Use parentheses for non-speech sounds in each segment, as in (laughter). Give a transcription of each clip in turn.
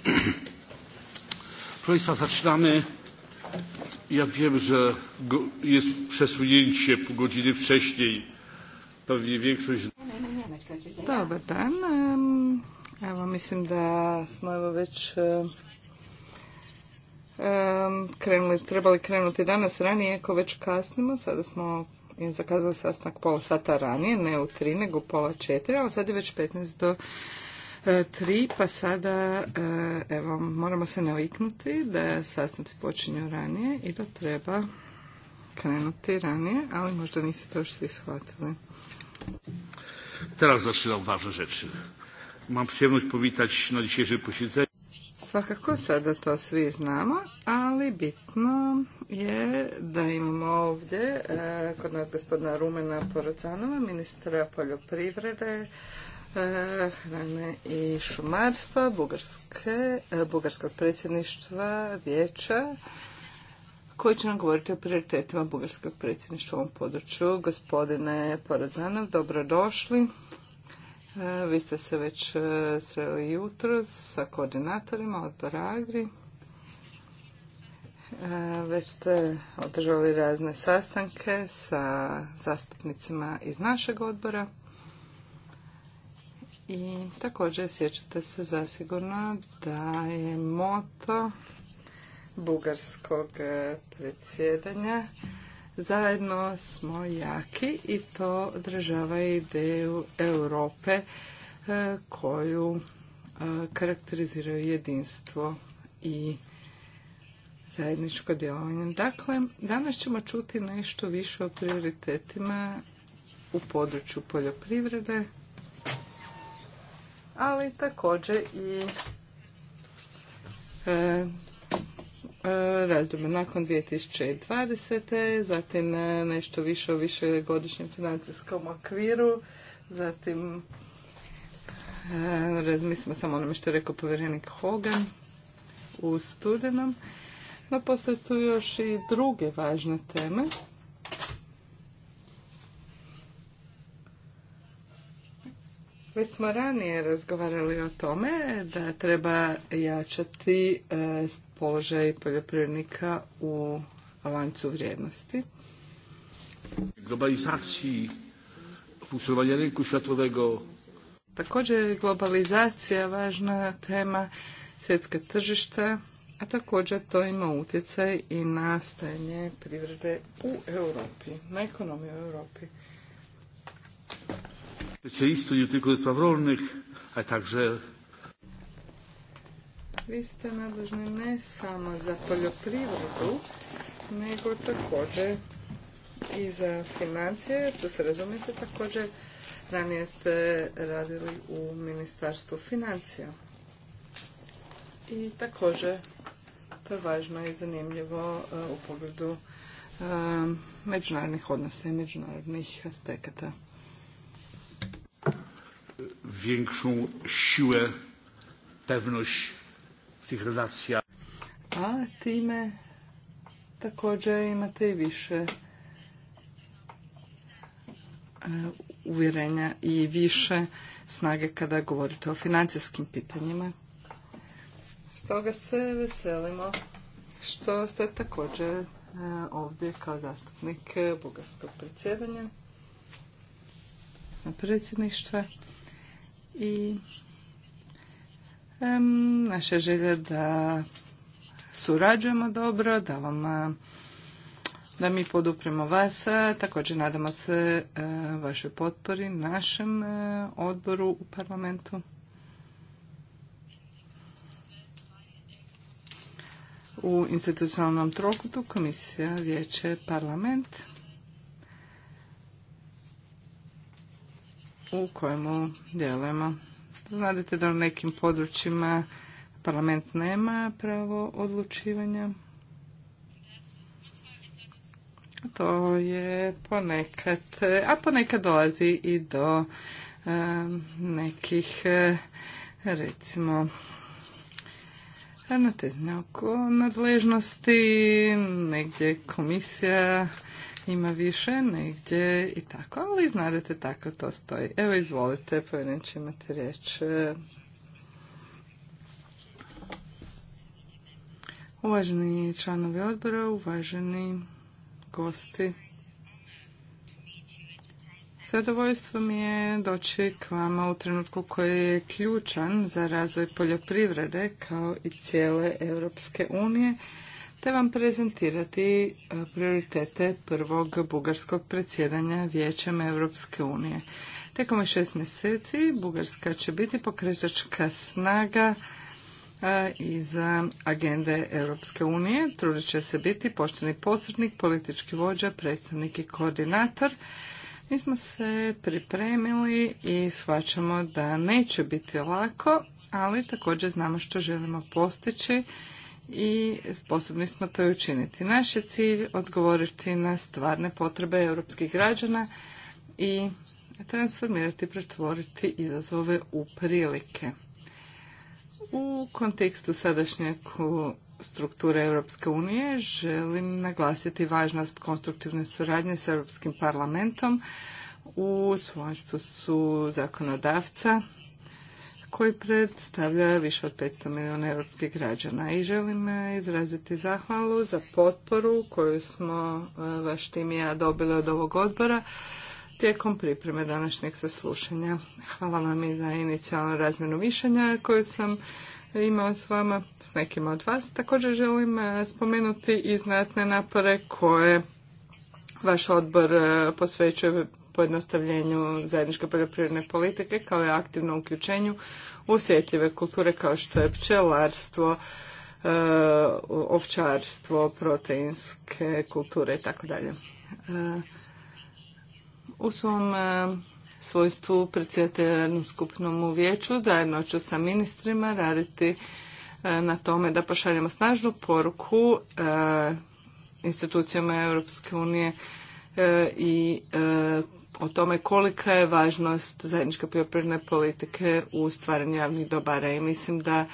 (clears throat) Proszę Państwa, zaczynamy. Ja wiem, że jest przesunięcie pół godziny wcześniej. Pewnie większość... Dobar dan. Evo, mislim da smo evo već krenuli, trebali krenuti danas ranije, ako već kasnimo. Sada smo zakazali sastanak pola sata ranije, ne u tri, nego u pola četiri, ali sad je već 15 do E, tri, pa sada e, evo, moramo se naviknuti da sastanci počinju ranije i da treba krenuti ranije, ali možda niste to još svi shvatili. Teraz važne Mam na Svakako sada to svi znamo, ali bitno je da imamo ovdje e, kod nas gospodina Rumena Porocanova, ministra poljoprivrede, hrane i šumarstva Bugarske, e, Bugarskog predsjedništva vijeća koji će nam govoriti o prioritetima Bugarskog predsjedništva u ovom području. Gospodine Porazanov, dobrodošli. E, vi ste se već e, sreli jutro sa koordinatorima odbora paragri. Već ste održali razne sastanke sa zastupnicima iz našeg odbora. I također sjećate se zasigurno da je moto bugarskog e, predsjedanja zajedno smo jaki i to održava ideju Europe e, koju e, karakteriziraju jedinstvo i zajedničko djelovanje. Dakle, danas ćemo čuti nešto više o prioritetima u području poljoprivrede, ali također i e, e razdoblje nakon 2020. zatim e, nešto više o višegodišnjem financijskom okviru, zatim e, razmislimo samo onome što je rekao povjerenik Hogan u studenom. No postoje tu još i druge važne teme Već smo ranije razgovarali o tome da treba jačati e, položaj poljoprivrednika u lancu vrijednosti. Globalizaciji funkcionovanja Također je globalizacija važna tema svjetske tržišta, a također to ima utjecaj i na stajanje privrede u Europi, na ekonomiju u Europi a także... Vi ste nadležni ne samo za poljoprivredu, nego također i za financije, to se razumijete također, ranije ste radili u Ministarstvu financija. I također, to je važno i zanimljivo u pogledu međunarodnih odnosa i međunarodnih aspekata większą siłę, pewność w tych relacjach. A time također imate i više e, uvjerenja i više snage kada govorite o financijskim pitanjima. Stoga se veselimo što ste također e, ovdje kao zastupnik bugarskog predsjedanja predsjedništva i um, naša želja da surađujemo dobro, da vam da mi podupremo vas. Također nadamo se e, vašoj potpori našem e, odboru u parlamentu. U institucionalnom trokutu komisija, vijeće, parlament. u kojemu djelujemo. Znate da u nekim područjima parlament nema pravo odlučivanja. To je ponekad, a ponekad dolazi i do nekih recimo natezanja oko nadležnosti, negdje komisija ima više negdje i tako, ali znadete tako to stoji. Evo izvolite, će imate riječ. Uvaženi članovi odbora, uvaženi gosti. Zadovoljstvo mi je doći k vama u trenutku koji je ključan za razvoj poljoprivrede kao i cijele Europske unije te vam prezentirati e, prioritete prvog bugarskog predsjedanja Vijećem Europske unije. Tijekom šest mjeseci Bugarska će biti pokrećačka snaga e, i za agende Europske unije. Trudit će se biti pošteni posrednik, politički vođa, predstavnik i koordinator. Mi smo se pripremili i shvaćamo da neće biti lako, ali također znamo što želimo postići i sposobni smo to i učiniti. Naš je cilj odgovoriti na stvarne potrebe europskih građana i transformirati pretvoriti izazove u prilike. U kontekstu sadašnje strukture Europske unije želim naglasiti važnost konstruktivne suradnje s Europskim parlamentom u svojstvu su zakonodavca koji predstavlja više od 500 milijuna europskih građana. I želim e, izraziti zahvalu za potporu koju smo e, vaš tim i ja dobili od ovog odbora tijekom pripreme današnjeg saslušanja. Hvala vam i za inicijalnu razmjenu mišljenja koju sam imao s vama, s nekima od vas. Također želim e, spomenuti i znatne napore koje vaš odbor posvećuje pojednostavljenju zajedničke poljoprivredne politike kao i aktivnom uključenju u osjetljive kulture kao što je pčelarstvo, e, ovčarstvo, proteinske kulture i tako dalje. E, u svom e, svojstvu predsjedatelja skupnom u vijeću zajedno ću sa ministrima raditi na tome da pošaljemo snažnu poruku institucijama Europske unije i o tome kolika je važnost zajedničke poljoprivredne politike u stvaranju javnih dobara i mislim da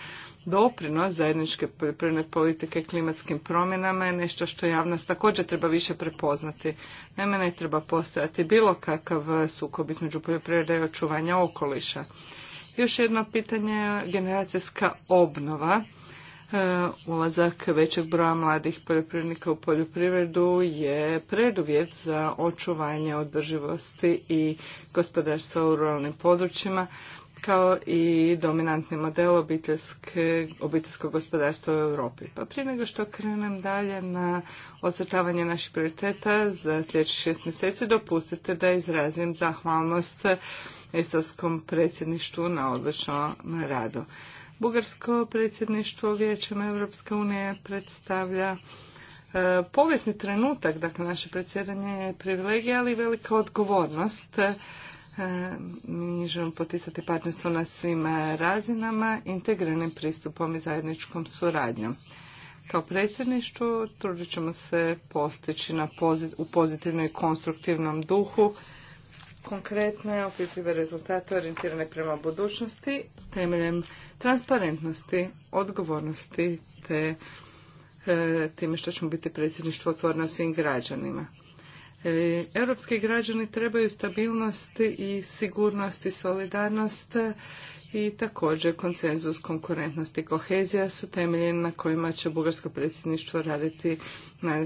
doprinos zajedničke poljoprivredne politike klimatskim promjenama je nešto što javnost također treba više prepoznati. Naime, ne treba postojati bilo kakav sukob između poljoprivrede i očuvanja okoliša. Još jedno pitanje generacijska obnova E, ulazak većeg broja mladih poljoprivrednika u poljoprivredu je preduvjet za očuvanje održivosti i gospodarstva u ruralnim područjima kao i dominantni model obiteljskog gospodarstva u Europi. Pa prije nego što krenem dalje na ocrtavanje naših prioriteta za sljedećih šest mjeseci, dopustite da izrazim zahvalnost Estonskom predsjedništvu na odličnom radu. Bugarsko predsjedništvo Vijećem Europske unije predstavlja e, povijesni trenutak, dakle naše predsjedanje je privilegija, ali i velika odgovornost. E, mi želimo poticati partnerstvo na svim e, razinama, integriranim pristupom i zajedničkom suradnjom. Kao predsjedništvo trudit ćemo se postići na u pozitivnom i konstruktivnom duhu konkretne, opisive rezultate orijentirane prema budućnosti temeljem transparentnosti, odgovornosti te e, time što ćemo biti predsjedništvo otvoreno svim građanima. E, europski građani trebaju stabilnost i sigurnost i solidarnost i također konsenzus konkurentnosti i kohezija su temelje na kojima će bugarsko predsjedništvo raditi na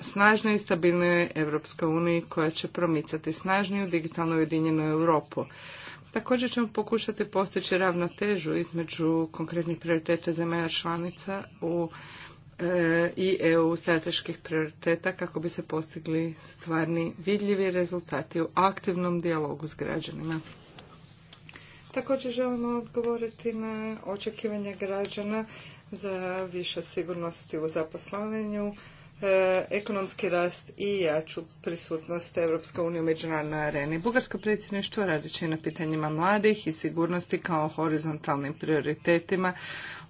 snažnoj i stabilnoj Europskoj uniji koja će promicati snažniju digitalno ujedinjenu Europu. Također ćemo pokušati postići ravnotežu između konkretnih prioriteta zemalja članica u e, i EU strateških prioriteta kako bi se postigli stvarni vidljivi rezultati u aktivnom dijalogu s građanima. Također želimo odgovoriti na očekivanje građana za više sigurnosti u zaposlavanju, E, ekonomski rast i jaču prisutnost Europske unije u međunarodnoj areni. Bugarsko predsjedništvo radit će na pitanjima mladih i sigurnosti kao horizontalnim prioritetima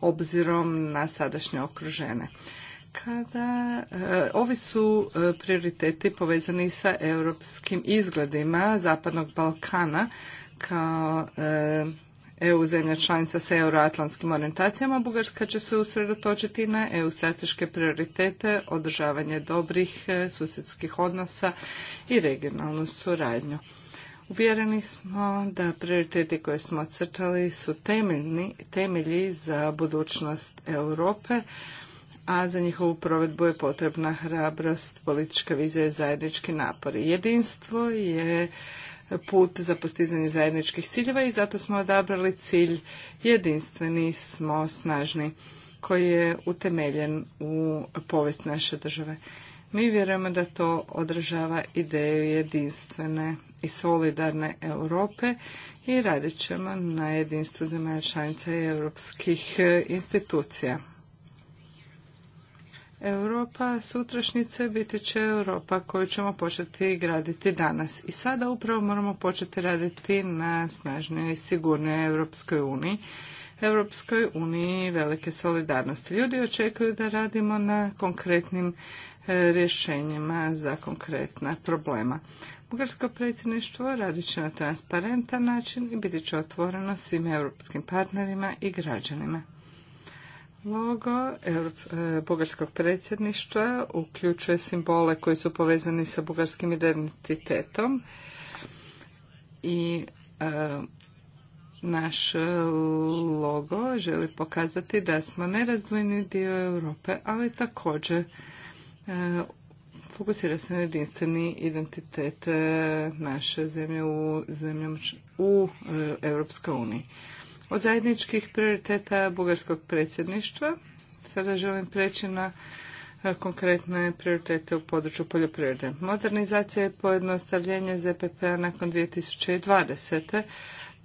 obzirom na sadašnje okružene. Kada e, ovi su e, prioriteti povezani sa europskim izgledima Zapadnog Balkana kao EU zemlja članica sa euroatlantskim orientacijama, Bugarska će se usredotočiti na EU strateške prioritete, održavanje dobrih e, susjedskih odnosa i regionalnu suradnju. Uvjereni smo da prioriteti koje smo crtali su temeljni, temelji za budućnost Europe, a za njihovu provedbu je potrebna hrabrost, politička vizija i zajednički napori. Jedinstvo je put za postizanje zajedničkih ciljeva i zato smo odabrali cilj jedinstveni smo snažni koji je utemeljen u povijest naše države. Mi vjerujemo da to održava ideju jedinstvene i solidarne Europe i radit ćemo na jedinstvu zemalja članica i europskih institucija. Europa sutrašnjice biti će Europa koju ćemo početi graditi danas. I sada upravo moramo početi raditi na snažnoj i sigurnoj Europskoj uniji. Europskoj uniji velike solidarnosti. Ljudi očekuju da radimo na konkretnim e, rješenjima za konkretna problema. Bugarsko predsjedništvo radit će na transparentan način i biti će otvoreno svim europskim partnerima i građanima logo eh, bugarskog predsjedništva uključuje simbole koji su povezani sa bugarskim identitetom i eh, naš logo želi pokazati da smo nerazdvojni dio Europe, ali također eh, fokusira se na jedinstveni identitet naše zemlje u, u Europskoj uniji od zajedničkih prioriteta bugarskog predsjedništva. Sada želim preći na e, konkretne prioritete u području poljoprivrede. Modernizacija i pojednostavljenje ZPP-a nakon 2020.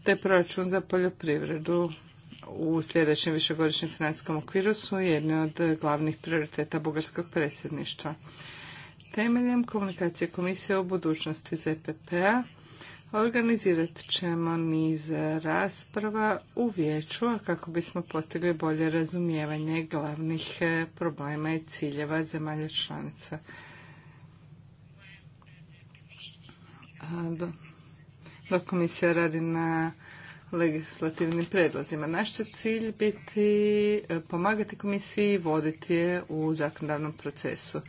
te proračun za poljoprivredu u sljedećem višegodišnjem financijskom okviru su jedni od glavnih prioriteta bugarskog predsjedništva. Temeljem komunikacije komisije o budućnosti ZPP-a Organizirat ćemo niz rasprava u vijeću kako bismo postigli bolje razumijevanje glavnih e, problema i ciljeva zemalja članica. Dok komisija radi na legislativnim predlozima. Naš će cilj biti e, pomagati komisiji i voditi je u zakonodavnom procesu.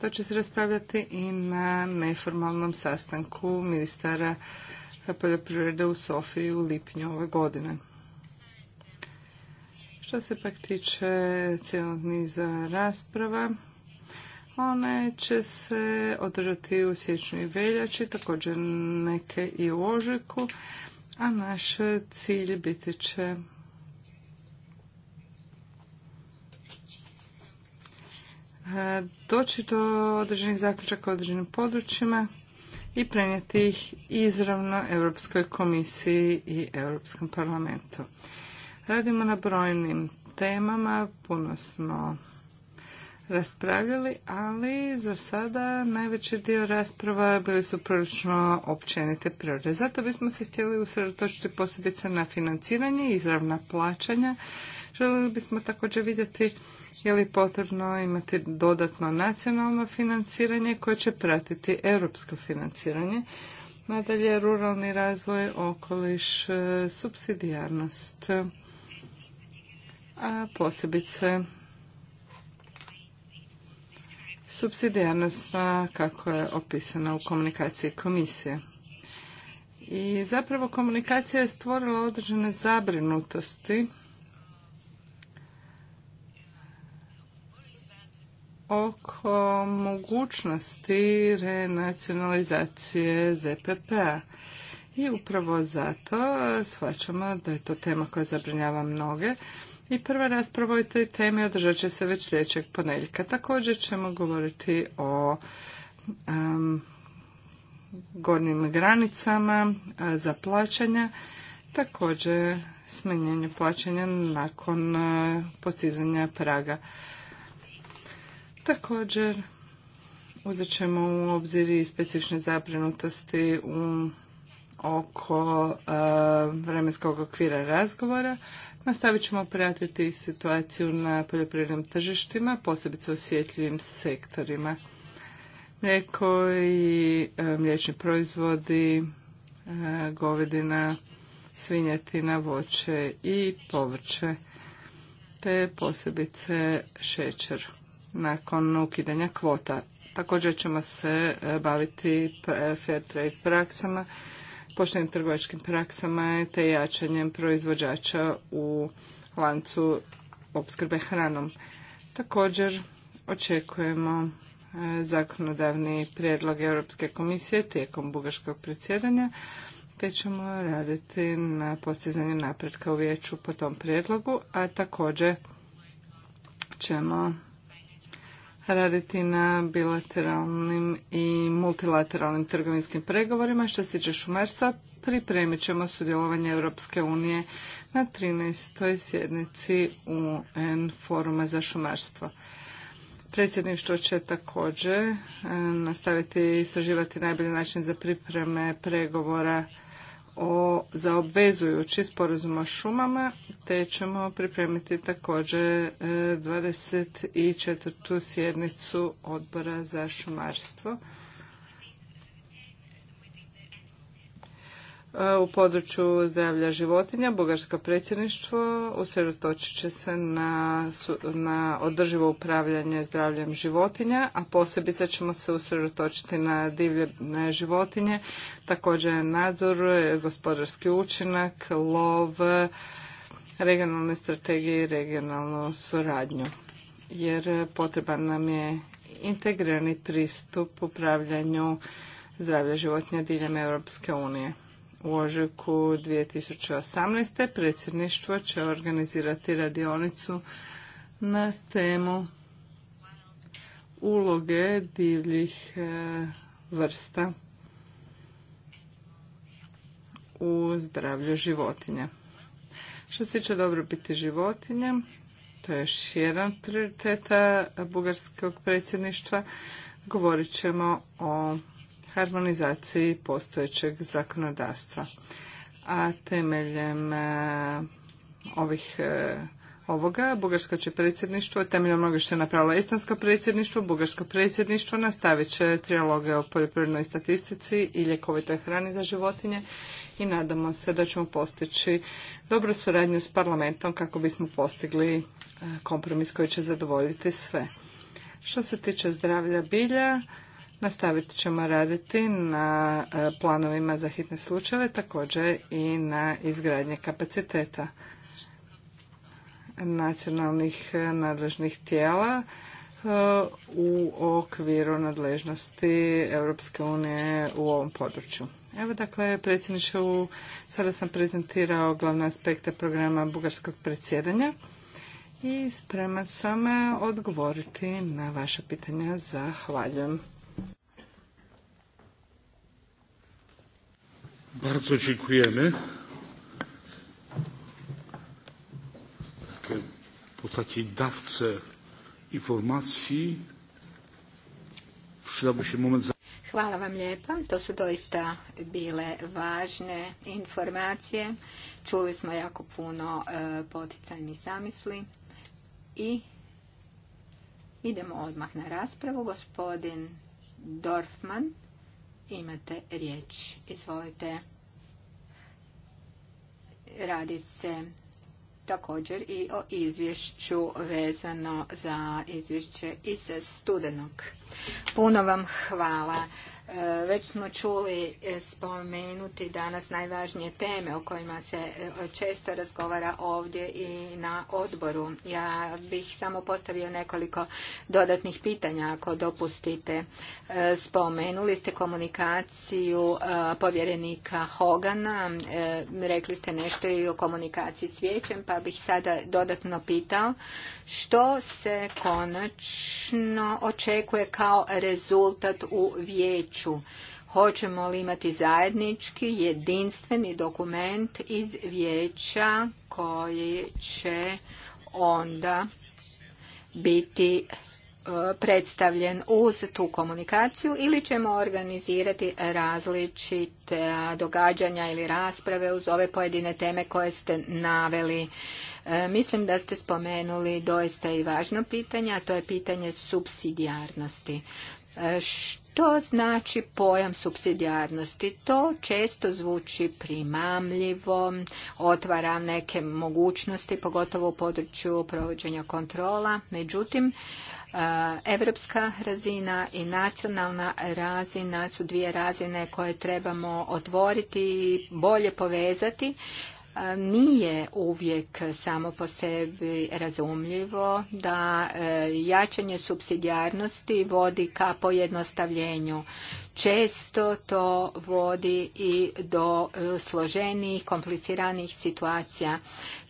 To će se raspravljati i na neformalnom sastanku ministara poljoprivrede u Sofiji u lipnju ove godine. Što se pak tiče cijelog niza rasprava, one će se održati u siječnju i veljači, također neke i u ožujku, a naš cilj biti će doći do određenih zaključaka u određenim područjima i prenijeti ih izravno Europskoj komisiji i Europskom parlamentu. Radimo na brojnim temama, puno smo raspravljali, ali za sada najveći dio rasprava bili su prilično općenite prirode. Zato bismo se htjeli usredotočiti posebice na financiranje, izravna plaćanja. Željeli bismo također vidjeti je li potrebno imati dodatno nacionalno financiranje koje će pratiti europsko financiranje. Nadalje, ruralni razvoj, okoliš, e, subsidijarnost, e, a posebice subsidijarnost kako je opisana u komunikaciji komisije. I zapravo komunikacija je stvorila određene zabrinutosti oko mogućnosti renacionalizacije ZPP-a. I upravo zato shvaćamo da je to tema koja zabrinjava mnoge. I prva rasprava o toj temi održat će se već sljedećeg ponedjeljka. Također ćemo govoriti o gornjim granicama za plaćanja, također smanjenju plaćanja nakon e, postizanja praga. Također, uzet ćemo u obzir i specifične zabrinutosti u, oko e, vremenskog okvira razgovora. Nastavit ćemo pratiti situaciju na poljoprivrednim tržištima, posebice osjetljivim sektorima. Mlijeko i e, mliječni proizvodi, e, govedina, svinjetina, voće i povrće, te posebice šećer nakon ukidanja kvota. Također ćemo se e, baviti fair trade praksama, poštenim trgovačkim praksama te jačanjem proizvođača u lancu opskrbe hranom. Također očekujemo e, zakonodavni prijedlog Europske komisije tijekom bugarskog predsjedanja, te ćemo raditi na postizanju napretka u vijeću po tom prijedlogu, a također ćemo raditi na bilateralnim i multilateralnim trgovinskim pregovorima. Što se tiče šumarstva, pripremit ćemo sudjelovanje Europske unije na 13. sjednici UN foruma za šumarstvo. Predsjedništvo će također eh, nastaviti istraživati najbolji način za pripreme pregovora o, zaobvezujući sporazum o šumama, te ćemo pripremiti također 24. E, sjednicu odbora za šumarstvo. E, u području zdravlja životinja bugarsko predsjedništvo usredotočit će se na, na održivo upravljanje zdravljem životinja, a posebice ćemo se usredotočiti na divlje životinje, također nadzor, gospodarski učinak, lov, regionalne strategije i regionalnu suradnju. Jer potreban nam je integrirani pristup upravljanju zdravlja životinja diljem Europske unije. U ožujku 2018. predsjedništvo će organizirati radionicu na temu uloge divljih e, vrsta u zdravlju životinja. Što se tiče dobrobiti životinja, to je još jedan prioriteta bugarskog predsjedništva. Govorit ćemo o harmonizaciji postojećeg zakonodavstva. A temeljem e, ovih e, ovoga, Bugarsko će predsjedništvo, temeljem onoga što je napravilo Estonsko predsjedništvo, Bugarsko predsjedništvo nastavit će trijaloge o poljoprivrednoj statistici i ljekovitoj hrani za životinje i nadamo se da ćemo postići dobru suradnju s parlamentom kako bismo postigli e, kompromis koji će zadovoljiti sve. Što se tiče zdravlja bilja, Nastaviti ćemo raditi na e, planovima za hitne slučajeve, također i na izgradnje kapaciteta nacionalnih e, nadležnih tijela e, u okviru nadležnosti Europske unije u ovom području. Evo dakle, predsjedniče, sada sam prezentirao glavne aspekte programa bugarskog predsjedanja i sprema sam odgovoriti na vaše pitanja. Zahvaljujem. Bardzo dziękujemy. Po takiej dawce informacji przydałby się moment za... Hvala vam lijepa. To su doista bile važne informacije. Čuli smo jako puno e, poticajnih zamisli i idemo odmah na raspravu. Gospodin Dorfman imate riječ. Izvolite. Radi se također i o izvješću vezano za izvješće iz studenog. Puno vam hvala. E, već smo čuli e, spomenuti danas najvažnije teme o kojima se e, često razgovara ovdje i na odboru. Ja bih samo postavio nekoliko dodatnih pitanja ako dopustite. Spomenuli ste komunikaciju povjerenika Hogana, rekli ste nešto i o komunikaciji s vijećem, pa bih sada dodatno pitao što se konačno očekuje kao rezultat u vijeću vijeću. Hoćemo li imati zajednički, jedinstveni dokument iz vijeća koji će onda biti e, predstavljen uz tu komunikaciju ili ćemo organizirati različite događanja ili rasprave uz ove pojedine teme koje ste naveli. E, mislim da ste spomenuli doista i važno pitanje, a to je pitanje subsidijarnosti. Što znači pojam subsidijarnosti? To često zvuči primamljivo, otvara neke mogućnosti, pogotovo u području provođenja kontrola. Međutim, Evropska razina i nacionalna razina su dvije razine koje trebamo otvoriti i bolje povezati nije uvijek samo po sebi razumljivo da e, jačanje subsidijarnosti vodi ka pojednostavljenju. Često to vodi i do e, složenijih, kompliciranih situacija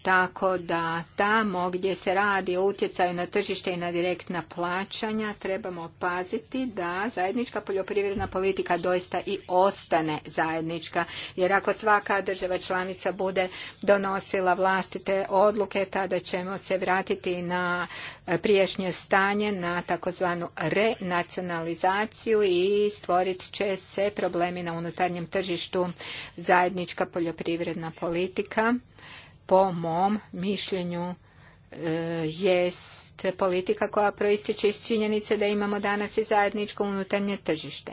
tako da tamo gdje se radi o utjecaju na tržište i na direktna plaćanja trebamo paziti da zajednička poljoprivredna politika doista i ostane zajednička. Jer ako svaka država članica bude donosila vlastite odluke, tada ćemo se vratiti na e, priješnje stanje, na takozvanu renacionalizaciju i stvorit će se problemi na unutarnjem tržištu zajednička poljoprivredna politika po mom mišljenju e, jest jest politika koja proističe iz činjenice da imamo danas i zajedničko unutarnje tržište.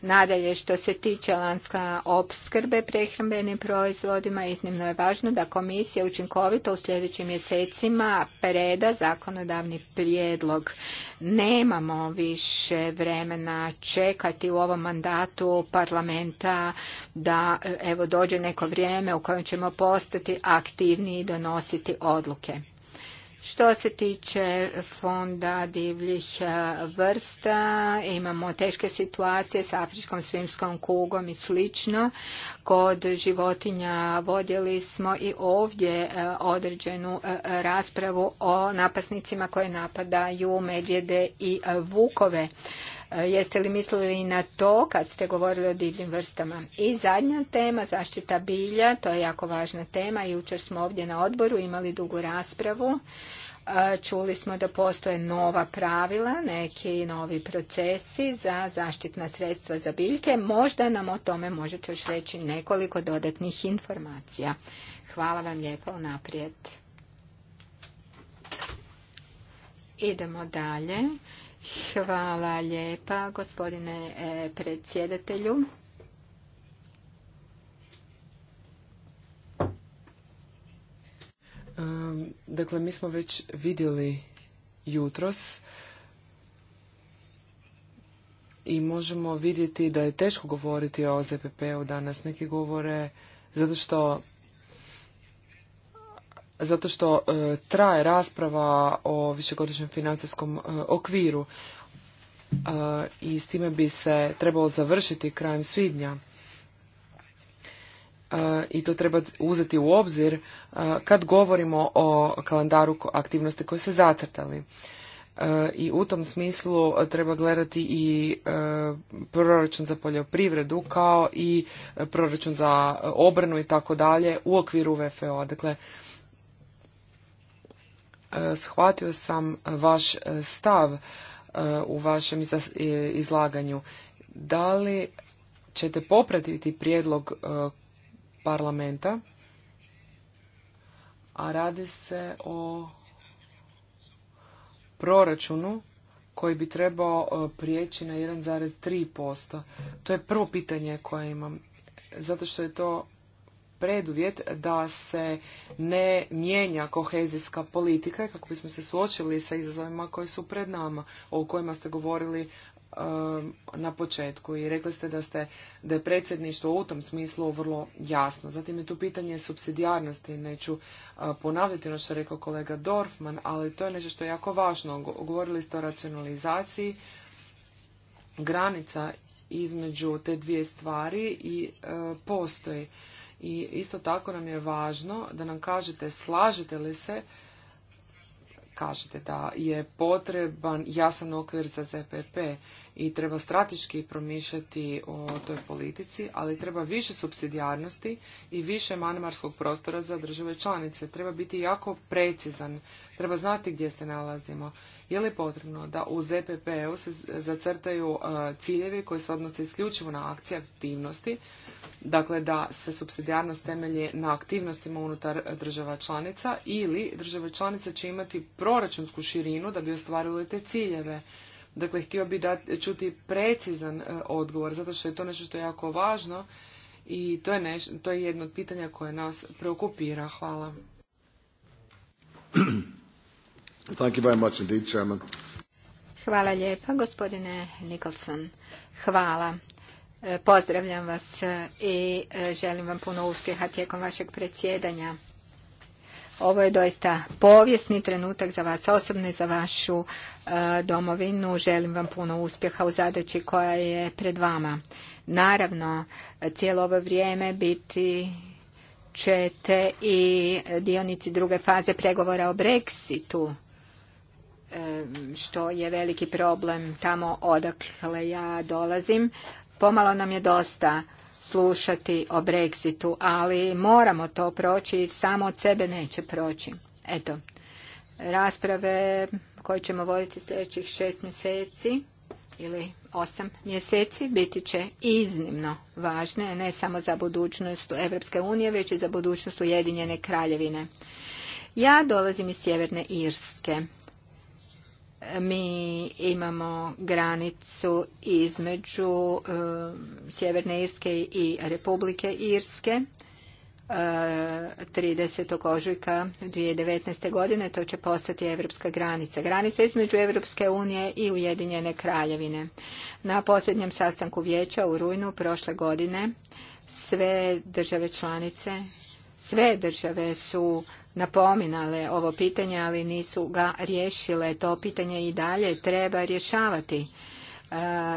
Nadalje, što se tiče lanska opskrbe prehrambenim proizvodima, iznimno je važno da komisija učinkovito u sljedećim mjesecima preda zakonodavni prijedlog. Nemamo više vremena čekati u ovom mandatu parlamenta da evo dođe neko vrijeme u kojem ćemo postati aktivni i donositi odluke. Što se tiče fonda divljih e, vrsta, imamo teške situacije s afričkom svimskom kugom i slično. Kod životinja vodili smo i ovdje e, određenu e, raspravu o napasnicima koje napadaju medvjede i vukove. E, jeste li mislili na to kad ste govorili o divljim vrstama? I zadnja tema, zaštita bilja, to je jako važna tema. Jučer smo ovdje na odboru imali dugu raspravu. E, čuli smo da postoje nova pravila, neki novi procesi za zaštitna sredstva za biljke. Možda nam o tome možete još reći nekoliko dodatnih informacija. Hvala vam lijepo naprijed. Idemo dalje. Hvala lijepa gospodine e, predsjedatelju. Dakle, mi smo već vidjeli jutros i možemo vidjeti da je teško govoriti o ZPP-u danas. Neki govore zato što zato što e, traje rasprava o višegodišnjem financijskom e, okviru e, i s time bi se trebalo završiti krajem svibnja i to treba uzeti u obzir kad govorimo o kalendaru aktivnosti koje se zacrtali i u tom smislu treba gledati i proračun za poljoprivredu kao i proračun za obranu i tako dalje u okviru VFO-a. Dakle, E, shvatio sam vaš e, stav e, u vašem izlaganju. Da li ćete popratiti prijedlog parlamenta, a radi se o proračunu koji bi trebao prijeći na 1,3%. To je prvo pitanje koje imam, zato što je to preduvjet da se ne mijenja kohezijska politika kako bismo se suočili sa izazovima koji su pred nama, o kojima ste govorili um, na početku i rekli ste da, ste da je predsjedništvo u tom smislu vrlo jasno. Zatim je tu pitanje subsidijarnosti, neću uh, ponavljati ono što je rekao kolega Dorfman, ali to je nešto što je jako važno. Govorili ste o racionalizaciji granica između te dvije stvari i uh, postoji. I isto tako nam je važno da nam kažete slažete li se kažete da je potreban jasan okvir za ZPP i treba strateški promišljati o toj politici, ali treba više subsidijarnosti i više manimarskog prostora za države članice. Treba biti jako precizan, treba znati gdje se nalazimo. Je li potrebno da u ZPP-u se zacrtaju e, ciljevi koji se odnose isključivo na akcije aktivnosti, dakle da se subsidijarnost temelji na aktivnostima unutar država članica ili države članice će imati proračunsku širinu da bi ostvarile te ciljeve? Dakle, htio bi čuti precizan e, odgovor, zato što je to nešto što je jako važno i to je, to je jedno od pitanja koje nas preokupira. Hvala. (clears throat) Hvala lijepa, gospodine Nicholson. Hvala. E, pozdravljam vas e, i e, želim vam puno uspjeha tijekom vašeg predsjedanja. Ovo je doista povijesni trenutak za vas osobno i za vašu domovinu. Želim vam puno uspjeha u zadaći koja je pred vama. Naravno, cijelo ovo vrijeme biti ćete i dionici druge faze pregovora o Brexitu što je veliki problem tamo odakle ja dolazim. Pomalo nam je dosta slušati o Brexitu, ali moramo to proći, samo od sebe neće proći. Eto, rasprave koje ćemo voditi sljedećih šest mjeseci ili osam mjeseci biti će iznimno važne, ne samo za budućnost Evropske unije, već i za budućnost Ujedinjene kraljevine. Ja dolazim iz Sjeverne Irske mi imamo granicu između e, Sjeverne Irske i Republike Irske 30. E, ožujka 2019. godine. To će postati evropska granica. Granica između Evropske unije i Ujedinjene kraljevine. Na posljednjem sastanku vijeća u rujnu prošle godine sve države članice sve države su napominale ovo pitanje, ali nisu ga riješile. To pitanje i dalje treba rješavati. E,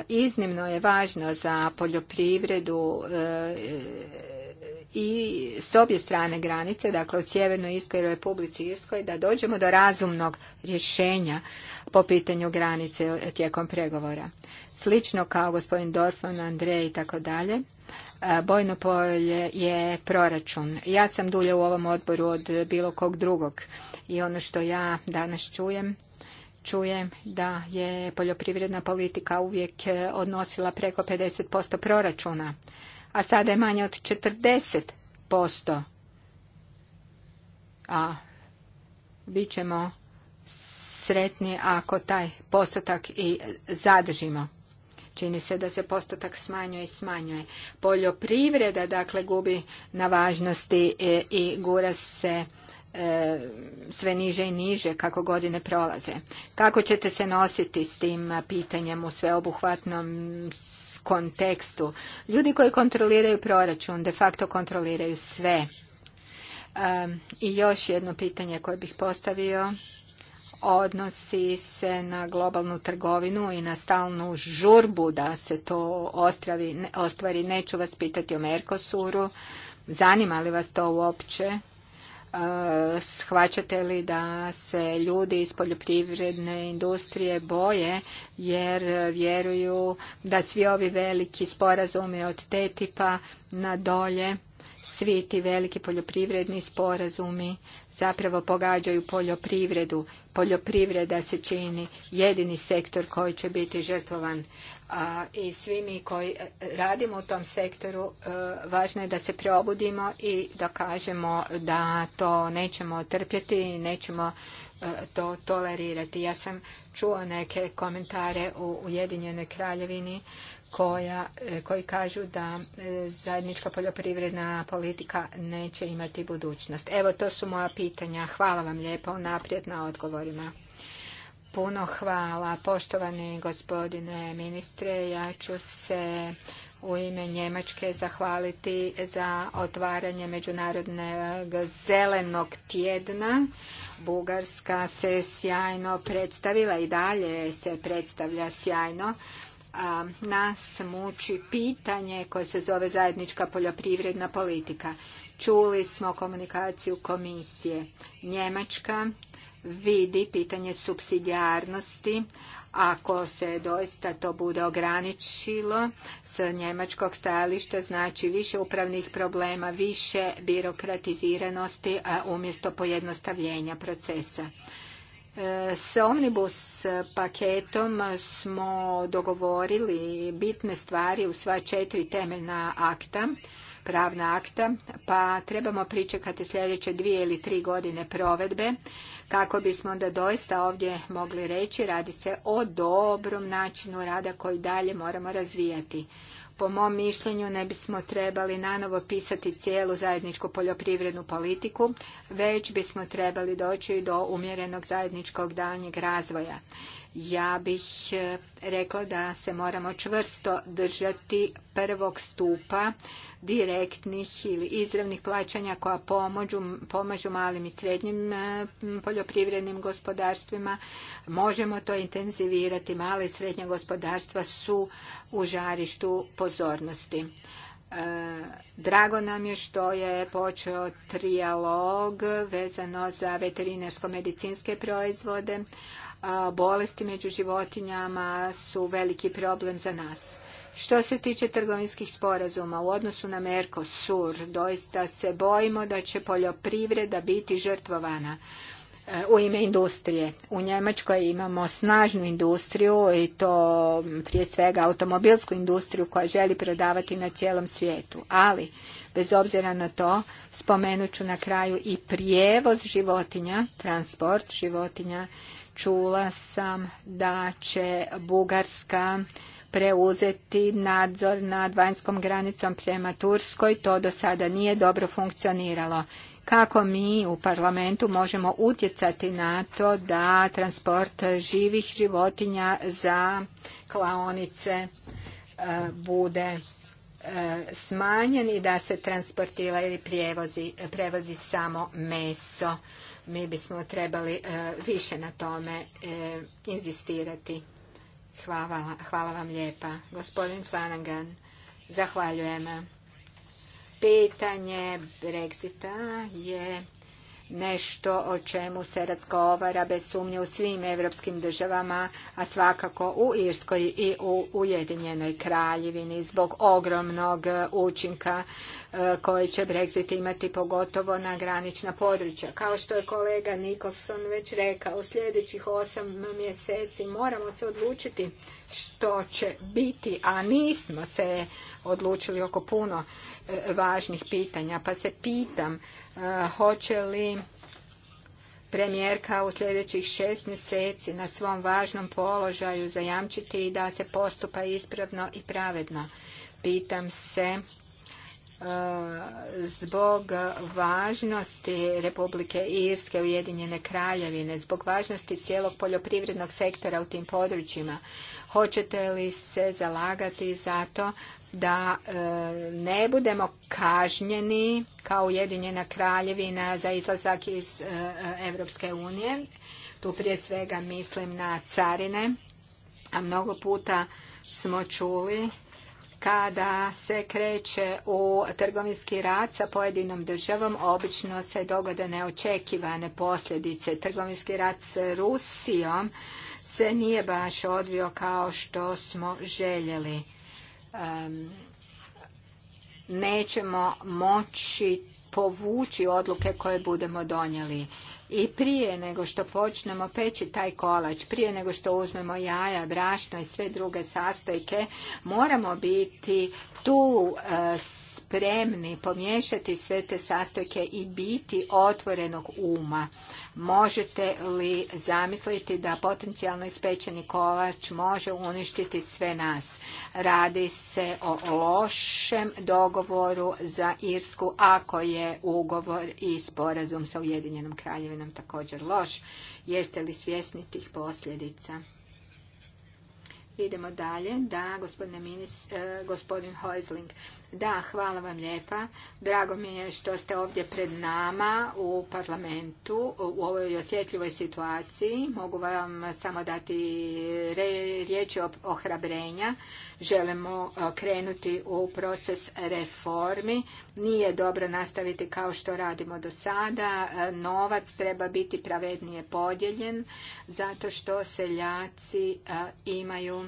iznimno je važno za poljoprivredu e, i s obje strane granice, dakle u Sjevernoj Irskoj i Republici Irskoj, da dođemo do razumnog rješenja po pitanju granice tijekom pregovora. Slično kao gospodin Dorfman, Andrej i tako dalje. E, bojno polje je proračun. Ja sam dulje u ovom odboru od bilo kog drugog i ono što ja danas čujem čujem da je poljoprivredna politika uvijek e, odnosila preko 50% proračuna, a sada je manje od 40%. A bit ćemo sretni ako taj postotak i zadržimo. Čini se da se postotak smanjuje i smanjuje. Poljoprivreda, dakle, gubi na važnosti e, i, gura se e, sve niže i niže kako godine prolaze. Kako ćete se nositi s tim pitanjem u sveobuhvatnom kontekstu? Ljudi koji kontroliraju proračun de facto kontroliraju sve. E, I još jedno pitanje koje bih postavio odnosi se na globalnu trgovinu i na stalnu žurbu da se to ostvari. Neću vas pitati o Merkosuru. Zanima li vas to uopće? E, shvaćate li da se ljudi iz poljoprivredne industrije boje jer vjeruju da svi ovi veliki sporazumi od te na dolje, svi ti veliki poljoprivredni sporazumi zapravo pogađaju poljoprivredu. Poljoprivreda se čini jedini sektor koji će biti žrtvovan i svi mi koji e, radimo u tom sektoru e, važno je da se probudimo i da kažemo da to nećemo trpjeti i nećemo e, to tolerirati. Ja sam čuo neke komentare u Ujedinjenoj kraljevini koja, e, koji kažu da e, zajednička poljoprivredna politika neće imati budućnost. Evo, to su moja pitanja. Hvala vam lijepo naprijed na odgovorima. Puno hvala, poštovani gospodine ministre. Ja ću se u ime Njemačke zahvaliti za otvaranje Međunarodnog zelenog tjedna. Bugarska se sjajno predstavila i dalje se predstavlja sjajno nas muči pitanje koje se zove zajednička poljoprivredna politika. Čuli smo komunikaciju komisije. Njemačka vidi pitanje subsidijarnosti ako se doista to bude ograničilo s njemačkog stajališta, znači više upravnih problema, više birokratiziranosti umjesto pojednostavljenja procesa. S Omnibus paketom smo dogovorili bitne stvari u sva četiri temeljna akta, pravna akta, pa trebamo pričekati sljedeće dvije ili tri godine provedbe kako bismo onda doista ovdje mogli reći radi se o dobrom načinu rada koji dalje moramo razvijati po mom mišljenju ne bismo trebali nanovo pisati cijelu zajedničku poljoprivrednu politiku, već bismo trebali doći do umjerenog zajedničkog daljnjeg razvoja. Ja bih e, rekla da se moramo čvrsto držati prvog stupa direktnih ili izravnih plaćanja koja pomažu malim i srednjim e, poljoprivrednim gospodarstvima. Možemo to intenzivirati. Male i srednje gospodarstva su u žarištu pozornosti. E, drago nam je što je počeo trijalog vezano za veterinarsko-medicinske proizvode bolesti među životinjama su veliki problem za nas. Što se tiče trgovinskih sporazuma u odnosu na Mercosur, doista se bojimo da će poljoprivreda biti žrtvovana e, u ime industrije. U Njemačkoj imamo snažnu industriju i to prije svega automobilsku industriju koja želi prodavati na cijelom svijetu. Ali, bez obzira na to, spomenut ću na kraju i prijevoz životinja, transport životinja čula sam da će Bugarska preuzeti nadzor nad vanjskom granicom prema Turskoj. To do sada nije dobro funkcioniralo. Kako mi u parlamentu možemo utjecati na to da transport živih životinja za klaonice e, bude e, smanjen i da se transportira ili prevozi samo meso mi bismo trebali e, više na tome e, inzistirati. Hvala, vam lijepa. Gospodin Flanagan, zahvaljujem. Pitanje Brexita je nešto o čemu se razgovara bez sumnje u svim europskim državama, a svakako u Irskoj i u Ujedinjenoj kraljevini zbog ogromnog e, učinka e, koji će Brexit imati pogotovo na granična područja. Kao što je kolega Nikoson već rekao, u sljedećih osam mjeseci moramo se odlučiti što će biti, a nismo se odlučili oko puno važnih pitanja. Pa se pitam e, hoće li premijerka u sljedećih šest mjeseci na svom važnom položaju zajamčiti da se postupa ispravno i pravedno. Pitam se e, zbog važnosti Republike Irske, Ujedinjene kraljevine, zbog važnosti cijelog poljoprivrednog sektora u tim područjima, hoćete li se zalagati za to da e, ne budemo kažnjeni kao Ujedinjena kraljevina za izlazak iz e, Evropske unije. Tu prije svega mislim na carine, a mnogo puta smo čuli kada se kreće u trgovinski rat sa pojedinom državom, obično se dogode neočekivane posljedice. Trgovinski rad s Rusijom se nije baš odvio kao što smo željeli nećemo moći povući odluke koje budemo donijeli. I prije nego što počnemo peći taj kolač, prije nego što uzmemo jaja, brašno i sve druge sastojke, moramo biti tu s eh, spremni pomiješati sve te sastojke i biti otvorenog uma. Možete li zamisliti da potencijalno ispečeni kolač može uništiti sve nas? Radi se o lošem dogovoru za Irsku ako je ugovor i sporazum sa Ujedinjenom kraljevinom također loš. Jeste li svjesni tih posljedica? Idemo dalje. Da, gospodine eh, gospodin Hojzling. Da, hvala vam lijepa. Drago mi je što ste ovdje pred nama u parlamentu u ovoj osjetljivoj situaciji. Mogu vam samo dati riječi ohrabrenja. Želimo e, krenuti u proces reformi. Nije dobro nastaviti kao što radimo do sada. E, novac treba biti pravednije podijeljen zato što seljaci e, imaju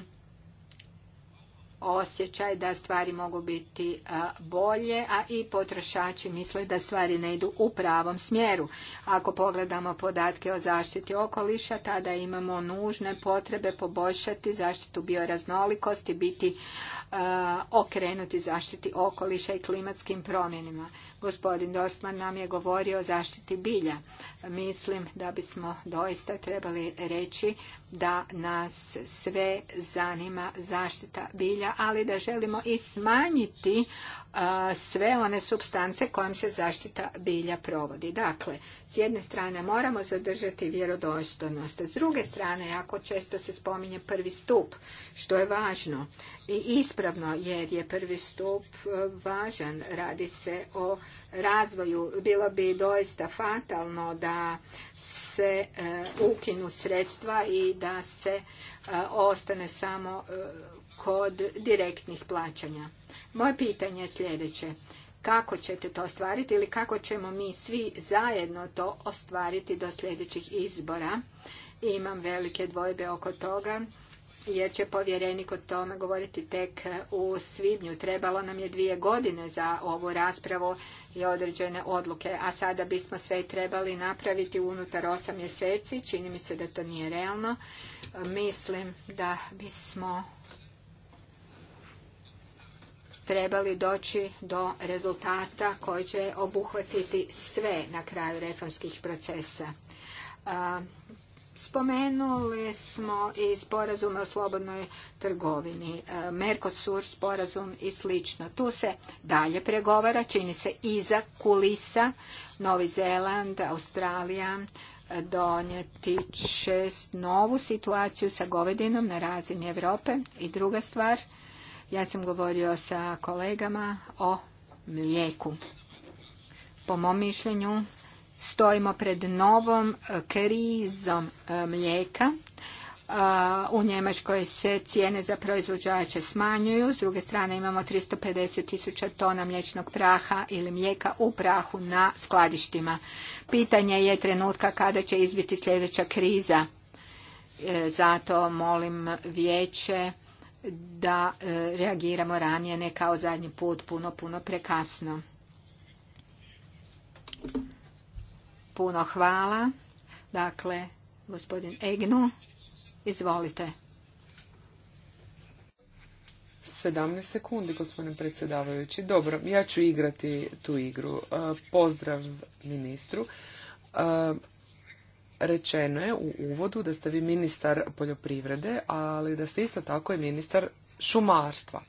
osjećaj da stvari mogu biti bolje, a i potrošači misle da stvari ne idu u pravom smjeru. Ako pogledamo podatke o zaštiti okoliša, tada imamo nužne potrebe poboljšati zaštitu bioraznolikosti, biti okrenuti zaštiti okoliša i klimatskim promjenima. Gospodin Dorfman nam je govorio o zaštiti bilja. Mislim da bismo doista trebali reći da nas sve zanima zaštita bilja, ali da želimo i smanjiti sve one substance kojim se zaštita bilja provodi. Dakle, s jedne strane moramo zadržati vjerodostojnost, s druge strane jako često se spominje prvi stup, što je važno ispravno jer je prvi stup e, važan. Radi se o razvoju. Bilo bi doista fatalno da se e, ukinu sredstva i da se e, ostane samo kod direktnih plaćanja. Moje pitanje je sljedeće. Kako ćete to ostvariti ili kako ćemo mi svi zajedno to ostvariti do sljedećih izbora? Imam velike dvojbe oko toga jer će povjerenik o tome govoriti tek u svibnju. Trebalo nam je dvije godine za ovu raspravu i određene odluke, a sada bismo sve trebali napraviti unutar osam mjeseci. Čini mi se da to nije realno. Mislim da bismo trebali doći do rezultata koji će obuhvatiti sve na kraju reformskih procesa Spomenuli smo i sporazume o slobodnoj trgovini, e, Mercosur sporazum i slično. Tu se dalje pregovara, čini se iza kulisa, Novi Zeland, Australija, e, donijeti će novu situaciju sa govedinom na razini Europe. I druga stvar, ja sam govorio sa kolegama o mlijeku. Po mom mišljenju, stojimo pred novom e, krizom e, mlijeka. E, u Njemačkoj se cijene za proizvođače smanjuju. S druge strane imamo 350 tisuća tona mliječnog praha ili mlijeka u prahu na skladištima. Pitanje je trenutka kada će izbiti sljedeća kriza. Zato molim vijeće da reagiramo ranije, ne kao zadnji put, puno, puno prekasno puno hvala. Dakle, gospodin Egnu, izvolite. 17 sekundi, gospodine predsjedavajući. Dobro, ja ću igrati tu igru. E, pozdrav ministru. E, rečeno je u uvodu da ste vi ministar poljoprivrede, ali da ste isto tako i ministar šumarstva.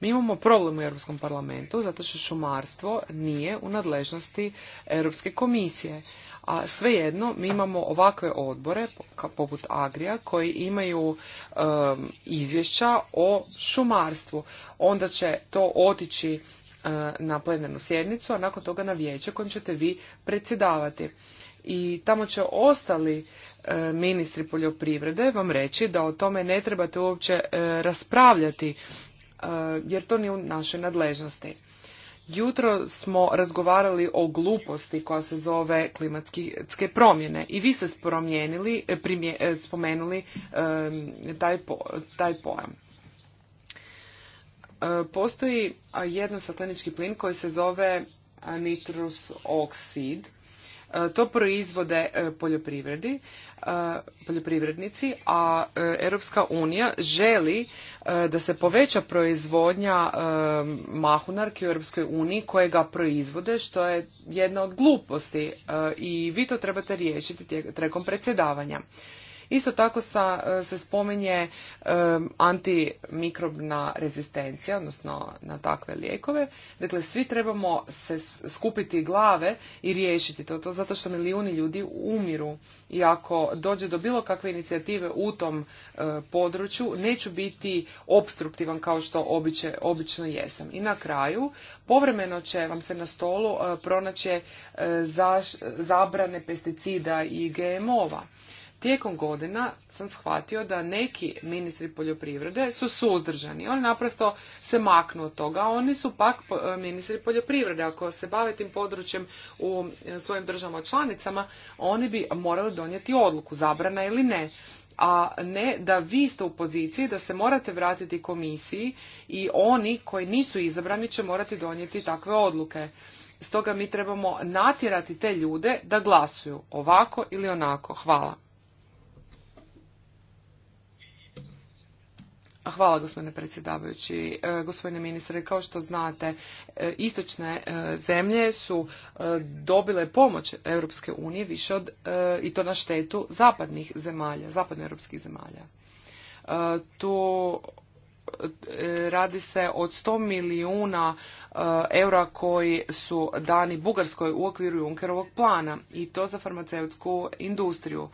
Mi imamo problem u Europskom parlamentu zato što šumarstvo nije u nadležnosti Europske komisije. A svejedno mi imamo ovakve odbore poput Agrija koji imaju izvješća o šumarstvu. Onda će to otići e, na plenarnu sjednicu, a nakon toga na vijeće kojim ćete vi predsjedavati. I tamo će ostali e, ministri poljoprivrede vam reći da o tome ne trebate uopće e, raspravljati Eh, jer to nije u našoj nadležnosti. Jutro smo razgovarali o gluposti koja se zove klimatske promjene i vi ste eh, eh, spomenuli taj, taj pojam. Postoji jedan staklenički plin koji se zove nitrus oksid E, to proizvode e, poljoprivredi, e, poljoprivrednici, a Europska unija želi da se poveća proizvodnja mahunarki u Europskoj uniji koje ga proizvode, što je jedna od gluposti i vi to trebate riješiti tijekom predsjedavanja. Isto tako sa, e, se spominje e, antimikrobna rezistencija, odnosno na takve lijekove. Dakle, svi trebamo se skupiti glave i riješiti to, zato što milijuni ljudi umiru i ako dođe do bilo kakve inicijative u tom e, području, neću biti obstruktivan kao što običe, obično jesam. I na kraju, povremeno će vam se na stolu pronaći zabrane pesticida i gmo Tijekom godina sam shvatio da neki ministri poljoprivrede su suzdržani. Oni naprosto se maknu od toga. Oni su pak e, ministri poljoprivrede. Ako se bave tim područjem u e, svojim državama članicama, oni bi morali donijeti odluku, zabrana ili ne a ne da vi ste u poziciji da se morate vratiti komisiji i oni koji nisu izabrani će morati donijeti takve odluke. Stoga mi trebamo natjerati te ljude da glasuju ovako ili onako. Hvala. Hvala gospodine predsjedavajući. E, gospodine ministre, kao što znate, e, istočne e, zemlje su dobile pomoć Europske unije više od i to na štetu zapadnih zemalja, zapadnoeuropskih zemalja. Tu radi se od 100 milijuna eura koji su dani Bugarskoj u okviru Junkerovog plana i to za farmaceutsku industriju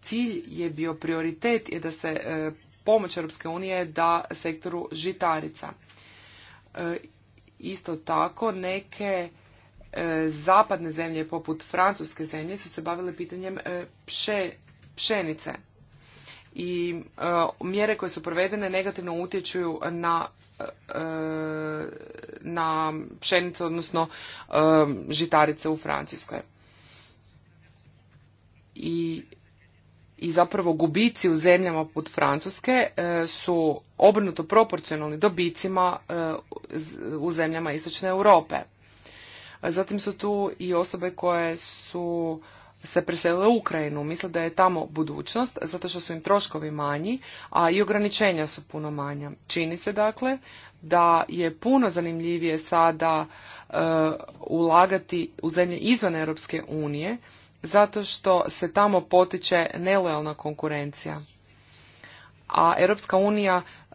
cilj je bio prioritet je da se e, pomoć Europske unije da sektoru žitarica. E, isto tako neke e, zapadne zemlje poput francuske zemlje su se bavile pitanjem pšenice i mjere koje su provedene negativno utječuju na na pšenicu, odnosno žitarice u Francuskoj. I i zapravo gubici u zemljama pod Francuske e, su obrnuto proporcionalni dobicima e, u zemljama istočne Europe. E, zatim su tu i osobe koje su se preselile u Ukrajinu, misle da je tamo budućnost, zato što su im troškovi manji, a i ograničenja su puno manja. Čini se dakle da je puno zanimljivije sada ulagati u zemlje izvan Europske unije, zato što se tamo potiče nelojalna konkurencija. A Europska unija e,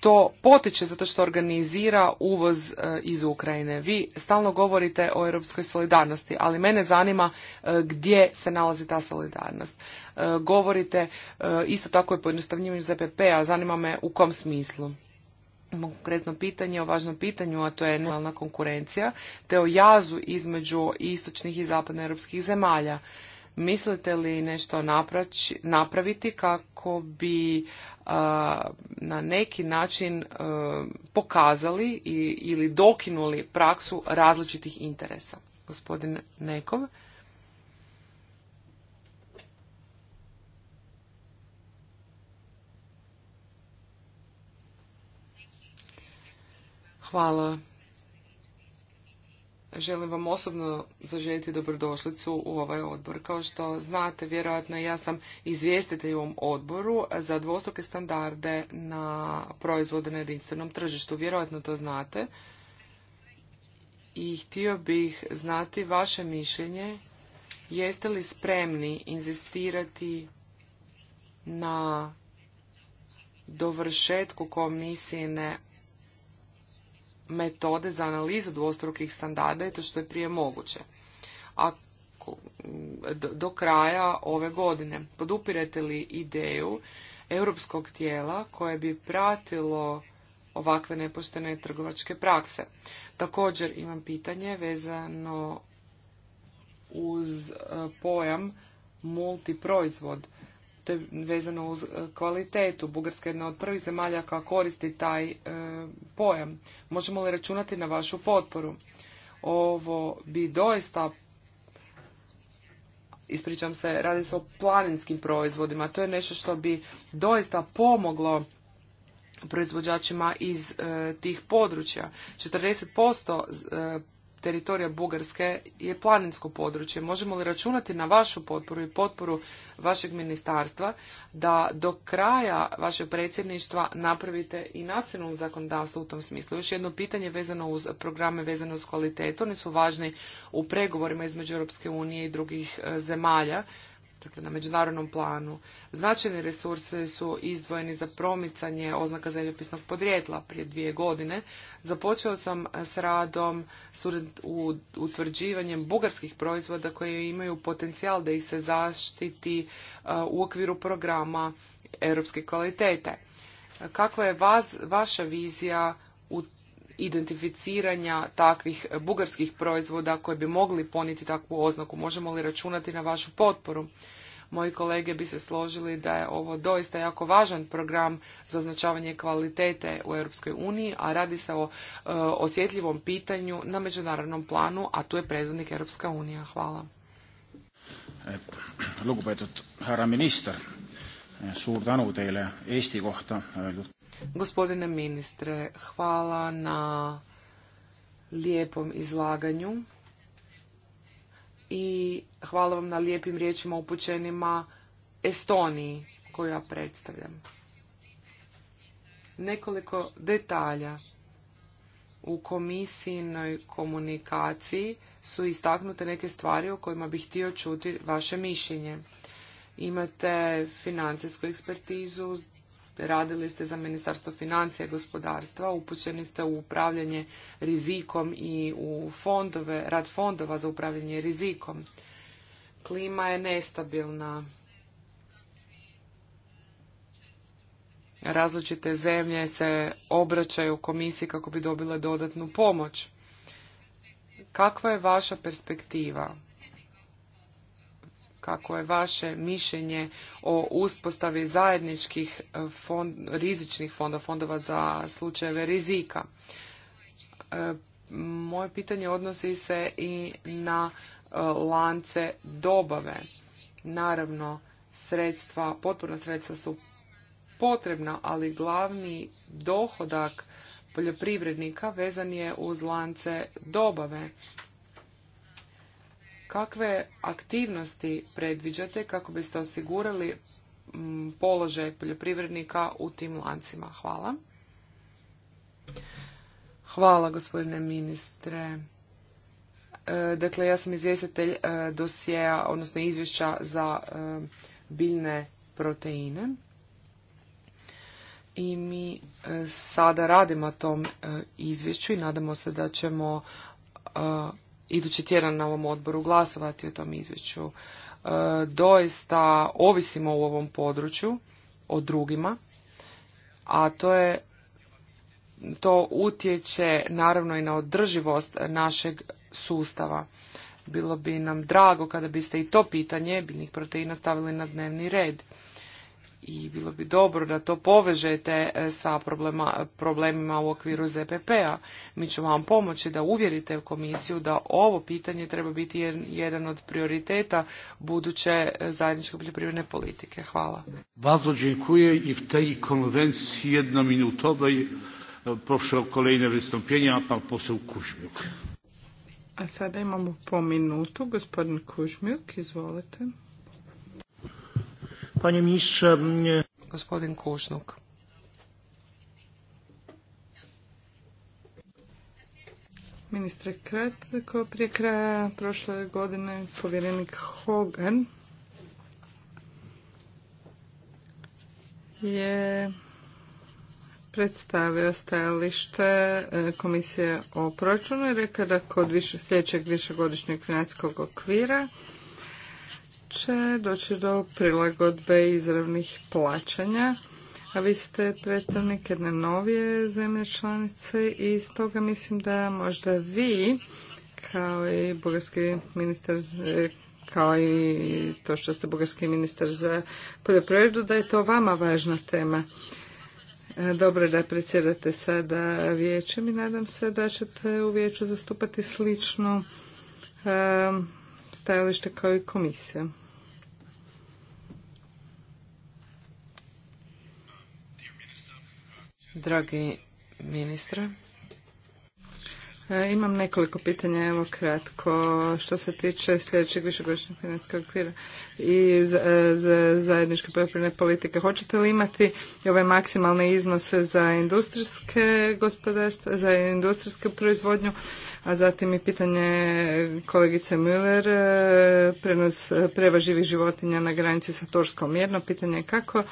to potiče zato što organizira uvoz e, iz Ukrajine. Vi stalno govorite o europskoj solidarnosti, ali mene zanima e, gdje se nalazi ta solidarnost. Govorite isto tako i pojednostavljivanju ZPP-a, zanima me u kom smislu konkretno pitanje o važnom pitanju, a to je nelojalna konkurencija, te o jazu između istočnih i zapadnoeuropskih zemalja. Mislite li nešto napraviti kako bi na neki način pokazali ili dokinuli praksu različitih interesa? Gospodin Nekov. Hvala. Želim vam osobno zaželjeti dobrodošlicu u ovaj odbor. Kao što znate, vjerojatno ja sam izvjestitelj u ovom odboru za dvostruke standarde na proizvode na jedinstvenom tržištu. Vjerojatno to znate. I htio bih znati vaše mišljenje. Jeste li spremni inzistirati na dovršetku komisije metode za analizu dvostrukih standarda i to što je prije moguće. A do, do kraja ove godine podupirete li ideju europskog tijela koje bi pratilo ovakve nepoštene trgovačke prakse. Također imam pitanje vezano uz e, pojam multiproizvod je vezano uz e, kvalitetu. Bugarska je jedna od prvih zemalja koja koristi taj e, pojam. Možemo li računati na vašu potporu? Ovo bi doista ispričam se, radi se o planinskim proizvodima. To je nešto što bi doista pomoglo proizvođačima iz e, tih područja. 40% teritorija Bugarske je planinsko područje. Možemo li računati na vašu potporu i potporu vašeg ministarstva da do kraja vašeg predsjedništva napravite i nacionalno zakonodavstvo u tom smislu? Još jedno pitanje vezano uz programe vezano uz kvalitetu. Oni su važni u pregovorima između Europske unije i drugih e, zemalja dakle na međunarodnom planu. Značajni resursi su izdvojeni za promicanje oznaka zemljopisnog podrijetla prije dvije godine. Započeo sam s radom s utvrđivanjem bugarskih proizvoda koji imaju potencijal da ih se zaštiti e, u okviru programa europske kvalitete. Kakva je vaša vizija u identificiranja takvih bugarskih proizvoda koji bi mogli poniti takvu oznaku? Možemo li računati na vašu potporu? Moji kolege bi se složili da je ovo doista jako važan program za označavanje kvalitete u Europskoj uniji, a radi se o e, osjetljivom pitanju na međunarodnom planu, a tu je predvodnik Europska unija. Hvala. Lugupetud minister, suur tänu teile Eesti kohta Gospodine ministre, hvala na lijepom izlaganju i hvala vam na lijepim riječima upućenima Estoniji koju ja predstavljam. Nekoliko detalja u komisijnoj komunikaciji su istaknute neke stvari o kojima bih htio čuti vaše mišljenje. Imate financijsku ekspertizu, radili ste za Ministarstvo financija i gospodarstva, upućeni ste u upravljanje rizikom i u fondove, rad fondova za upravljanje rizikom. Klima je nestabilna. Različite zemlje se obraćaju komisiji kako bi dobile dodatnu pomoć. Kakva je vaša perspektiva? kako je vaše mišljenje o uspostavi zajedničkih eh, fond, rizičnih fonda, fondova za slučajeve rizika. Eh, moje pitanje odnosi se i na eh, lance dobave. Naravno, sredstva, potporna sredstva su potrebna, ali glavni dohodak poljoprivrednika vezan je uz lance dobave kakve aktivnosti predviđate kako biste osigurali mm, položaj poljoprivrednika u tim lancima? Hvala. Hvala, gospodine ministre. E, dakle, ja sam izvjestitelj e, dosjeja, odnosno izvješća za e, biljne proteine. I mi sada radimo tom izvješću i nadamo se da ćemo idući tjedan na ovom odboru glasovati o tom izvješću. E, doista ovisimo u ovom području o drugima, a to je to utječe naravno i na održivost našeg sustava. Bilo bi nam drago kada biste i to pitanje biljnih proteina stavili na dnevni red i bilo bi dobro da to povežete e, sa problema, problemima u okviru ZPP-a. Mi ćemo vam pomoći da uvjerite komisiju da ovo pitanje treba biti jedan od prioriteta buduće e, zajedničke poljoprivredne politike. Hvala. Bardzo dziękuję i w tej konwencji jednominutowej e, proszę o kolejne wystąpienia pan poseł Kuźmiuk. A sada imamo po minutu. Gospodin Kužmjuk, izvolite. Panie ministrze... Mm, Gospodin Kušnuk. Ministre, kratko prije kraja prošle godine povjerenik Hogan je predstavio stajalište e, komisije o proračunu i rekao da kod više, sljedećeg višegodišnjeg financijskog okvira će doći do prilagodbe izravnih plaćanja, a vi ste predstavnik jedne novije zemlje članice i stoga mislim da možda vi kao i bugarski ministar kao i to što ste bugarski ministar za poljoprivredu, da je to vama važna tema. E, dobro je da predsjedate sada vijećem i nadam se da ćete u vijeću zastupati slično e, stajališta kao i komisija. Dragi ministre, E, imam nekoliko pitanja, evo kratko, što se tiče sljedećeg višegodišnjeg financijskog okvira i e, zajedničke poljoprivredne politike. Hoćete li imati ove maksimalne iznose za industrijske gospodarstva, za industrijsku proizvodnju, a zatim i pitanje kolegice Müller, e, prenos preva životinja na granici sa Turskom. Jedno pitanje je kako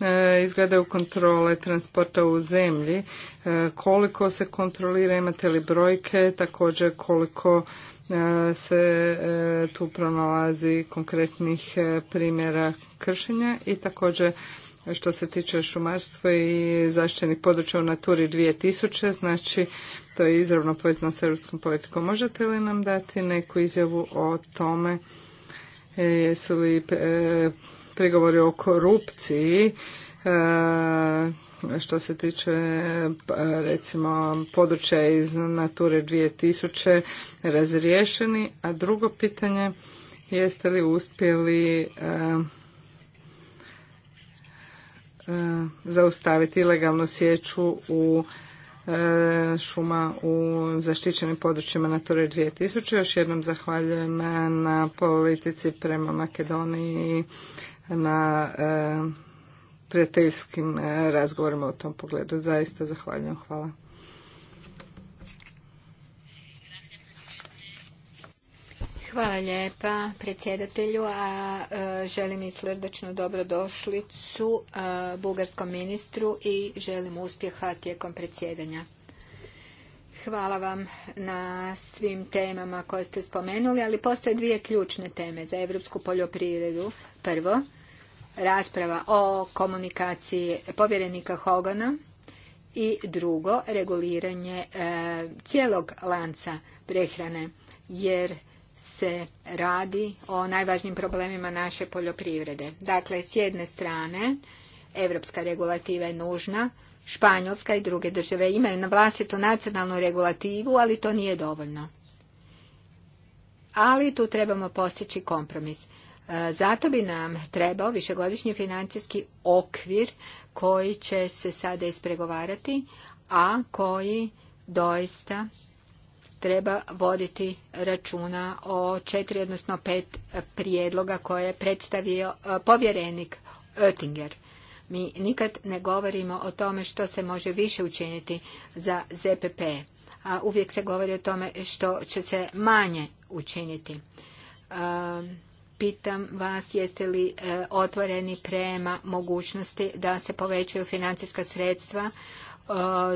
E, izgledaju kontrole transporta u zemlji, e, koliko se kontrolira, imate li brojke, također koliko e, se tu pronalazi konkretnih primjera kršenja i također što se tiče šumarstva i zaštićenih područja u Naturi 2000, znači to je izravno povezano s europskom politikom. Možete li nam dati neku izjavu o tome jesu li prigovori o korupciji e, što se tiče pa, recimo područja iz Nature 2000 razriješeni, a drugo pitanje jeste li uspjeli e, e, zaustaviti ilegalnu sjeću u šuma u zaštićenim područjima Nature 2000. Još jednom zahvaljujem na politici prema Makedoniji na e, prijateljskim e, razgovorima u tom pogledu. Zaista zahvaljujem. Hvala. Hvala lijepa predsjedatelju, a e, želim i srdačnu dobrodošlicu bugarskom ministru i želim uspjeha tijekom predsjedanja. Hvala vam na svim temama koje ste spomenuli, ali postoje dvije ključne teme za europsku poljoprivredu. Prvo, rasprava o komunikaciji povjerenika Hogana i drugo reguliranje e, cijelog lanca prehrane jer se radi o najvažnijim problemima naše poljoprivrede. Dakle, s jedne strane, evropska regulativa je nužna, Španjolska i druge države imaju na vlastitu nacionalnu regulativu, ali to nije dovoljno. Ali tu trebamo postići kompromis. Zato bi nam trebao višegodišnji financijski okvir koji će se sada ispregovarati, a koji doista treba voditi računa o četiri, odnosno pet prijedloga koje je predstavio e, povjerenik Oettinger. Mi nikad ne govorimo o tome što se može više učiniti za ZPP, a uvijek se govori o tome što će se manje učiniti. Ehm, pitam vas jeste li e, otvoreni prema mogućnosti da se povećaju financijska sredstva e,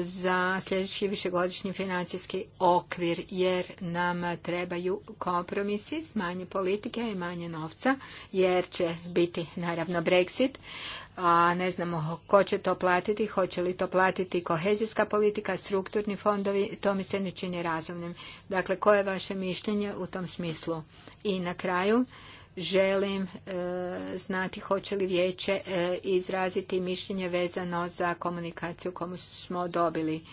za sljedeći višegodišnji financijski okvir, jer nam trebaju kompromisi s manje politike i manje novca, jer će biti naravno Brexit, a ne znamo ko će to platiti, hoće li to platiti kohezijska politika, strukturni fondovi, to mi se ne čini razumnim. Dakle, koje je vaše mišljenje u tom smislu? I na kraju, želim e, znati hoće li vijeće e, izraziti mišljenje vezano za komunikaciju komu smo dobili.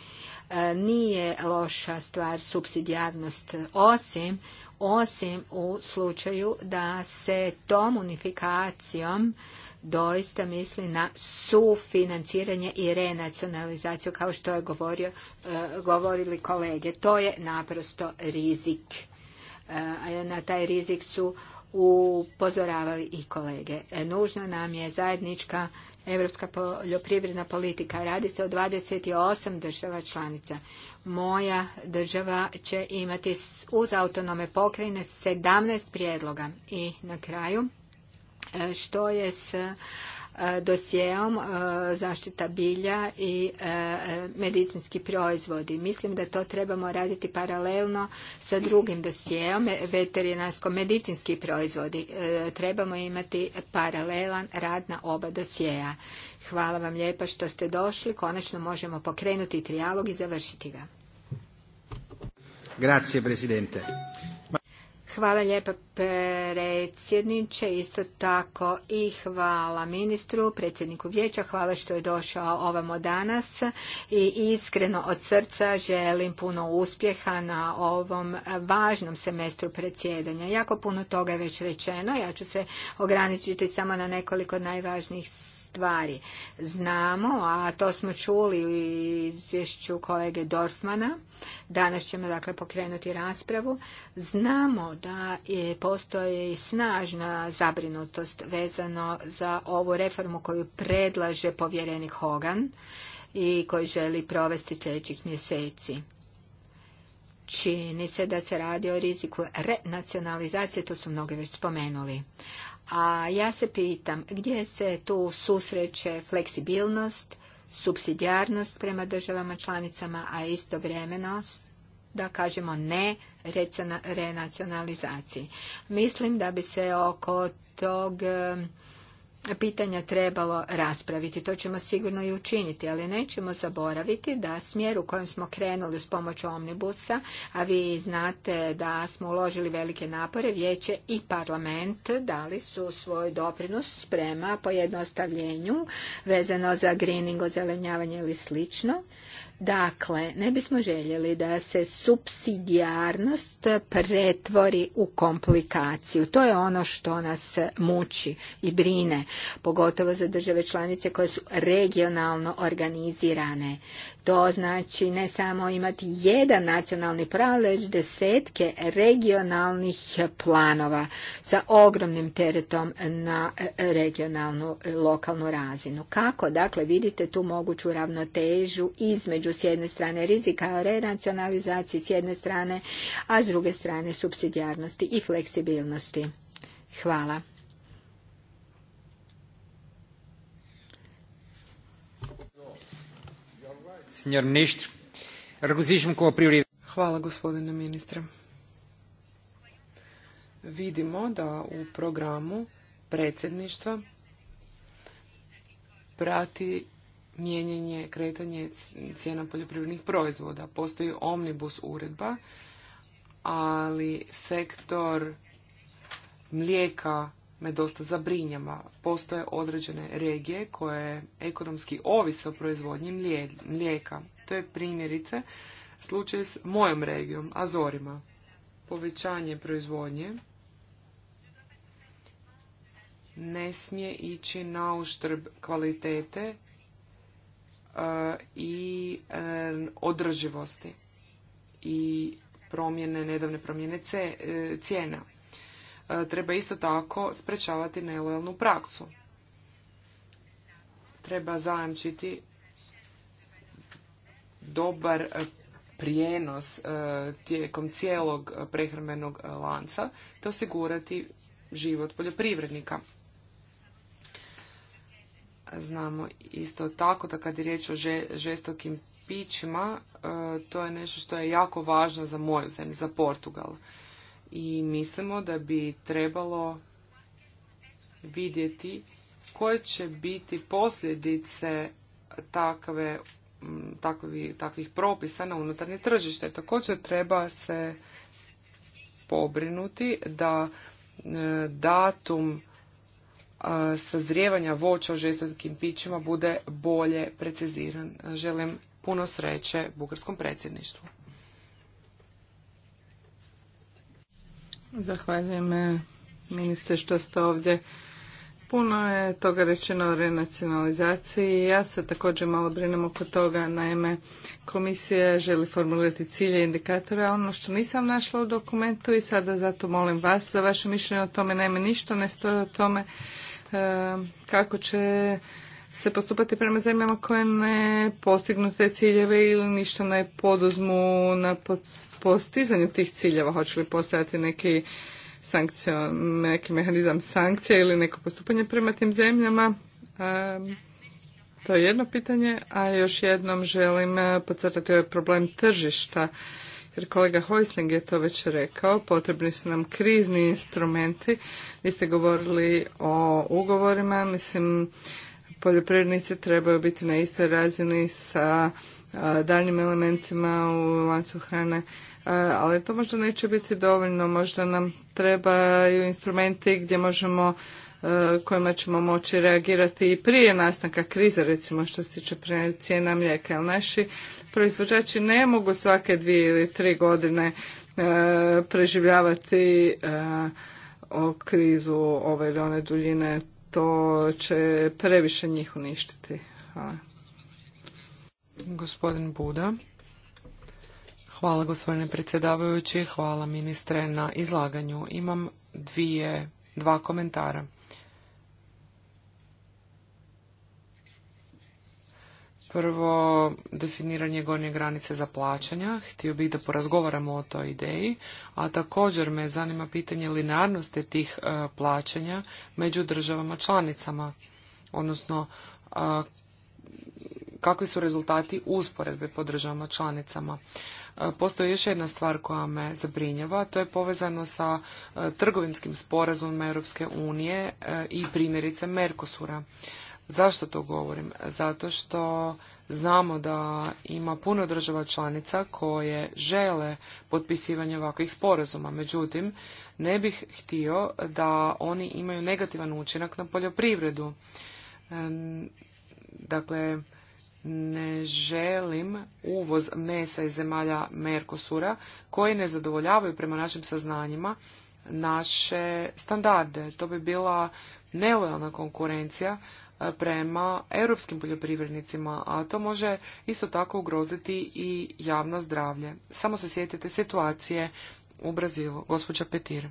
E, nije loša stvar subsidijarnost osim osim u slučaju da se tom unifikacijom doista misli na sufinanciranje i renacionalizaciju kao što je govorio, govorili kolege. To je naprosto rizik. Na taj rizik su upozoravali i kolege. E, Nužna nam je zajednička europska poljoprivredna politika. Radi se o 28 država članica. Moja država će imati uz autonome pokrajine 17 prijedloga. I na kraju, e, što je s E, dosijeom e, zaštita bilja i e, medicinski proizvodi. Mislim da to trebamo raditi paralelno sa drugim dosijeom, veterinarsko-medicinski proizvodi. Trebamo imati paralelan rad na oba dosjeja. Hvala vam lijepa što ste došli. Konačno možemo pokrenuti trijalog i završiti ga. Grazie, Hvala lijepa predsjedniče, isto tako i hvala ministru, predsjedniku vijeća, hvala što je došao ovamo danas i iskreno od srca želim puno uspjeha na ovom važnom semestru predsjedanja. Jako puno toga je već rečeno, ja ću se ograničiti samo na nekoliko najvažnijih stvari. Znamo, a to smo čuli u izvješću kolege Dorfmana, danas ćemo dakle pokrenuti raspravu, znamo da postoji snažna zabrinutost vezano za ovu reformu koju predlaže povjerenik Hogan i koji želi provesti sljedećih mjeseci. Čini se da se radi o riziku renacionalizacije, to su mnogi već spomenuli. A ja se pitam gdje se tu susreće fleksibilnost, subsidijarnost prema državama članicama, a istovremeno da kažemo ne renacionalizaciji. Mislim da bi se oko tog pitanja trebalo raspraviti. To ćemo sigurno i učiniti, ali nećemo zaboraviti da smjer u kojem smo krenuli s pomoć omnibusa, a vi znate da smo uložili velike napore, vijeće i parlament dali su svoj doprinos sprema pojednostavljenju vezano za greening, ozelenjavanje ili slično. Dakle, ne bismo željeli da se subsidijarnost pretvori u komplikaciju. To je ono što nas muči i brine, pogotovo za države članice koje su regionalno organizirane. To znači ne samo imati jedan nacionalni plan, već desetke regionalnih planova sa ogromnim teretom na e, regionalnu e, lokalnu razinu. Kako? Dakle, vidite tu moguću ravnotežu između s jedne strane rizika renacionalizacije s jedne strane, a s druge strane subsidijarnosti i fleksibilnosti. Hvala. Hvala gospodine ministre. Vidimo da u programu predsjedništva prati mijenjanje, kretanje cijena poljoprivrednih proizvoda. Postoji omnibus uredba, ali sektor mlijeka me dosta zabrinjava. Postoje određene regije koje ekonomski ovise o proizvodnji mlijeka. To je primjerice slučaj s mojom regijom, Azorima. Povećanje proizvodnje ne smije ići na uštrb kvalitete e, i e, održivosti i promjene, nedavne promjene e, cijena. E, treba isto tako sprečavati nelojalnu praksu. Treba zajamčiti dobar e, prijenos e, tijekom cijelog prehrambenog lanca te osigurati život poljoprivrednika. Znamo isto tako da kad je riječ o žestokim pićima, to je nešto što je jako važno za moju zemlju, za Portugal i mislimo da bi trebalo vidjeti koje će biti posljedice takve, takvi, takvih propisa na unutarnje tržište. Također treba se pobrinuti da e, datum e, sazrijevanja voća u žestokim pićima bude bolje preciziran. Želim puno sreće bugarskom predsjedništvu. Zahvaljujem eh, ministre što ste ovdje. Puno je toga rečeno o renacionalizaciji. Ja se također malo brinem oko toga. Naime, komisija želi formulirati cilje i indikatore, ono što nisam našla u dokumentu i sada zato molim vas za vaše mišljenje o tome. Naime, ništa ne stoji o tome eh, kako će se postupati prema zemljama koje ne postignu te ciljeve ili ništa ne poduzmu na postizanju tih ciljeva, hoće li postojati neki sankcion, neki mehanizam sankcija ili neko postupanje prema tim zemljama. To je jedno pitanje, a još jednom želim eh, podcrtati ovaj problem tržišta, jer kolega Hojsling je to već rekao, potrebni su nam krizni instrumenti. Vi ste govorili o ugovorima, mislim, poljoprivrednici trebaju biti na istoj razini sa eh, daljnjim elementima u lancu hrane E, ali to možda neće biti dovoljno. Možda nam trebaju instrumenti gdje možemo e, kojima ćemo moći reagirati i prije nastanka krize, recimo što se tiče cijena mlijeka. Jer naši proizvođači ne mogu svake dvije ili tri godine e, preživljavati o krizu ove ili one duljine. To će previše njih uništiti. Hvala. Gospodin Buda. Hvala gospodine predsjedavajući, hvala ministre na izlaganju. Imam dvije, dva komentara. Prvo, definiranje gornje granice za plaćanja. Htio bih da porazgovaramo o toj ideji, a također me zanima pitanje linearnosti tih e, plaćanja među državama članicama, odnosno kakvi su rezultati usporedbe po državama članicama. E, postoji još jedna stvar koja me zabrinjava, to je povezano sa e, trgovinskim sporazumom Europske unije e, i primjerice Merkosura. Zašto to govorim? Zato što znamo da ima puno država članica koje žele potpisivanje ovakvih sporazuma. Međutim, ne bih htio da oni imaju negativan učinak na poljoprivredu. Dakle, ne želim uvoz mesa iz zemalja Merkosura koji ne zadovoljavaju prema našim saznanjima naše standarde. To bi bila nelojalna konkurencija e, prema europskim poljoprivrednicima, a to može isto tako ugroziti i javno zdravlje. Samo se sjetite situacije u Brazilu. Gospođa Petir.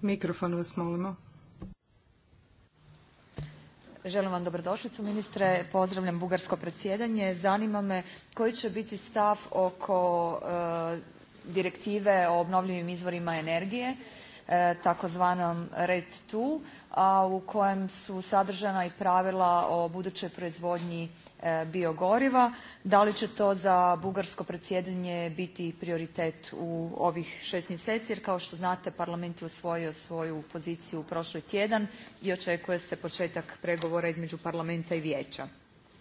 Mikrofon vas molimo želim vam dobrodošlicu ministre. Pozdravljam bugarsko predsjedanje. Zanima me koji će biti stav oko e, direktive o obnovljivim izvorima energije e, takozvanom RED II, a u kojem su sadržana i pravila o budućoj proizvodnji E, biogoriva. Da li će to za bugarsko predsjedanje biti prioritet u ovih 6 mjeseci jer kao što znate Parlament je usvojio svoju poziciju prošli tjedan i očekuje se početak pregovora između Parlamenta i Vijeća.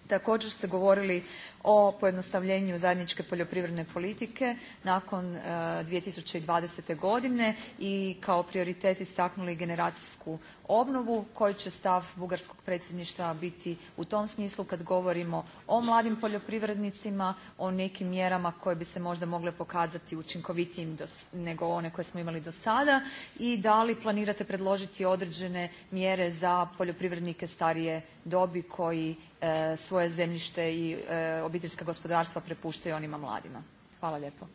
Također ste govorili o pojednostavljenju zajedničke poljoprivredne politike nakon 2020. E, godine i kao prioritet istaknuli generacijsku obnovu koji će stav bugarskog predsjedništva biti u tom smislu kad govorimo o mladim poljoprivrednicima, o nekim mjerama koje bi se možda mogle pokazati učinkovitijim nego one koje smo imali do sada i da li planirate predložiti određene mjere za poljoprivrednike starije dobi koji e, svoje zemljište i e, obiteljska gospodarstva prepuštaju onima mladima. Hvala lijepo.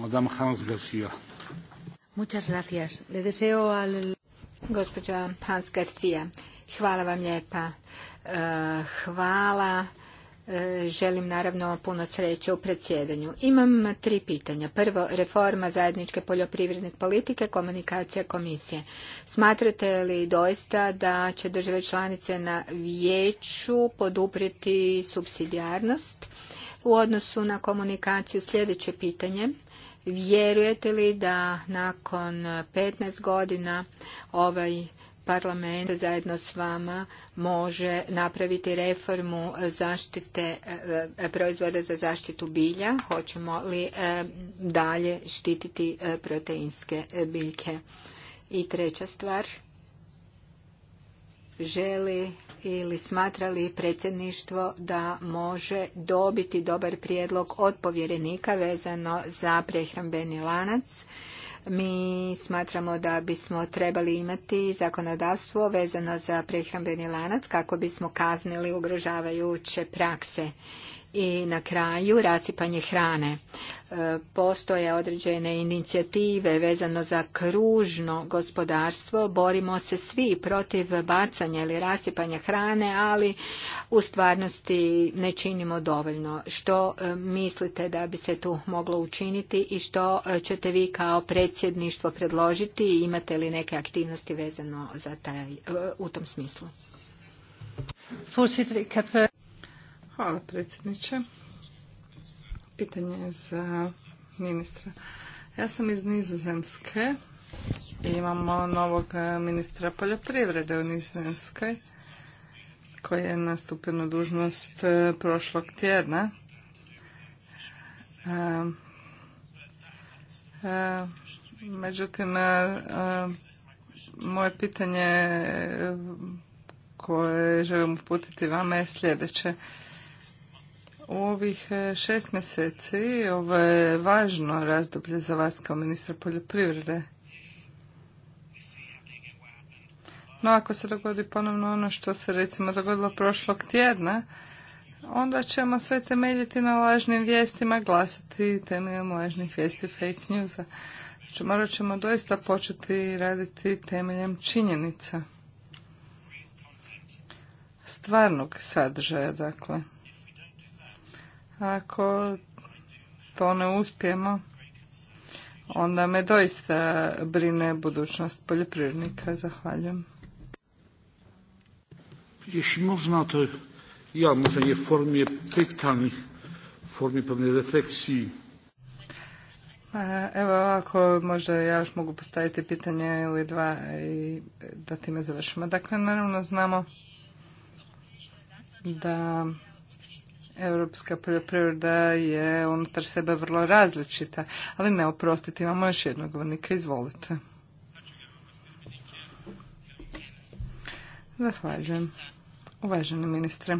Hans Garcia. Hans Garcia, hvala vam lijepa. E, hvala. E, želim naravno puno sreće u predsjedanju. Imam tri pitanja. Prvo, reforma zajedničke poljoprivredne politike, komunikacija komisije. Smatrate li doista da će države članice na vijeću podupriti subsidijarnost? U odnosu na komunikaciju sljedeće pitanje. Vjerujete li da nakon 15 godina ovaj parlament zajedno s vama može napraviti reformu zaštite e, e, proizvoda za zaštitu bilja? Hoćemo li e, dalje štititi proteinske biljke? I treća stvar, želi ili smatra li predsjedništvo da može dobiti dobar prijedlog od povjerenika vezano za prehrambeni lanac. Mi smatramo da bismo trebali imati zakonodavstvo vezano za prehrambeni lanac kako bismo kaznili ugrožavajuće prakse. I na kraju rasipanje hrane. E, postoje određene inicijative vezano za kružno gospodarstvo. Borimo se svi protiv bacanja ili rasipanja hrane, ali u stvarnosti ne činimo dovoljno. Što e, mislite da bi se tu moglo učiniti i što e, ćete vi kao predsjedništvo predložiti i imate li neke aktivnosti vezano za taj, u tom smislu? Hvala predsjedniče. Pitanje je za ministra. Ja sam iz Nizozemske i imamo novog e, ministra poljoprivrede u Nizozemskoj koji je nastupio na dužnost e, prošlog tjedna. E, međutim, moje pitanje koje želim uputiti vama je sljedeće. U ovih e, šest mjeseci ovo je važno razdoblje za vas kao ministra poljoprivrede. No ako se dogodi ponovno ono što se recimo dogodilo prošlog tjedna, onda ćemo sve temeljiti na lažnim vijestima, glasati temeljem lažnih vijesti fake newsa. Znači morat ćemo doista početi raditi temeljem činjenica. Stvarnog sadržaja, dakle. Ako to ne uspijemo, onda me doista brine budućnost poljoprivrednika. Zahvaljujem. Jeśli można, to ja może nie w formie pytań, w formie pewnej refleksji. E, evo, ako možda ja još mogu postaviti pitanje ili dva i da time završimo. Dakle, naravno znamo da Europska poljoprivreda je unutar sebe vrlo različita, ali ne oprostite, imamo još jednog govornika, izvolite. Zahvaljujem. Uvaženi ministre,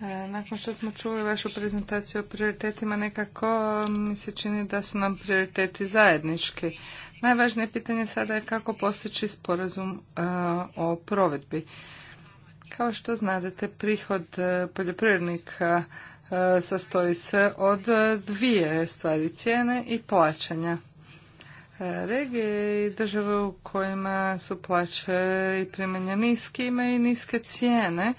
e, nakon što smo čuli vašu prezentaciju o prioritetima, nekako mi se čini da su nam prioriteti zajednički. Najvažnije pitanje sada je kako postići sporazum e, o provedbi. Kao što znate, prihod e, poljoprivrednika e, sastoji se od e, dvije stvari cijene i plaćanja. Regije i države u kojima su plaće i primanja niske imaju niske cijene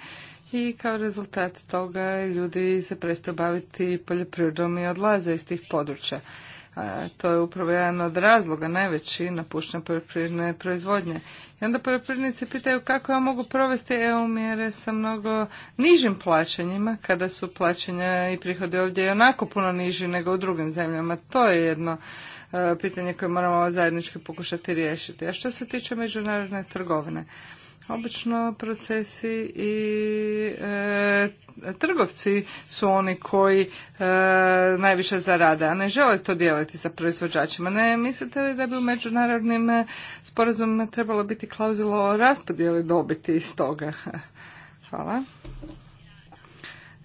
i kao rezultat toga ljudi se prestaju baviti poljoprivredom i odlaze iz tih područja to je upravo jedan od razloga najveći napuštene poljoprivredne proizvodnje. I onda poljoprivrednici pitaju kako ja mogu provesti EU mjere sa mnogo nižim plaćanjima kada su plaćanja i prihode ovdje i onako puno niži nego u drugim zemljama. To je jedno e, pitanje koje moramo zajednički pokušati riješiti. A što se tiče međunarodne trgovine, Obično procesi i e, trgovci su oni koji e, najviše zarade, a ne žele to dijeliti sa proizvođačima. Ne mislite li da bi u međunarodnim e, sporazumima trebalo biti klauzula o raspodjeli dobiti iz toga? (laughs) Hvala.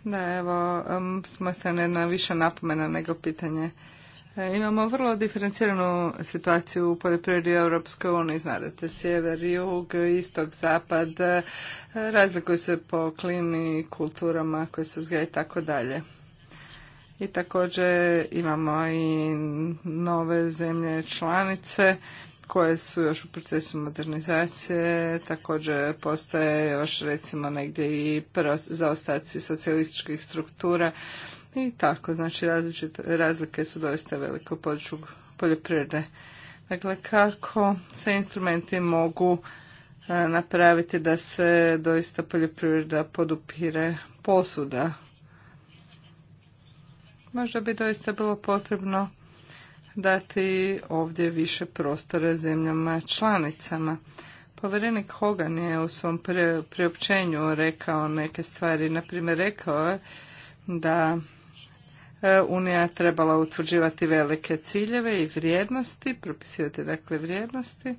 Da, evo, s moje strane jedna više napomena nego pitanje. E, imamo vrlo diferenciranu situaciju u poljoprivredi Europske unije, znate, sjever, jug, istog, zapad, e, razlikuju se po klimi, kulturama koje se zgaje i tako dalje. I također imamo i nove zemlje članice koje su još u procesu modernizacije, također postoje još recimo negdje i zaostaci socijalističkih struktura i tako. Znači različite, razlike su doista velike u području poljoprivrede. Dakle, kako se instrumenti mogu e, napraviti da se doista poljoprivreda podupire posuda. Možda bi doista bilo potrebno dati ovdje više prostora zemljama članicama. Povjerenik Hogan je u svom priopćenju rekao neke stvari. Naprimjer, rekao je da E, Unija trebala utvrđivati velike ciljeve i vrijednosti, propisivati dakle vrijednosti.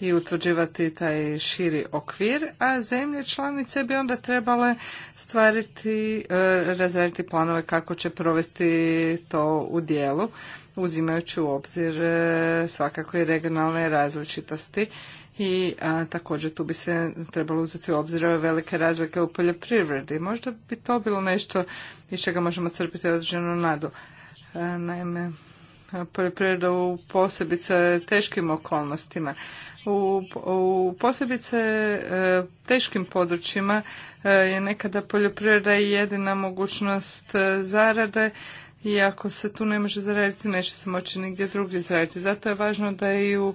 i utvrđivati taj širi okvir, a zemlje članice bi onda trebale stvariti, e, razraditi planove kako će provesti to u dijelu, uzimajući u obzir e, svakako i regionalne različitosti i također tu bi se trebalo uzeti u obzir ove velike razlike u poljoprivredi. Možda bi to bilo nešto iz čega možemo crpiti određenu nadu. E, naime, poljoprivreda u posebice teškim okolnostima. U, u posebice e, teškim područjima e, je nekada poljoprivreda jedina mogućnost zarade i ako se tu ne može zaraditi, neće se moći nigdje drugdje zaraditi. Zato je važno da i u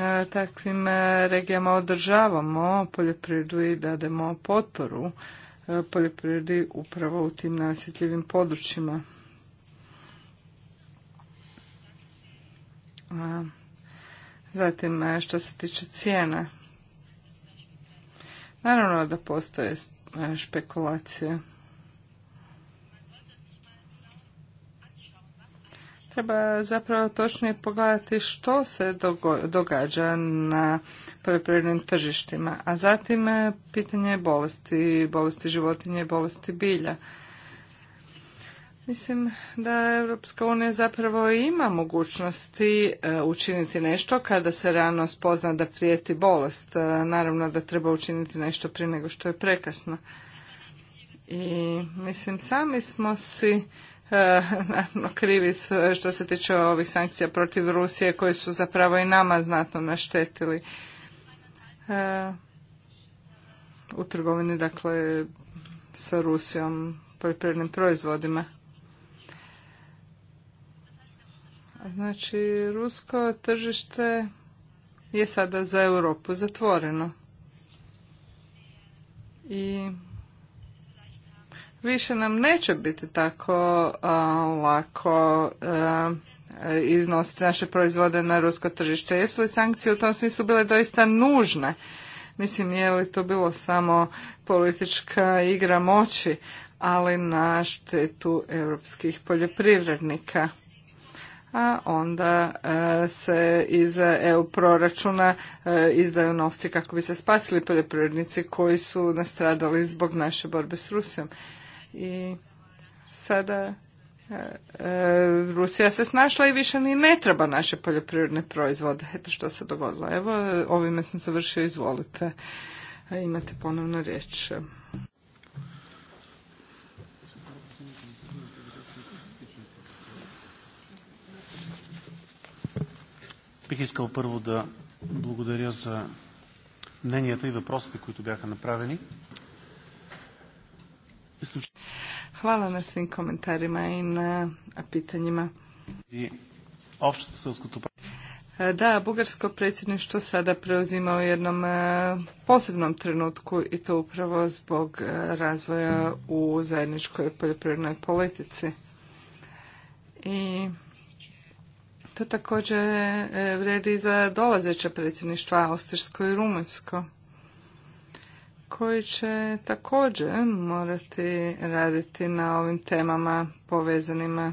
E, takvim e, regijama održavamo poljoprivredu i dademo potporu e, poljoprivredi upravo u tim nasjetljivim područjima. Zatim, što se tiče cijena. Naravno da postoje špekulacije. treba zapravo točnije pogledati što se događa na poljoprivrednim tržištima, a zatim e, pitanje bolesti, bolesti životinje i bolesti bilja. Mislim da Europska unija zapravo ima mogućnosti e, učiniti nešto kada se rano spozna da prijeti bolest. E, naravno da treba učiniti nešto prije nego što je prekasno. I mislim sami smo si E, naravno krivi što se tiče ovih sankcija protiv Rusije koje su zapravo i nama znatno naštetili e, u trgovini dakle sa Rusijom poljoprivrednim proizvodima. Znači, rusko tržište je sada za Europu zatvoreno. I više nam neće biti tako lako iznositi naše proizvode na rusko tržište. Jesu li sankcije u tom smislu bile doista nužne? Mislim, je li to bilo samo politička igra moći, ali na štetu europskih poljoprivrednika. A onda se iz EU proračuna izdaju novci kako bi se spasili poljoprivrednici koji su nastradali zbog naše borbe s Rusijom i sada e, e, Rusija se snašla i više ni ne treba naše poljoprivredne proizvode. Eto što se dogodilo. Evo, e, ovime sam završio, izvolite. Imate ponovno riječ. Бих искал da да za за мненията и въпросите, които бяха направени. Hvala na svim komentarima i na pitanjima. E, da, bugarsko predsjedništvo sada preuzima u jednom e, posebnom trenutku i to upravo zbog e, razvoja u zajedničkoj poljoprivrednoj politici. I to također vredi za dolazeće predsjedništva Austrijsko i Rumunjsko koji će također morati raditi na ovim temama povezanima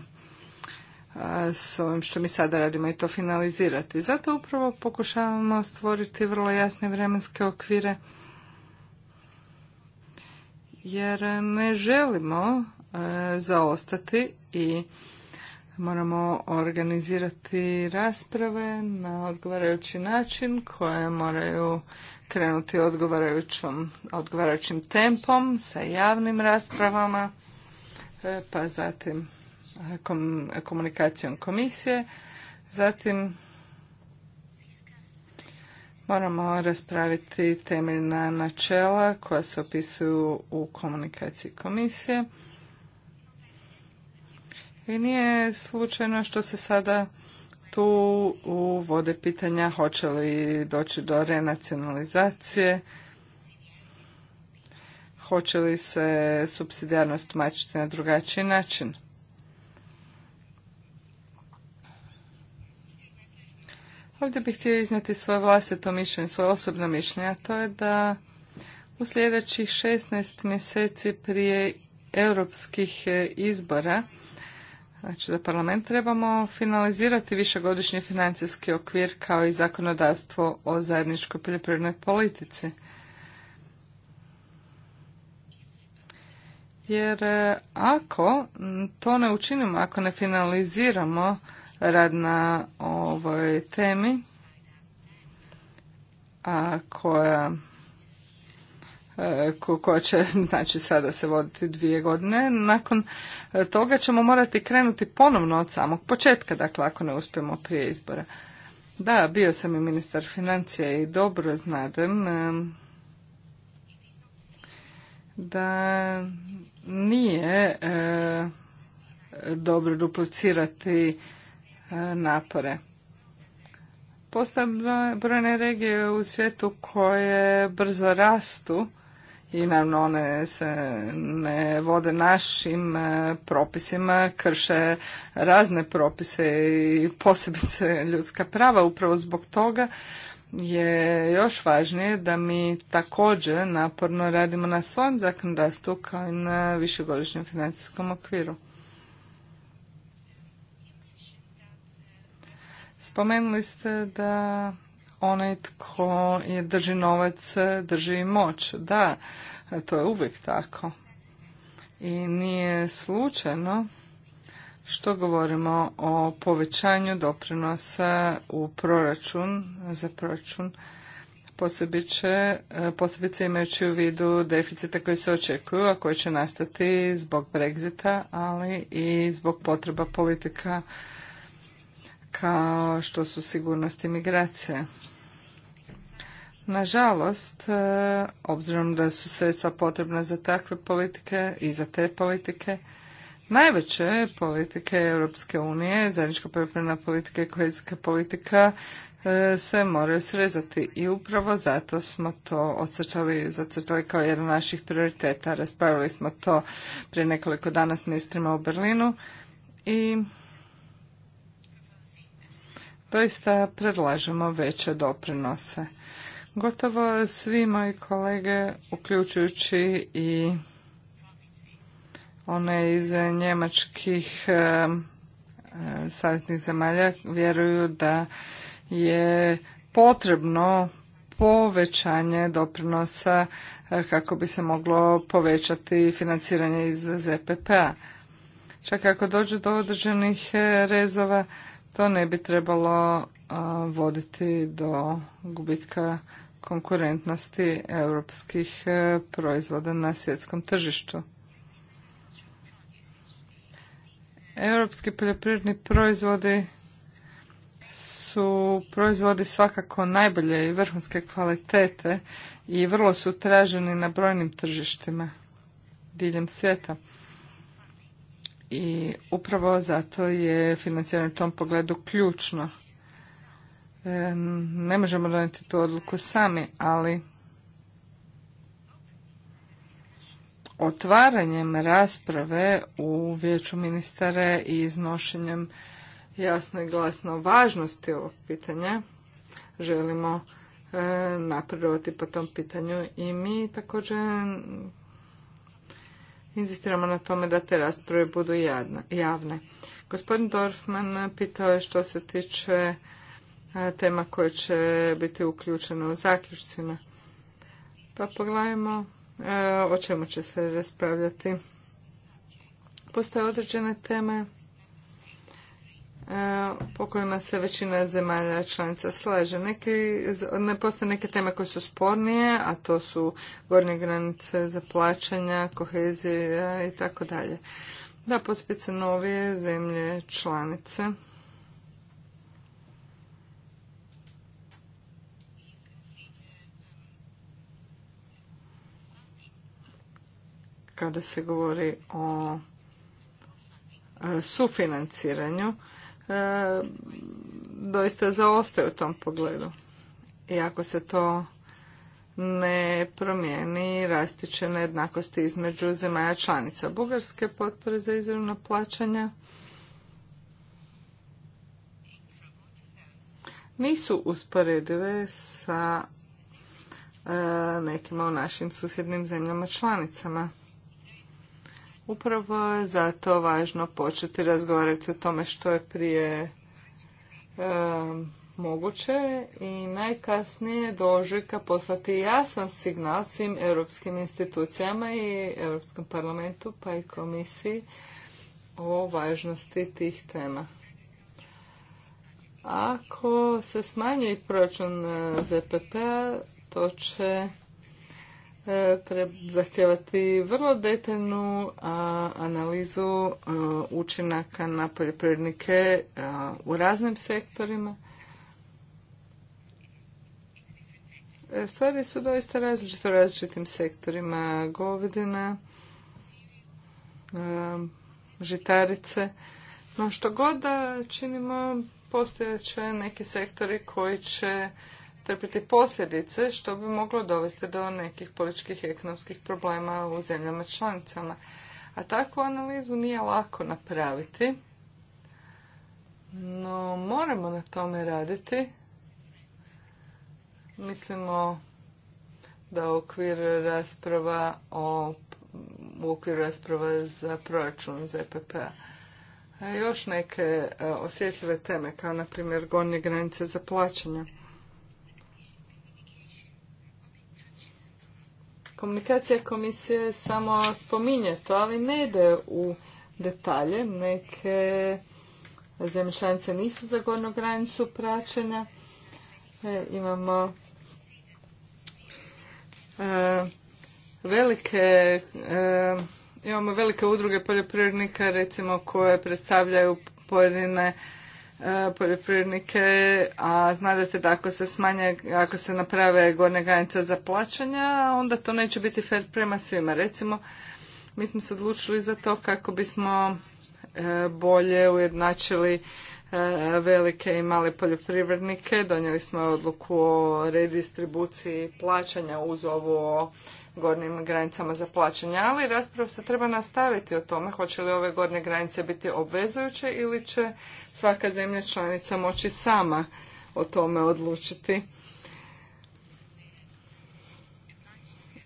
s ovim što mi sada radimo i to finalizirati. Zato upravo pokušavamo stvoriti vrlo jasne vremenske okvire jer ne želimo zaostati i moramo organizirati rasprave na odgovarajući način koje moraju krenuti odgovarajućim tempom sa javnim raspravama, e, pa zatim e, komunikacijom komisije. Zatim moramo raspraviti temeljna načela koja se opisuju u komunikaciji komisije. I nije slučajno što se sada tu uvode pitanja hoće li doći do renacionalizacije, hoće li se subsidijarnost tumačiti na drugačiji način. Ovdje bih htio iznijeti svoje vlastito mišljenje, svoje osobno mišljenje, a to je da u sljedećih 16 mjeseci prije europskih izbora Znači za parlament trebamo finalizirati višegodišnji financijski okvir kao i zakonodavstvo o zajedničkoj poljoprivrednoj politici. Jer e, ako to ne učinimo, ako ne finaliziramo rad na ovoj temi, ako... koja E, koja će (laughs) znači sada se voditi dvije godine. Nakon e, toga ćemo morati krenuti ponovno od samog početka, dakle ako ne uspijemo prije izbora. Da, bio sam i ministar financija i dobro znadem e, da nije dobro duplicirati napore. Postoje brojne regije u svijetu koje brzo rastu i naravno one se ne vode našim e, propisima, krše razne propise i posebice ljudska prava. Upravo zbog toga je još važnije da mi također naporno radimo na svojem zakonodavstvu kao i na višegodišnjem financijskom okviru. Spomenuli ste da onaj tko je drži novac, drži moć. Da, to je uvijek tako. I nije slučajno što govorimo o povećanju doprinosa u proračun, za proračun posebice, imajući u vidu deficita koji se očekuju, a koji će nastati zbog Brexita, ali i zbog potreba politika kao što su sigurnost i Nažalost, e, obzirom da su sredstva potrebna za takve politike i za te politike, najveće politike Europske unije, zajednička poljoprivredna politika i kohezijska politika e, se moraju srezati i upravo zato smo to ocrčali, zacrtali kao jedan od naših prioriteta. Raspravili smo to prije nekoliko dana s ministrima u Berlinu i doista predlažemo veće doprinose. Gotovo svi moji kolege, uključujući i one iz njemačkih eh, eh, savjetnih zemalja, vjeruju da je potrebno povećanje doprinosa eh, kako bi se moglo povećati financiranje iz ZPP-a. Čak ako dođe do određenih rezova, to ne bi trebalo voditi do gubitka konkurentnosti europskih e, proizvoda na svjetskom tržištu. Europski poljoprivredni proizvodi su proizvodi svakako najbolje i vrhunske kvalitete i vrlo su traženi na brojnim tržištima diljem svijeta. I upravo zato je financiranje u tom pogledu ključno ne možemo donijeti tu odluku sami, ali otvaranjem rasprave u vijeću ministare i iznošenjem jasno i glasno važnosti ovog pitanja želimo e, napredovati po tom pitanju i mi također inzistiramo na tome da te rasprave budu javne. Gospodin Dorfman pitao je što se tiče E, tema koja će biti uključena u zaključcima. Pa pogledajmo e, o čemu će se raspravljati. Postoje određene teme e, po kojima se većina zemalja članica slaže. ne postoje neke teme koje su spornije, a to su gornje granice za plaćanja, kohezija i tako dalje. Da, pospice novije zemlje članice kada se govori o e, sufinanciranju e, doista zaostaje u tom pogledu. I ako se to ne promijeni rastiće nejednakosti između zemalja članica. Bugarske potpore za izravno plaćanja nisu usporedive sa e, nekima u našim susjednim zemljama članicama. Upravo je zato važno početi razgovarati o tome što je prije e, moguće i najkasnije do ožujka poslati jasan signal svim europskim institucijama i Europskom parlamentu pa i komisiji o važnosti tih tema. Ako se smanji proračun e, ZPP-a, to će E, treba zahtjevati vrlo detaljnu analizu e, učinaka na poljoprivrednike e, u raznim sektorima. Stvari su doista različite u različitim sektorima govedina, žitarice. No što god da činimo, postojeće neki sektori koji će trpiti posljedice što bi moglo dovesti do nekih političkih i ekonomskih problema u zemljama članicama. A takvu analizu nije lako napraviti, no moramo na tome raditi. Mislimo da u okviru rasprava o u okviru rasprava za proračun ZPP-a. E još neke e, osjetljive teme, kao na primjer gornje granice za plaćanje. Komunikacija komisije samo spominje to, ali ne ide u detalje. Neke zemlje nisu za gornu granicu praćenja. E, imamo e, velike e, imamo velike udruge poljoprivrednika recimo koje predstavljaju pojedine E, poljoprivrednike, a znate da ako se smanje, ako se naprave gornje granice za plaćanja, onda to neće biti fair prema svima. Recimo, mi smo se odlučili za to kako bismo e, bolje ujednačili e, velike i male poljoprivrednike. Donijeli smo odluku o redistribuciji plaćanja uz ovo gornjim granicama za plaćanje, ali rasprava se treba nastaviti o tome hoće li ove gornje granice biti obvezujuće ili će svaka zemlja članica moći sama o tome odlučiti.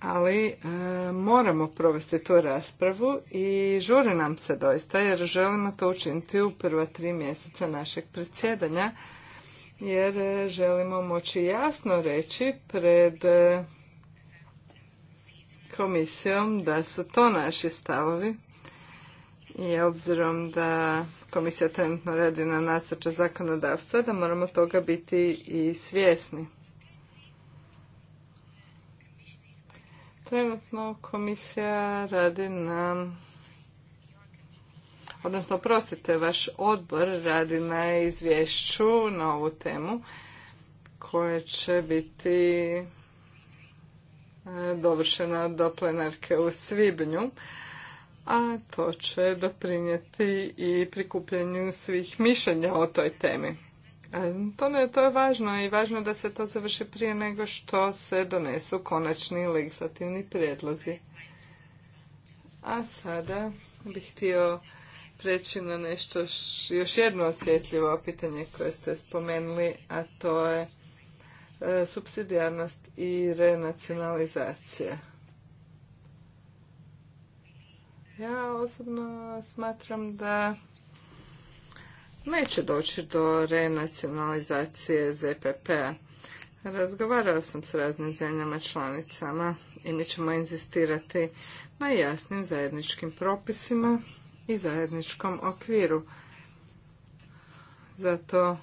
ali e, moramo provesti tu raspravu i žuri nam se doista jer želimo to učiniti u prva tri mjeseca našeg predsjedanja jer e, želimo moći jasno reći pred komisijom da su to naši stavovi i obzirom da komisija trenutno radi na nasrče zakonodavstva, da moramo toga biti i svjesni. Trenutno komisija radi na odnosno prostite, vaš odbor radi na izvješću na ovu temu koje će biti E, dovršena do plenarke u svibnju, a to će doprinijeti i prikupljanju svih mišljenja o toj temi. E, to, to je važno i važno da se to završi prije nego što se donesu konačni legislativni prijedlozi. A sada bih htio preći na nešto, još jedno osjetljivo pitanje koje ste spomenuli, a to je E, subsidijarnost i renacionalizacija. Ja osobno smatram da neće doći do renacionalizacije ZPP-a. Razgovarao sam s raznim zemljama članicama i mi ćemo inzistirati na jasnim zajedničkim propisima i zajedničkom okviru. Zato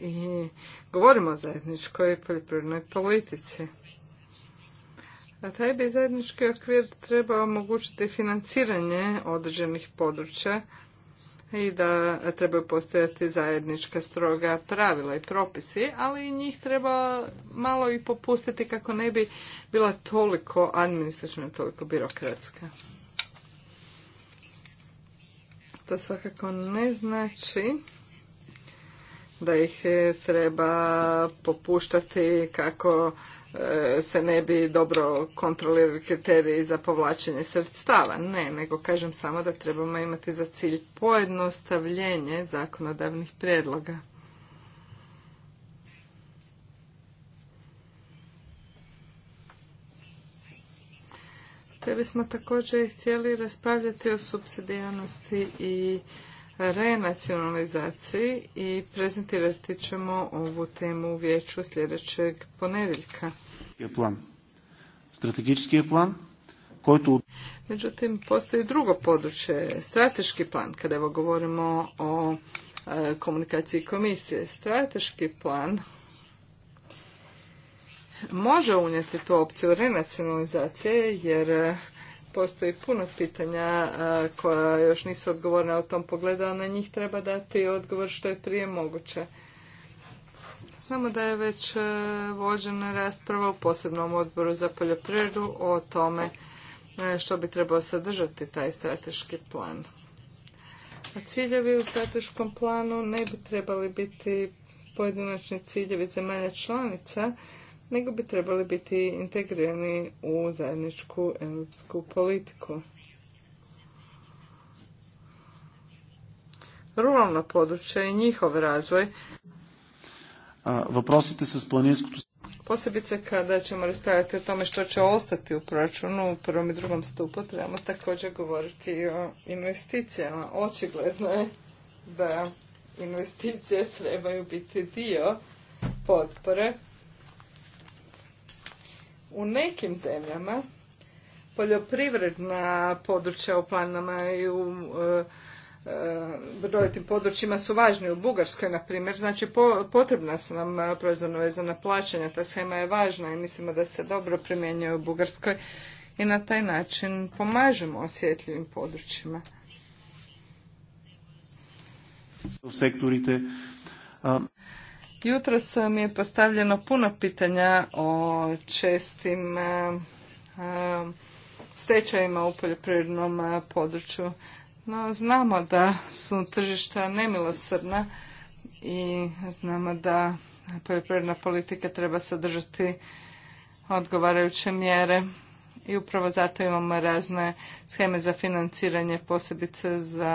i govorimo o zajedničkoj poljoprivrednoj politici. A taj bi zajednički okvir trebao omogućiti financiranje određenih područja i da trebaju postojati zajednička stroga pravila i propisi, ali njih treba malo i popustiti kako ne bi bila toliko administrativna, toliko birokratska. To svakako ne znači da ih e, treba popuštati kako e, se ne bi dobro kontrolirali kriteriji za povlačenje sredstava. Ne, nego kažem samo da trebamo imati za cilj pojednostavljenje zakonodavnih prijedloga. Te bismo također htjeli raspravljati o subsidijanosti i renacionalizaciji i prezentirati ćemo ovu temu u vijeću sljedećeg ponedjeljka. Plan. Strategički plan Međutim, postoji drugo područje, strateški plan, kada evo govorimo o e, komunikaciji komisije. Strateški plan može unijeti tu opciju renacionalizacije, jer postoji puno pitanja koja još nisu odgovorena o tom pogledu, a na njih treba dati odgovor što je prije moguće. Znamo da je već e, vođena rasprava u posebnom odboru za poljoprivredu o tome e, što bi trebao sadržati taj strateški plan. A ciljevi u strateškom planu ne bi trebali biti pojedinačni ciljevi zemalja članica, nego bi trebali biti integrirani u zajedničku europsku politiku. Ruralno područje i njihov razvoj. se s Posebice kada ćemo raspravljati o tome što će ostati u proračunu u prvom i drugom stupu, trebamo također govoriti i o investicijama. Očigledno je da investicije trebaju biti dio potpore u nekim zemljama poljoprivredna područja u planama i u e, e, brojitim područjima su važni. U Bugarskoj, na primjer, znači potrebna su nam e, proizvodno vezana plaćanja. Ta schema je važna i mislimo da se dobro primjenjuje u Bugarskoj i na taj način pomažemo osjetljivim područjima. U sektorite Jutros mi je postavljeno puno pitanja o čestim e, e, stečajima u poljoprivrednom e, području. No, znamo da su tržišta nemilosrna i znamo da poljoprivredna politika treba sadržati odgovarajuće mjere i upravo zato imamo razne scheme za financiranje, posebice za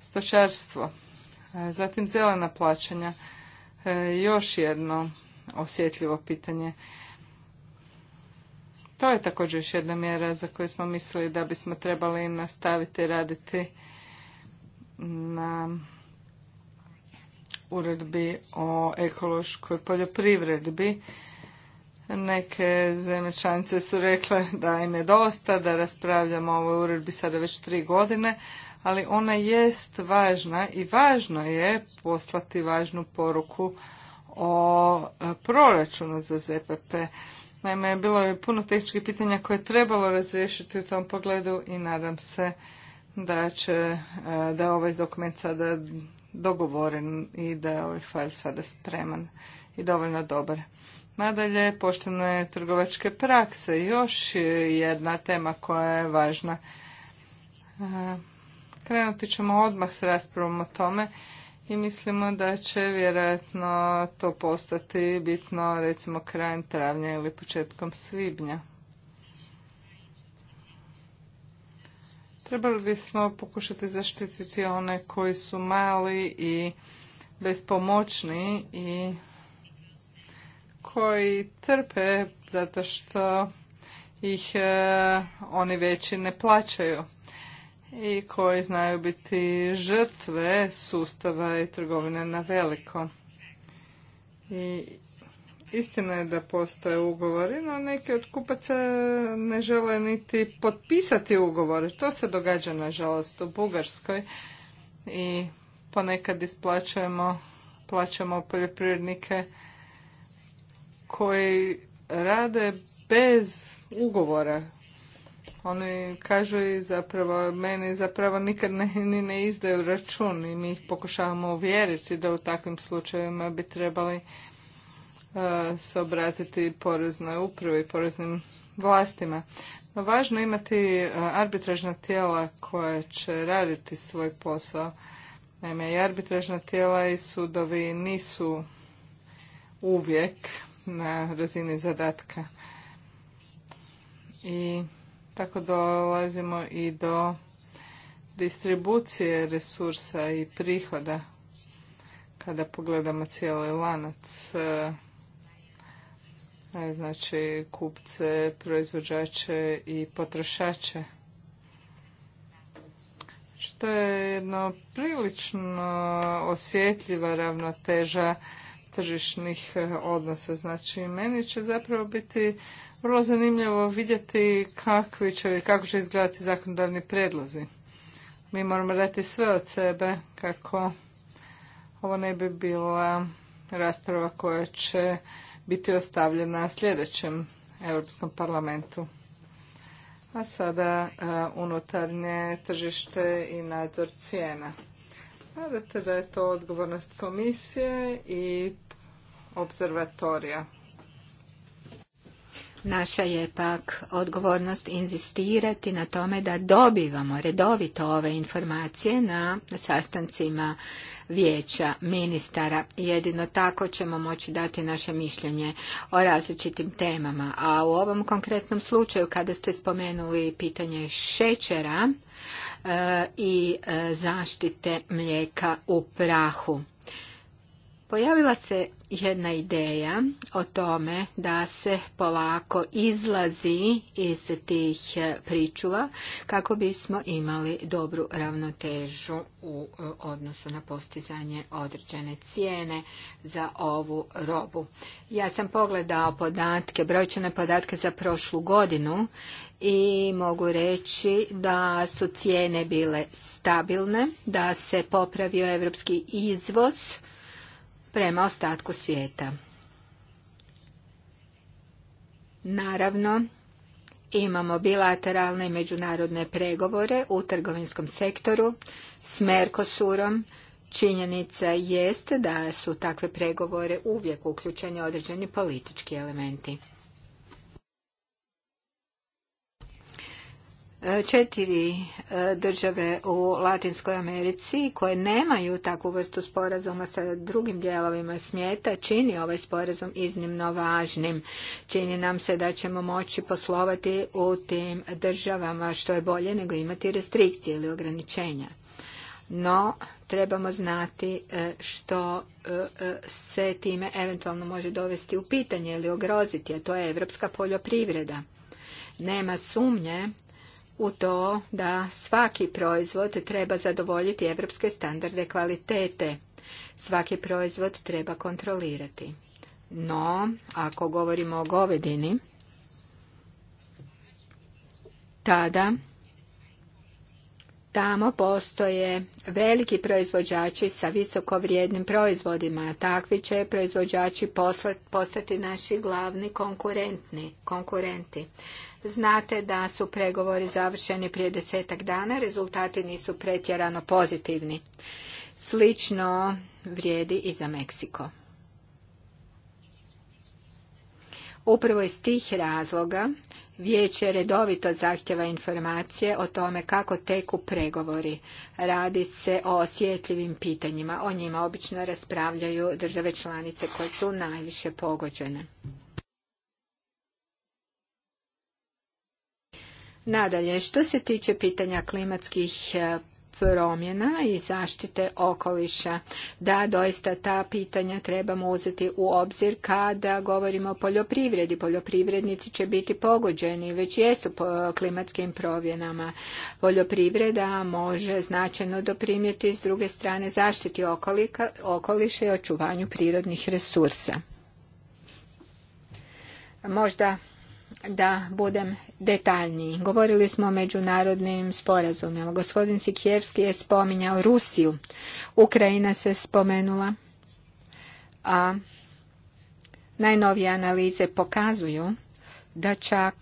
stočarstvo. E, zatim zelena plaćanja. E, još jedno osjetljivo pitanje. To je također još jedna mjera za koju smo mislili da bismo trebali nastaviti raditi na uredbi o ekološkoj poljoprivredbi. Neke zemlje članice su rekle da im je dosta, da raspravljamo o ovoj uredbi sada već tri godine, ali ona jest važna i važno je poslati važnu poruku o e, proračunu za ZPP. Naime, bilo je puno tehničkih pitanja koje je trebalo razriješiti u tom pogledu i nadam se da će, e, da je ovaj dokument sada dogovoren i da je ovaj fajl sada spreman i dovoljno dobar. Nadalje, poštene trgovačke prakse, još jedna tema koja je važna. E, Krenuti ćemo odmah s raspravom o tome i mislimo da će vjerojatno to postati bitno recimo krajem travnja ili početkom svibnja. Trebali bismo pokušati zaštititi one koji su mali i bespomoćni i koji trpe zato što ih eh, oni veći ne plaćaju i koji znaju biti žrtve sustava i trgovine na veliko. I istina je da postoje ugovori, no neki od kupaca ne žele niti potpisati ugovore. To se događa nažalost u Bugarskoj i ponekad isplaćujemo plaćamo poljoprivrednike koji rade bez ugovora oni kažu i zapravo, meni zapravo nikad ne, ni ne izdaju račun i mi ih pokušavamo uvjeriti da u takvim slučajevima bi trebali e, se obratiti poreznoj upravi i poreznim vlastima. No, važno je imati e, arbitražna tijela koja će raditi svoj posao. Naime, i arbitražna tijela i sudovi nisu uvijek na razini zadatka. I tako dolazimo i do distribucije resursa i prihoda kada pogledamo cijeli lanac e, e, znači kupce, proizvođače i potrošače. Što znači, je jedno prilično osjetljiva ravnoteža tržišnih e, odnosa. Znači, meni će zapravo biti vrlo zanimljivo vidjeti kakvi će, kako će izgledati zakonodavni predlozi. Mi moramo dati sve od sebe kako ovo ne bi bila rasprava koja će biti ostavljena sljedećem Europskom parlamentu. A sada e, unutarnje tržište i nadzor cijena. Nadate da je to odgovornost komisije i observatorija. Naša je pak odgovornost inzistirati na tome da dobivamo redovito ove informacije na sastancima vijeća ministara. Jedino tako ćemo moći dati naše mišljenje o različitim temama. A u ovom konkretnom slučaju kada ste spomenuli pitanje šećera e, i e, zaštite mlijeka u prahu. Pojavila se jedna ideja o tome da se polako izlazi iz tih e, pričuva kako bismo imali dobru ravnotežu u e, odnosu na postizanje određene cijene za ovu robu. Ja sam pogledao podatke, brojčane podatke za prošlu godinu i mogu reći da su cijene bile stabilne, da se popravio evropski izvoz prema ostatku svijeta. Naravno, imamo bilateralne i međunarodne pregovore u trgovinskom sektoru s Merkosurom. Činjenica jest da su takve pregovore uvijek uključeni određeni politički elementi. četiri e, države u Latinskoj Americi koje nemaju takvu vrstu sporazuma sa drugim dijelovima smjeta čini ovaj sporazum iznimno važnim. Čini nam se da ćemo moći poslovati u tim državama što je bolje nego imati restrikcije ili ograničenja. No, trebamo znati e, što e, se time eventualno može dovesti u pitanje ili ogroziti, a to je evropska poljoprivreda. Nema sumnje u to da svaki proizvod treba zadovoljiti evropske standarde kvalitete. Svaki proizvod treba kontrolirati. No, ako govorimo o govedini, tada tamo postoje veliki proizvođači sa visoko vrijednim proizvodima. Takvi će proizvođači postati naši glavni konkurentni, konkurenti. Znate da su pregovori završeni prije desetak dana, rezultati nisu pretjerano pozitivni. Slično vrijedi i za Meksiko. Upravo iz tih razloga vijeće redovito zahtjeva informacije o tome kako teku pregovori. Radi se o osjetljivim pitanjima. O njima obično raspravljaju države članice koje su najviše pogođene. Nadalje, što se tiče pitanja klimatskih e, promjena i zaštite okoliša. Da, doista ta pitanja trebamo uzeti u obzir kada govorimo o poljoprivredi. Poljoprivrednici će biti pogođeni, već jesu po klimatskim promjenama. Poljoprivreda može značajno doprimjeti s druge strane zaštiti okoliša i očuvanju prirodnih resursa. Možda da budem detaljniji. Govorili smo o međunarodnim sporazumima. Gospodin Sikjerski je spominjao Rusiju. Ukrajina se spomenula. A najnovije analize pokazuju da čak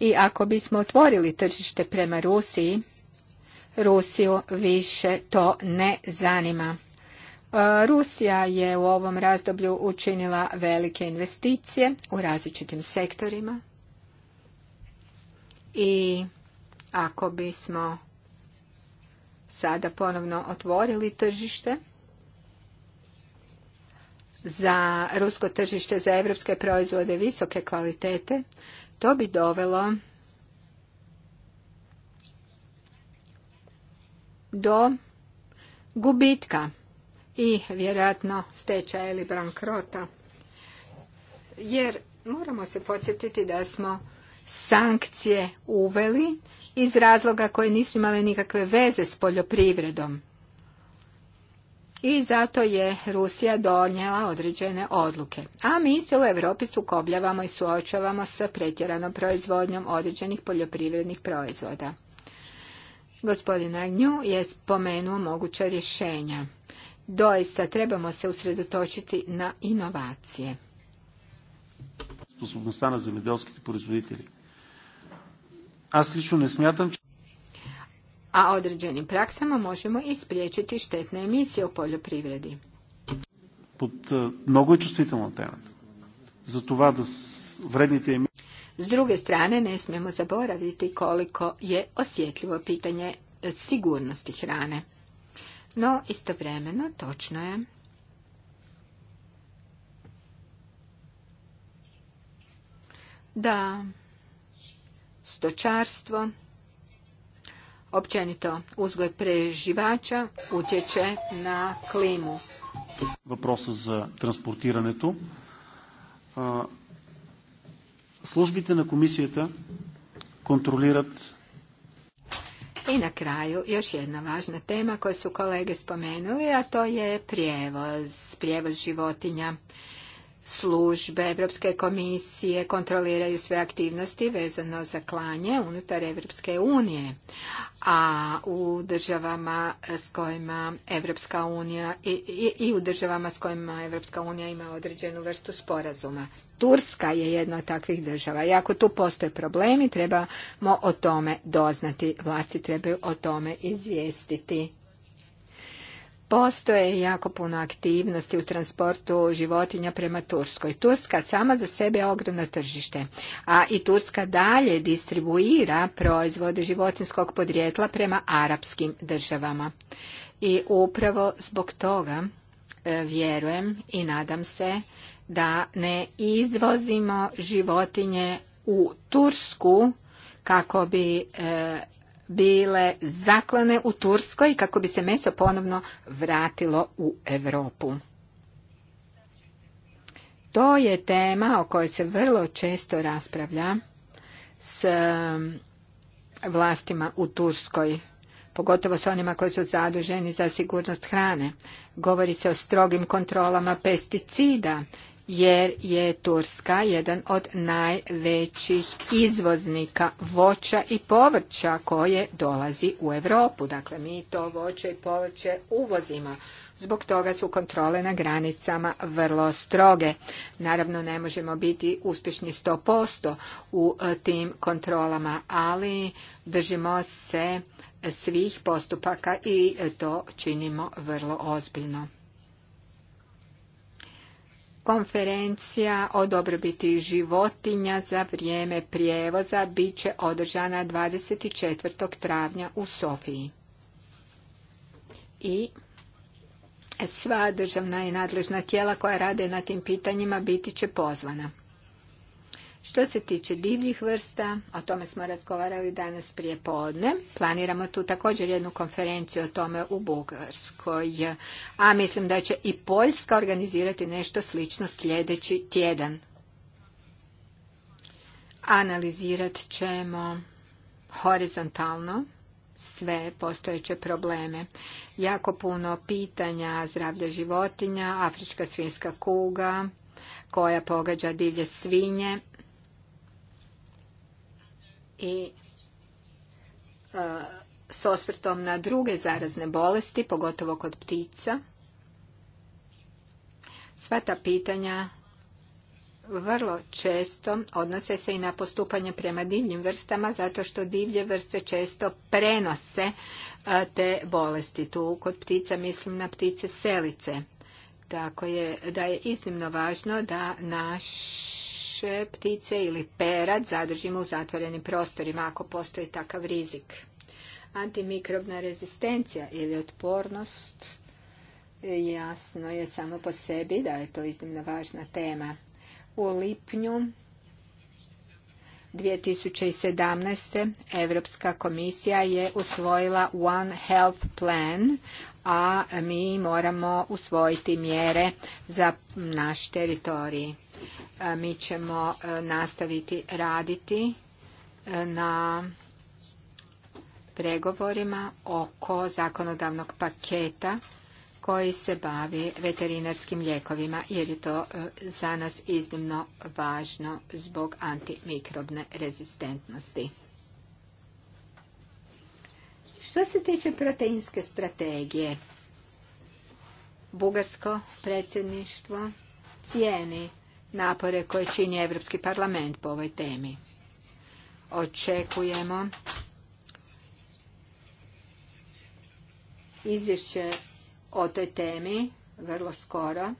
i ako bismo otvorili tržište prema Rusiji, Rusiju više to ne zanima. E, Rusija je u ovom razdoblju učinila velike investicije u različitim sektorima i ako bismo sada ponovno otvorili tržište za rusko tržište za evropske proizvode visoke kvalitete, to bi dovelo do gubitka i vjerojatno stečaja ili bankrota. Jer moramo se podsjetiti da smo sankcije uveli iz razloga koje nisu imale nikakve veze s poljoprivredom. I zato je Rusija donijela određene odluke. A mi se u Europi sukobljavamo i suočavamo sa pretjeranom proizvodnjom određenih poljoprivrednih proizvoda. Gospodin Agnju je spomenuo moguća rješenja doista trebamo se usredotočiti na inovacije. Sposobnost A ne a određenim praksama možemo i štetne emisije u poljoprivredi. Pod, mnogo je tema. da S druge strane, ne smijemo zaboraviti koliko je osjetljivo pitanje sigurnosti hrane. No, istovremeno, točno je da stočarstvo, općenito uzgoj preživača, utječe na klimu. za transportiranje tu službite na komisijeta kontrolirat i na kraju još jedna važna tema koju su kolege spomenuli, a to je prijevoz, prijevoz životinja službe Europske komisije kontroliraju sve aktivnosti vezano za klanje unutar Europske unije, a u državama s kojima Europska unija i, u državama s kojima Europska unija ima određenu vrstu sporazuma. Turska je jedna od takvih država. I ako tu postoje problemi, trebamo o tome doznati. Vlasti trebaju o tome izvijestiti. Postoje jako puno aktivnosti u transportu životinja prema Turskoj. Turska sama za sebe je ogromno tržište, a i Turska dalje distribuira proizvode životinskog podrijetla prema arapskim državama. I upravo zbog toga e, vjerujem i nadam se da ne izvozimo životinje u Tursku kako bi e, bile zaklane u Turskoj kako bi se meso ponovno vratilo u Europu. To je tema o kojoj se vrlo često raspravlja s um, vlastima u Turskoj, pogotovo s onima koji su zaduženi za sigurnost hrane. Govori se o strogim kontrolama pesticida jer je Turska jedan od najvećih izvoznika voća i povrća koje dolazi u Europu. Dakle, mi to voće i povrće uvozimo. Zbog toga su kontrole na granicama vrlo stroge. Naravno, ne možemo biti uspješni 100% u e, tim kontrolama, ali držimo se svih postupaka i e, to činimo vrlo ozbiljno. Konferencija o dobrobiti životinja za vrijeme prijevoza bit će održana 24. travnja u Sofiji. I sva državna i nadležna tijela koja rade na tim pitanjima biti će pozvana. Što se tiče divljih vrsta, o tome smo razgovarali danas prije podne. Planiramo tu također jednu konferenciju o tome u Bugarskoj. A mislim da će i Poljska organizirati nešto slično sljedeći tjedan. Analizirat ćemo horizontalno sve postojeće probleme. Jako puno pitanja zdravlja životinja, afrička svinska kuga, koja pogađa divlje svinje i s osvrtom na druge zarazne bolesti, pogotovo kod ptica. Sva ta pitanja vrlo često odnose se i na postupanje prema divljim vrstama, zato što divlje vrste često prenose te bolesti. Tu kod ptica mislim na ptice selice. Tako je da je iznimno važno da naš ptice ili perad zadržimo u zatvorenim prostorima ako postoji takav rizik. Antimikrobna rezistencija ili otpornost e, jasno je samo po sebi da je to iznimno važna tema. U lipnju 2017. Europska komisija je usvojila One Health Plan, a mi moramo usvojiti mjere za naš teritorij. E, mi ćemo e, nastaviti raditi e, na pregovorima oko zakonodavnog paketa koji se bavi veterinarskim ljekovima, jer je to e, za nas iznimno važno zbog antimikrobne rezistentnosti. Što se tiče proteinske strategije, bugarsko predsjedništvo cijeni napore koje čini Europski parlament po ovoj temi. Očekujemo izvješće o toj temi vrlo skoro.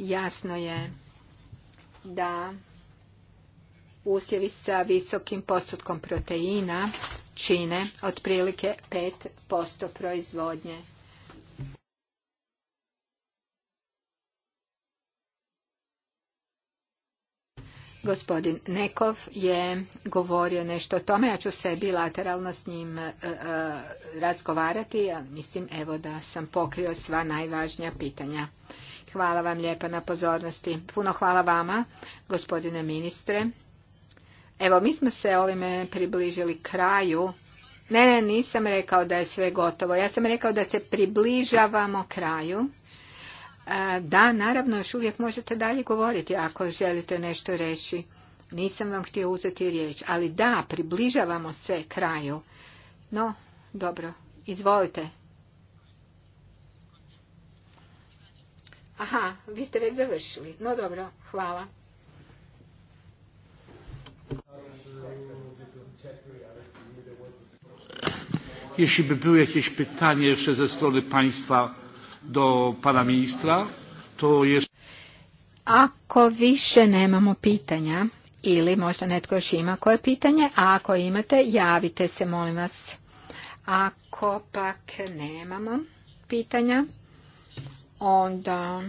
Jasno je da usjevi sa visokim postotkom proteina čine otprilike 5% proizvodnje Gospodin Nekov je govorio nešto o tome, ja ću se bilateralno s njim e, e, razgovarati, ali mislim evo da sam pokrio sva najvažnija pitanja. Hvala vam lijepa na pozornosti. Puno hvala vama, gospodine ministre. Evo, mi smo se ovime približili kraju. Ne, ne, nisam rekao da je sve gotovo. Ja sam rekao da se približavamo kraju. Da, naravno, još uvijek možete dalje govoriti ako želite nešto reći. Nisam vam htio uzeti riječ, ali da, približavamo se kraju. No, dobro, izvolite. Aha, vi ste već završili. No dobro, hvala. Jeśli by było jakieś pytanie jeszcze ze strony państwa do pana ministra, to je... Ako više nemamo pitanja, ili možda netko još ima koje pitanje, a ako imate, javite se, molim vas. Ako pak nemamo pitanja, onda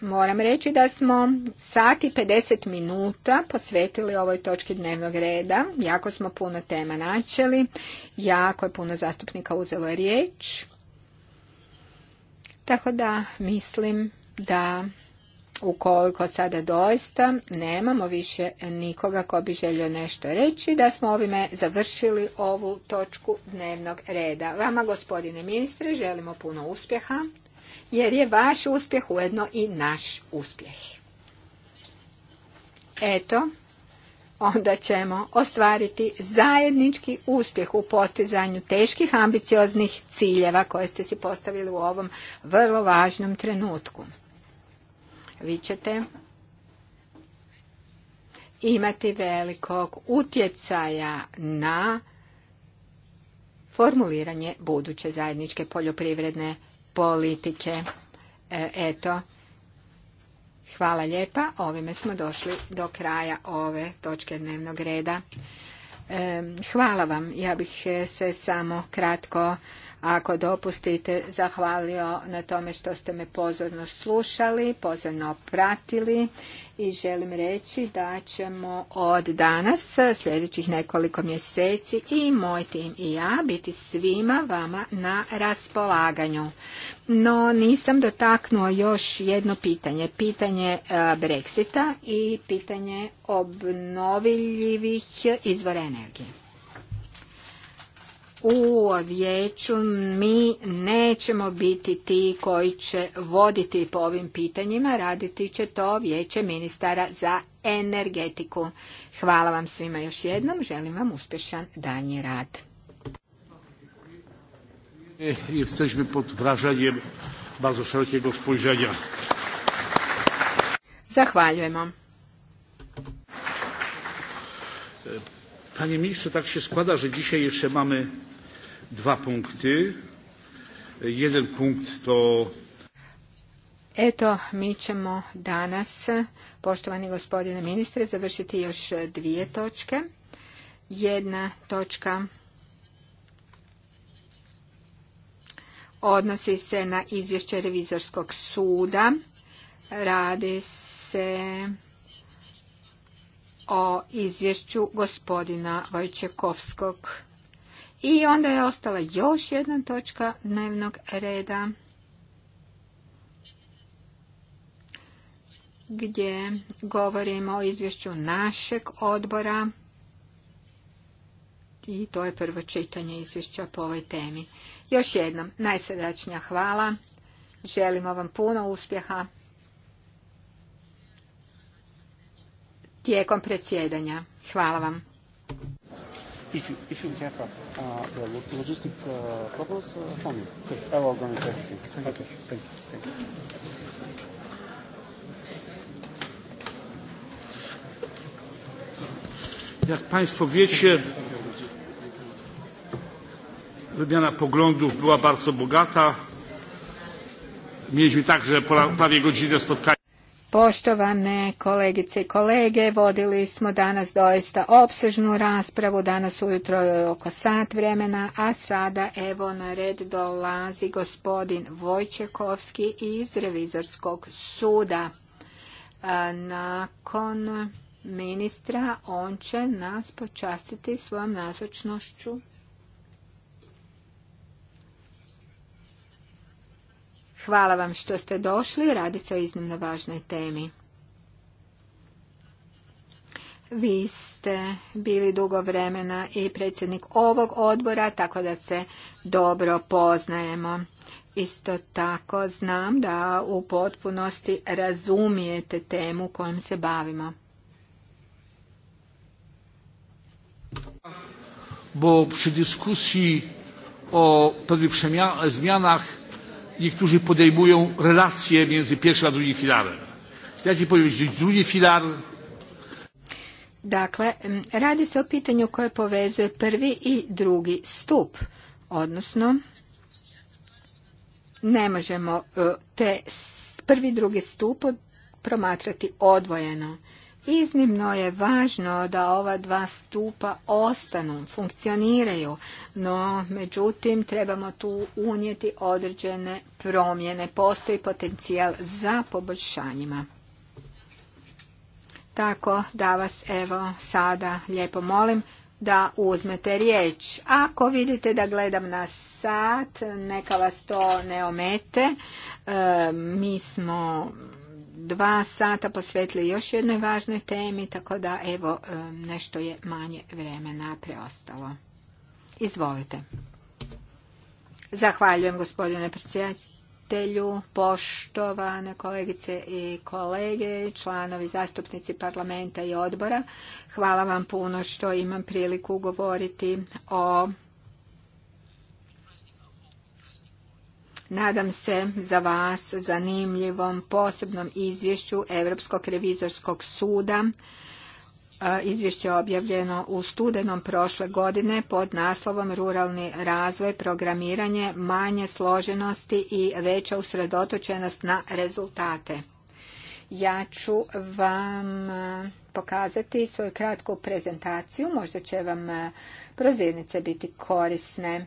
moram reći da smo sati 50 minuta posvetili ovoj točki dnevnog reda. Jako smo puno tema načeli, jako je puno zastupnika uzelo riječ. Tako da mislim da ukoliko sada doista nemamo više nikoga ko bi želio nešto reći, da smo ovime završili ovu točku dnevnog reda. Vama, gospodine ministre, želimo puno uspjeha, jer je vaš uspjeh ujedno i naš uspjeh. Eto, onda ćemo ostvariti zajednički uspjeh u postizanju teških ambicioznih ciljeva koje ste si postavili u ovom vrlo važnom trenutku. Vi ćete imati velikog utjecaja na formuliranje buduće zajedničke poljoprivredne politike. E, eto, Hvala lijepa. Ovime smo došli do kraja ove točke dnevnog reda. E, hvala vam. Ja bih se samo kratko, ako dopustite, zahvalio na tome što ste me pozorno slušali, pozorno pratili i želim reći da ćemo od danas, sljedećih nekoliko mjeseci i moj tim i ja biti svima vama na raspolaganju. No nisam dotaknuo još jedno pitanje, pitanje e, Brexita i pitanje obnovljivih izvora energije u vijeću mi nećemo biti ti koji će voditi po ovim pitanjima, raditi će to vijeće ministara za energetiku. Hvala vam svima još jednom, želim vam uspješan danji rad. Jesteśmy pod wrażeniem bardzo szerokiego spojrzenia. Zahvaljujemo. Panie ministrze, tak się składa, że dzisiaj jeszcze mamy dva punkty. Jeden punkt to... Eto, mi ćemo danas, poštovani gospodine ministre, završiti još dvije točke. Jedna točka odnosi se na izvješće revizorskog suda. Radi se o izvješću gospodina Vojčekovskog. I onda je ostala još jedna točka dnevnog reda gdje govorimo o izvješću našeg odbora i to je prvo čitanje izvješća po ovoj temi. Još jednom, najsredačnija hvala. Želimo vam puno uspjeha tijekom predsjedanja. Hvala vam if you, if you have a, uh, the logistic uh, problems, uh, phone me. Okay, I will organize everything. Thank okay, you. thank you. Thank you. Jak Państwo wiecie, wymiana poglądów była bardzo bogata. Mieliśmy także prawie godzinę spotkań. Poštovane kolegice i kolege, vodili smo danas doista opsežnu raspravu, danas ujutro je oko sat vremena, a sada evo na red dolazi gospodin Vojčekovski iz Revizorskog suda. Nakon ministra on će nas počastiti svojom nazočnošću. Hvala vam što ste došli, radi se o iznimno važnoj temi. Vi ste bili dugo vremena i predsjednik ovog odbora, tako da se dobro poznajemo. Isto tako znam da u potpunosti razumijete temu kojom se bavimo. Bo przy o pewnych zmianach niektórzy podejmują relacje między pierwszym a drugim filarem. Ja powiem, powiedzieć, drugi filar... Dakle, radi se o pitanju koje povezuje prvi i drugi stup, odnosno ne možemo e, te prvi i drugi stup promatrati odvojeno. Iznimno je važno da ova dva stupa ostanu, funkcioniraju, no međutim trebamo tu unijeti određene promjene. Postoji potencijal za poboljšanjima. Tako da vas evo sada lijepo molim da uzmete riječ. Ako vidite da gledam na sat, neka vas to ne omete. E, mi smo dva sata posvetili još jednoj važnoj temi, tako da evo nešto je manje vremena preostalo. Izvolite. Zahvaljujem gospodine predsjedatelju, poštovane kolegice i kolege, članovi zastupnici parlamenta i odbora. Hvala vam puno što imam priliku govoriti o nadam se, za vas zanimljivom posebnom izvješću Europskog revizorskog suda. E, izvješće je objavljeno u studenom prošle godine pod naslovom Ruralni razvoj, programiranje, manje složenosti i veća usredotočenost na rezultate. Ja ću vam e, pokazati svoju kratku prezentaciju, možda će vam e, prozirnice biti korisne.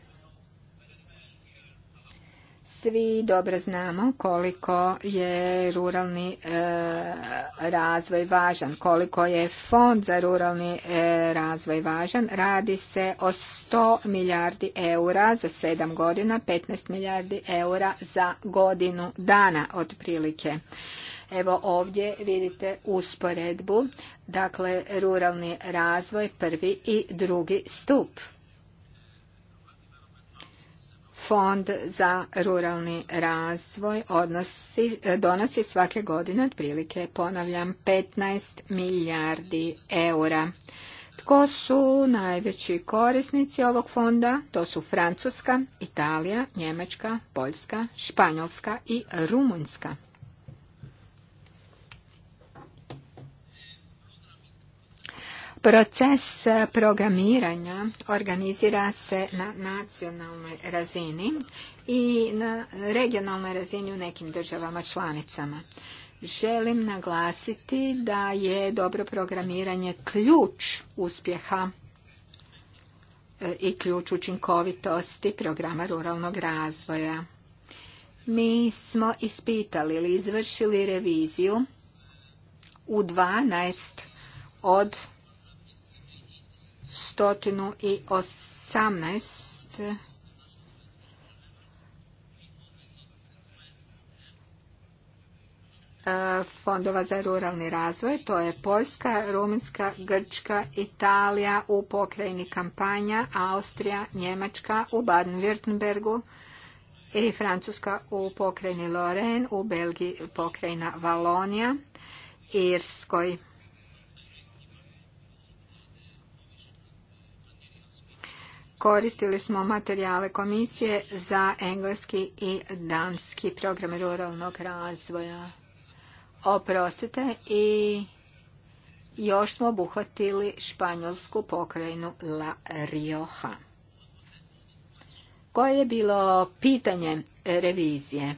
Svi dobro znamo koliko je ruralni e, razvoj važan, koliko je fond za ruralni e, razvoj važan. Radi se o 100 milijardi eura za 7 godina, 15 milijardi eura za godinu dana otprilike. Evo ovdje vidite usporedbu, dakle ruralni razvoj prvi i drugi stup. Fond za ruralni razvoj odnosi, donosi svake godine otprilike, ponavljam, 15 milijardi eura. Tko su najveći korisnici ovog fonda? To su Francuska, Italija, Njemačka, Poljska, Španjolska i Rumunjska. Proces e, programiranja organizira se na nacionalnoj razini i na regionalnoj razini u nekim državama članicama. Želim naglasiti da je dobro programiranje ključ uspjeha e, i ključ učinkovitosti programa ruralnog razvoja. Mi smo ispitali ili izvršili reviziju u 12 od 118 e, fondova za ruralni razvoj. To je Poljska, Rumunjska, Grčka, Italija u pokrajini kampanja, Austrija, Njemačka u Baden-Württembergu i Francuska u pokrajini Lorraine, u Belgiji pokrajina Valonija, Irskoj. Koristili smo materijale komisije za engleski i danski program ruralnog razvoja. Oprostite i još smo obuhvatili španjolsku pokrajinu La Rioja. Koje je bilo pitanje revizije?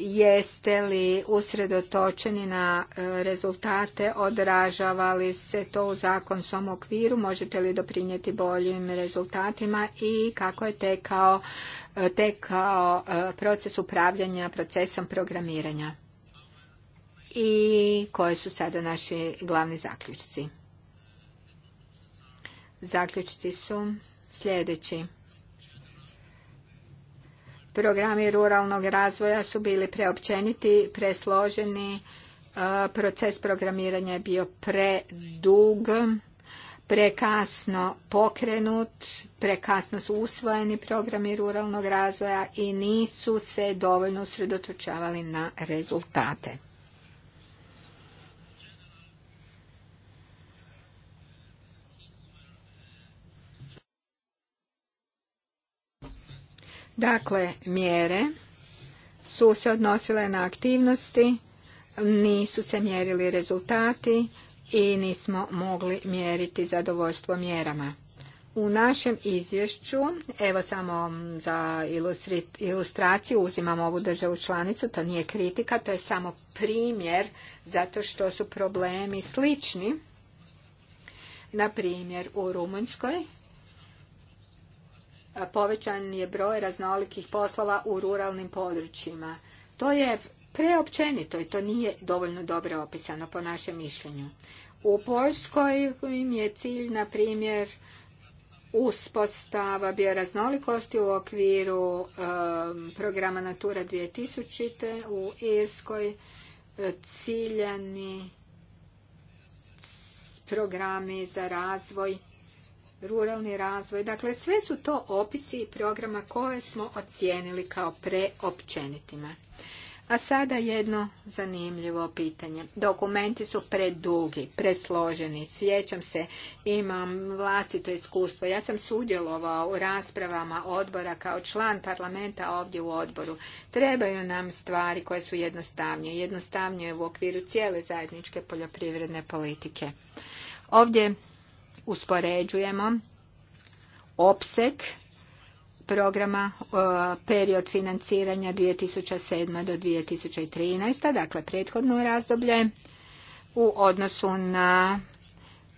jeste li usredotočeni na e, rezultate, odražava li se to u zakonskom okviru, možete li doprinijeti boljim rezultatima i kako je tekao, e, tekao e, proces upravljanja procesom programiranja i koji su sada naši glavni zaključci. Zaključci su sljedeći. Programi ruralnog razvoja su bili preopćeniti, presloženi, e, proces programiranja je bio predug, prekasno pokrenut, prekasno su usvojeni programi ruralnog razvoja i nisu se dovoljno usredotočavali na rezultate. Dakle, mjere su se odnosile na aktivnosti, nisu se mjerili rezultati i nismo mogli mjeriti zadovoljstvo mjerama. U našem izvješću, evo samo za ilustraciju, uzimam ovu državu članicu, to nije kritika, to je samo primjer zato što su problemi slični. Na primjer, u Rumunjskoj povećan je broj raznolikih poslova u ruralnim područjima. To je preopćenito i to nije dovoljno dobro opisano po našem mišljenju. U Poljskoj im je cilj, na primjer, uspostava bioraznolikosti u okviru um, programa Natura 2000. U Irskoj uh, ciljani programi za razvoj ruralni razvoj. Dakle, sve su to opisi programa koje smo ocijenili kao preopćenitima. A sada jedno zanimljivo pitanje. Dokumenti su predugi, presloženi. Sjećam se, imam vlastito iskustvo. Ja sam sudjelovao u raspravama odbora kao član parlamenta ovdje u odboru. Trebaju nam stvari koje su jednostavnije. Jednostavnije u okviru cijele zajedničke poljoprivredne politike. Ovdje uspoređujemo opsek programa e, period financiranja 2007. do 2013. Dakle, prethodno razdoblje u odnosu na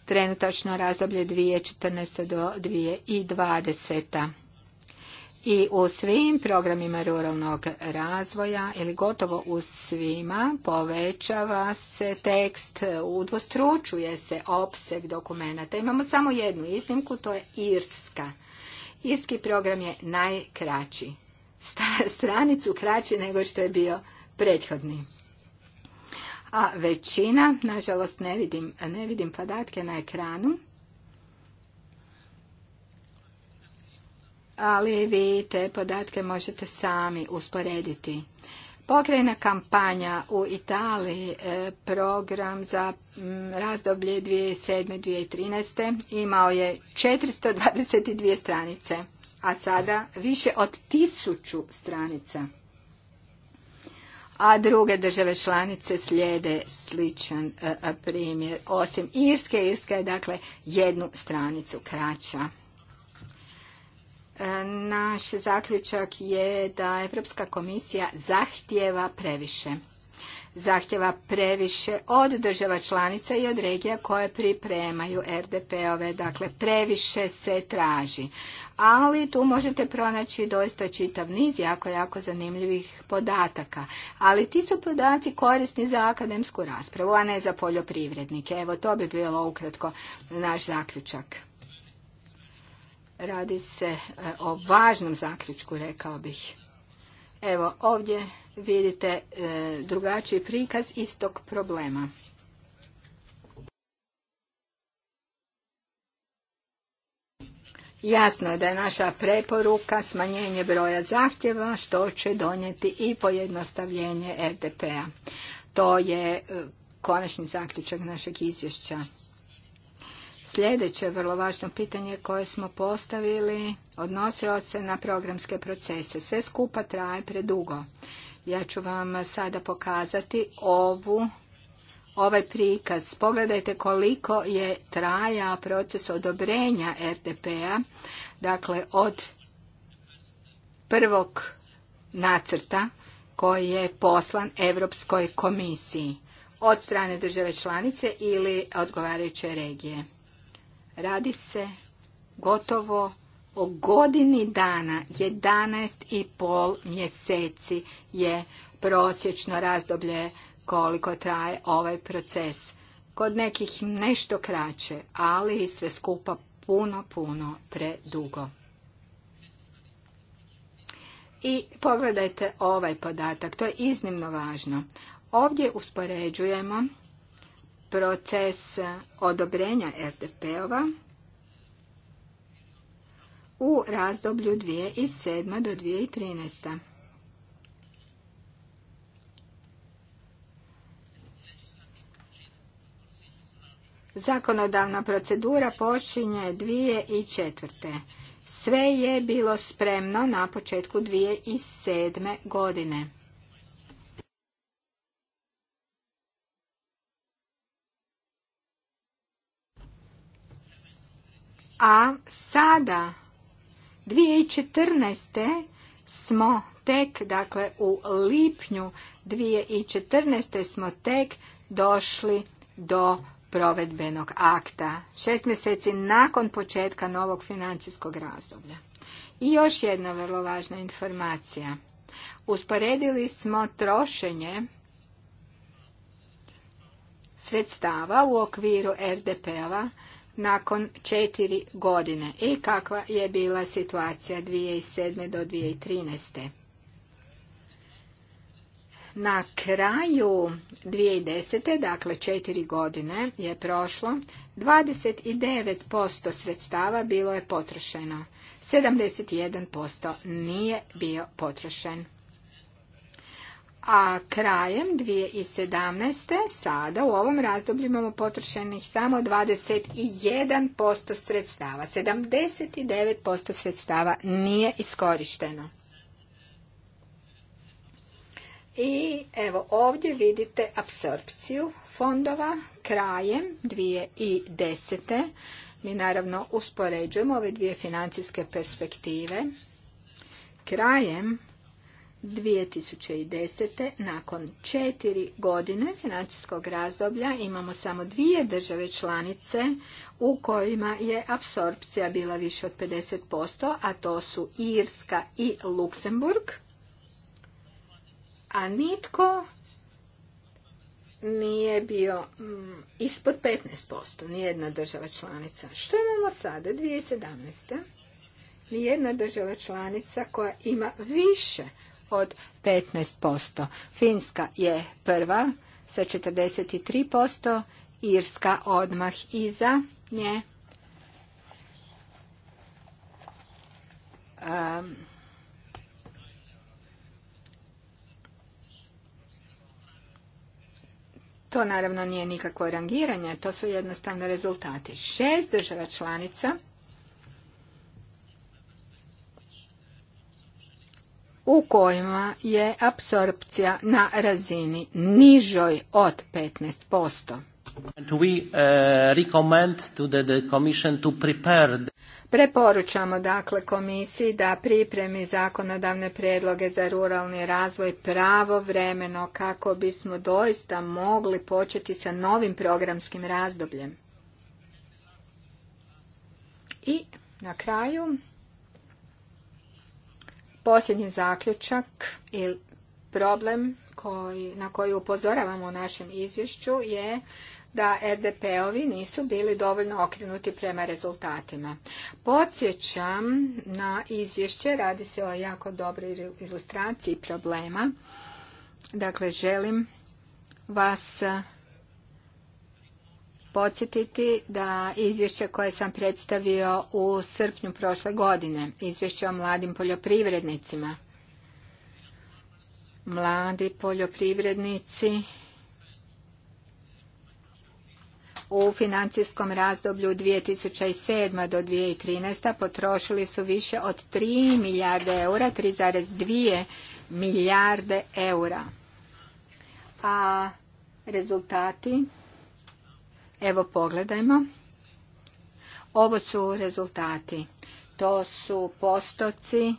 trenutačno razdoblje 2014. do 2020 i u svim programima ruralnog razvoja ili gotovo u svima povećava se tekst, udvostručuje se opseg dokumenata. Imamo samo jednu iznimku, to je Irska. Irski program je najkraći. Stranicu kraći nego što je bio prethodni. A većina, nažalost ne vidim, ne vidim podatke na ekranu, ali vi te podatke možete sami usporediti. Pokrajna kampanja u Italiji, e, program za razdoblje 2007-2013, imao je 422 stranice, a sada više od tisuću stranica. A druge države članice slijede sličan e, e, primjer. Osim Irske, Irska je dakle jednu stranicu kraća. Naš zaključak je da Evropska komisija zahtjeva previše. Zahtjeva previše od država članica i od regija koje pripremaju RDP-ove, dakle previše se traži. Ali tu možete pronaći doista čitav niz jako, jako zanimljivih podataka. Ali ti su podaci korisni za akademsku raspravu, a ne za poljoprivrednike. Evo to bi bilo ukratko naš zaključak. Radi se e, o važnom zaključku, rekao bih. Evo, ovdje vidite e, drugačiji prikaz istog problema. Jasno je da je naša preporuka smanjenje broja zahtjeva što će donijeti i pojednostavljenje RDP-a. To je e, konačni zaključak našeg izvješća. Sljedeće vrlo važno pitanje koje smo postavili odnosilo se na programske procese. Sve skupa traje predugo. Ja ću vam sada pokazati ovu ovaj prikaz. Pogledajte koliko je traja proces odobrenja RDP-a, dakle od prvog nacrta koji je poslan Europskoj komisiji od strane države članice ili odgovarajuće regije. Radi se gotovo o godini dana, 11 i pol mjeseci je prosječno razdoblje koliko traje ovaj proces. Kod nekih nešto kraće, ali sve skupa puno, puno predugo. I pogledajte ovaj podatak, to je iznimno važno. Ovdje uspoređujemo proces odobrenja RDP-ova u razdoblju 2007. do 2013. Zakonodavna procedura počinje 2004. Sve je bilo spremno na početku 2007. godine. a sada 2014. smo tek, dakle u lipnju 2014. smo tek došli do provedbenog akta, šest mjeseci nakon početka novog financijskog razdoblja. I još jedna vrlo važna informacija. Usporedili smo trošenje sredstava u okviru RDP-ova nakon četiri godine i kakva je bila situacija 2007. do 2013. Na kraju 2010. dakle četiri godine je prošlo, 29% sredstava bilo je potrošeno, 71% nije bio potrošen a krajem 2017. sada u ovom razdoblju imamo potrošenih samo 21% sredstava. 79% sredstava nije iskorišteno. I evo ovdje vidite apsorpciju fondova krajem 2010. Mi naravno uspoređujemo ove dvije financijske perspektive. Krajem 2010. nakon četiri godine financijskog razdoblja imamo samo dvije države članice u kojima je apsorpcija bila više od 50%, a to su Irska i Luksemburg. A nitko nije bio mm, ispod 15%, nijedna država članica. Što imamo sada, 2017. Nijedna država članica koja ima više od 15%. Finska je prva sa 43%, Irska odmah iza nje. to naravno nije nikakvo rangiranje, to su jednostavno rezultati. Šest država članica u kojima je apsorpcija na razini nižoj od 15%. Uh, Preporučamo dakle komisiji da pripremi zakonodavne predloge za ruralni razvoj pravovremeno kako bismo doista mogli početi sa novim programskim razdobljem. I na kraju Posljednji zaključak ili problem koji, na koji upozoravamo u našem izvješću je da RDP-ovi nisu bili dovoljno okrenuti prema rezultatima. Podsjećam na izvješće, radi se o jako dobroj ilustraciji problema. Dakle, želim vas podsjetiti da izvješće koje sam predstavio u srpnju prošle godine, izvješće o mladim poljoprivrednicima, mladi poljoprivrednici u financijskom razdoblju 2007. do 2013. potrošili su više od 3 milijarde eura, 3,2 milijarde eura. A rezultati Evo pogledajmo. Ovo su rezultati. To su postoci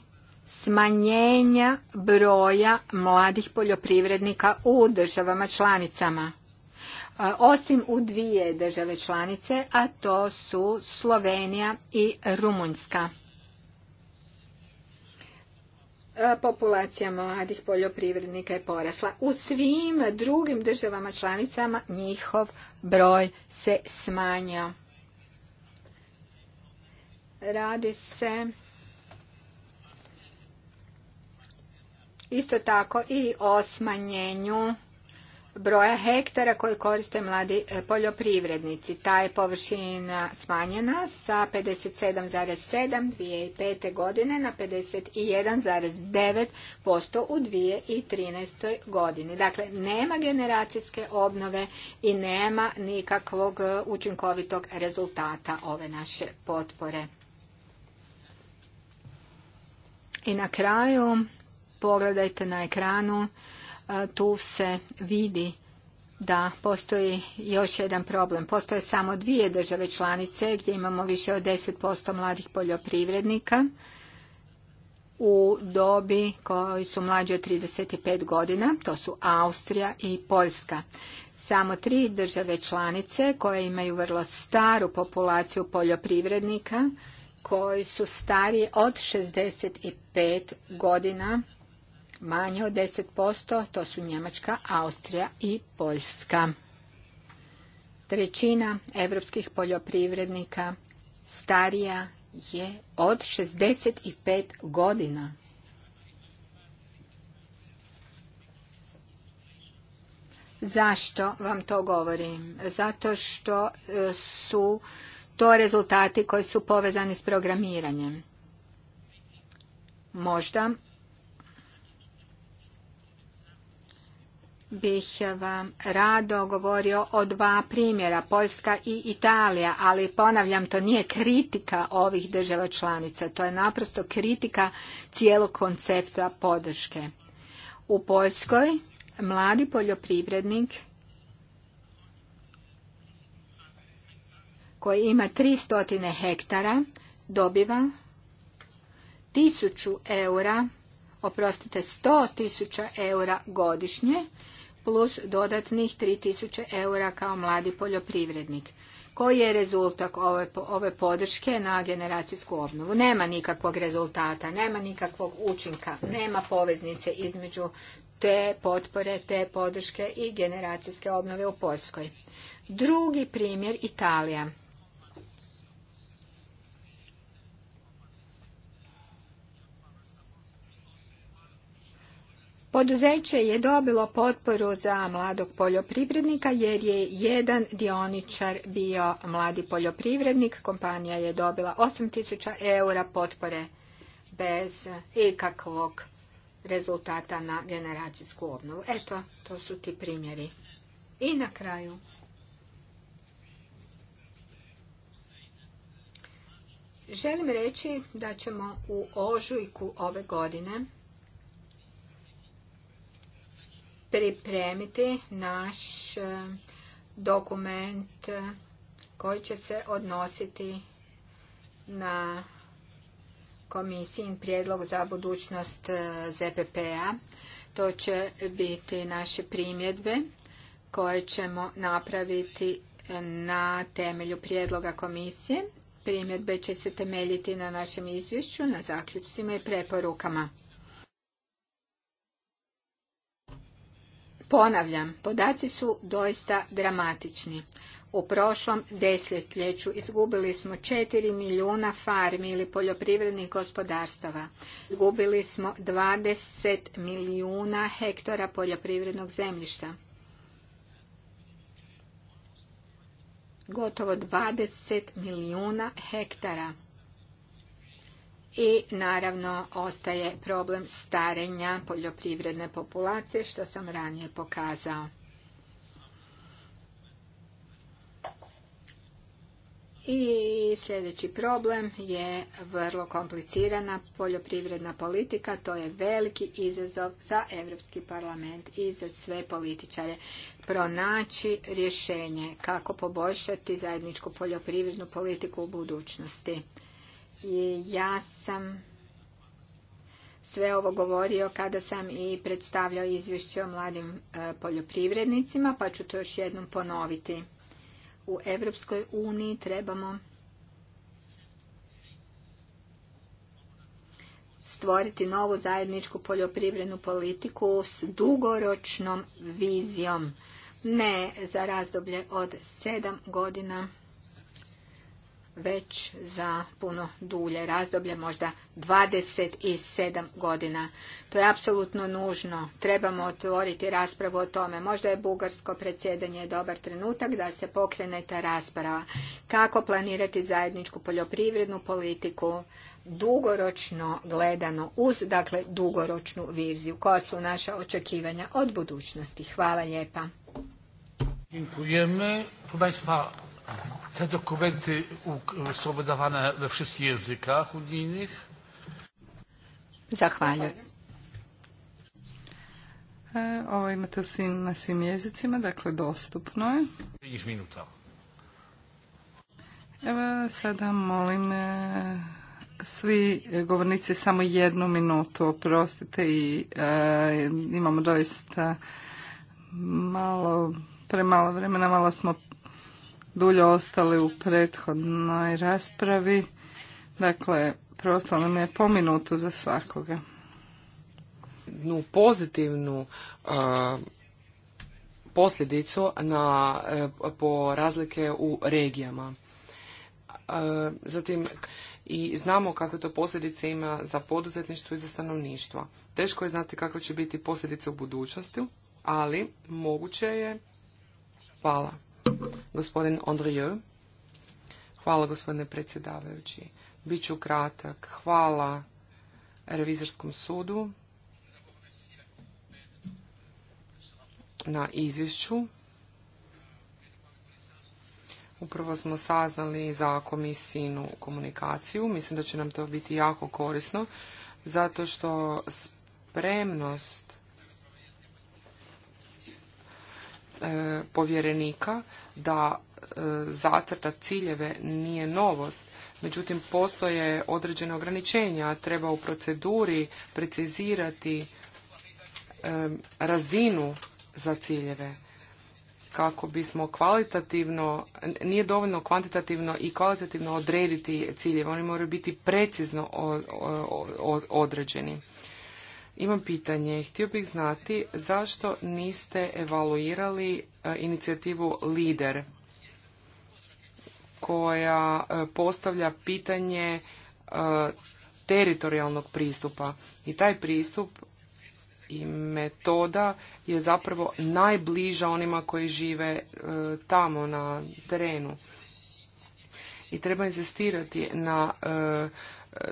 smanjenja broja mladih poljoprivrednika u državama članicama. Osim u dvije države članice, a to su Slovenija i Rumunjska. E, populacija mladih poljoprivrednika je porasla. U svim drugim državama članicama njihov broj se smanja. Radi se isto tako i o smanjenju broja hektara koje koriste mladi e, poljoprivrednici. Ta je površina smanjena sa 57,7 2005. godine na 51,9% u 2013. godini. Dakle, nema generacijske obnove i nema nikakvog e, učinkovitog rezultata ove naše potpore. I na kraju, pogledajte na ekranu, tu se vidi da postoji još jedan problem. Postoje samo dvije države članice gdje imamo više od 10% mladih poljoprivrednika u dobi koji su mlađi od 35 godina, to su Austrija i Poljska. Samo tri države članice koje imaju vrlo staru populaciju poljoprivrednika koji su stariji od 65 godina manje od 10%, to su Njemačka, Austrija i Poljska. Trećina evropskih poljoprivrednika starija je od 65 godina. Zašto vam to govorim? Zato što e, su to rezultati koji su povezani s programiranjem. Možda bih vam rado govorio o dva primjera, Poljska i Italija, ali ponavljam, to nije kritika ovih država članica, to je naprosto kritika cijelog koncepta podrške. U Poljskoj mladi poljoprivrednik koji ima 300 hektara dobiva 1000 eura oprostite, sto tisuća eura godišnje plus dodatnih 3000 eura kao mladi poljoprivrednik. Koji je rezultat ove, ove podrške na generacijsku obnovu? Nema nikakvog rezultata, nema nikakvog učinka, nema poveznice između te potpore, te podrške i generacijske obnove u Poljskoj. Drugi primjer Italija. Poduzeće je dobilo potporu za mladog poljoprivrednika jer je jedan dioničar bio mladi poljoprivrednik. Kompanija je dobila 8000 eura potpore bez ikakvog rezultata na generacijsku obnovu. Eto, to su ti primjeri. I na kraju. Želim reći da ćemo u ožujku ove godine pripremiti naš e, dokument e, koji će se odnositi na komisijin prijedlog za budućnost e, ZPP-a. To će biti naše primjedbe koje ćemo napraviti na temelju prijedloga komisije. Primjedbe će se temeljiti na našem izvješću, na zaključcima i preporukama. Ponavljam, podaci su doista dramatični. U prošlom desetljeću izgubili smo 4 milijuna farmi ili poljoprivrednih gospodarstava. Izgubili smo 20 milijuna hektara poljoprivrednog zemljišta. Gotovo 20 milijuna hektara i naravno ostaje problem starenja poljoprivredne populacije što sam ranije pokazao. I sljedeći problem je vrlo komplicirana poljoprivredna politika. To je veliki izazov za Europski parlament i za sve političare. Pronaći rješenje kako poboljšati zajedničku poljoprivrednu politiku u budućnosti. I ja sam sve ovo govorio kada sam i predstavljao izvješće o mladim e, poljoprivrednicima, pa ću to još jednom ponoviti. U Europskoj uniji trebamo stvoriti novu zajedničku poljoprivrednu politiku s dugoročnom vizijom, ne za razdoblje od sedam godina, već za puno dulje razdoblje, možda 27 godina. To je apsolutno nužno. Trebamo otvoriti raspravu o tome. Možda je bugarsko predsjedanje dobar trenutak da se pokrene ta rasprava. Kako planirati zajedničku poljoprivrednu politiku, dugoročno gledano, uz dakle dugoročnu viziju. Koja su naša očekivanja od budućnosti? Hvala lijepa. Te dokumenty są wydawane we wszystkich językach unijnych? Zahvaljujem. E, ovo imate na svim jezicima, dakle dostupno je. Vidiš minuta. Evo sada molim e, svi govornici samo jednu minutu, oprostite i e, imamo doista malo premalo vremena, malo smo dulje ostali u prethodnoj raspravi. Dakle, preostalo nam je po minutu za svakoga. Nu, pozitivnu posljedicu na, e, po razlike u regijama. zatim, i znamo kakve to posljedice ima za poduzetništvo i za stanovništvo. Teško je znati kakve će biti posljedice u budućnosti, ali moguće je. Hvala. Gospodin Andrieu. Hvala gospodine predsjedavajući. Biću kratak. Hvala revizorskom sudu na izvješću. Upravo smo saznali za komisijnu komunikaciju. Mislim da će nam to biti jako korisno, zato što spremnost E, povjerenika da e, zacrta ciljeve nije novost, međutim postoje određene ograničenja, treba u proceduri precizirati e, razinu za ciljeve kako bismo kvalitativno, nije dovoljno kvantitativno i kvalitativno odrediti ciljeve, oni moraju biti precizno određeni. Imam pitanje. Htio bih znati zašto niste evaluirali e, inicijativu LIDER koja e, postavlja pitanje e, teritorijalnog pristupa. I taj pristup i metoda je zapravo najbliža onima koji žive tamo na terenu. I treba insistirati na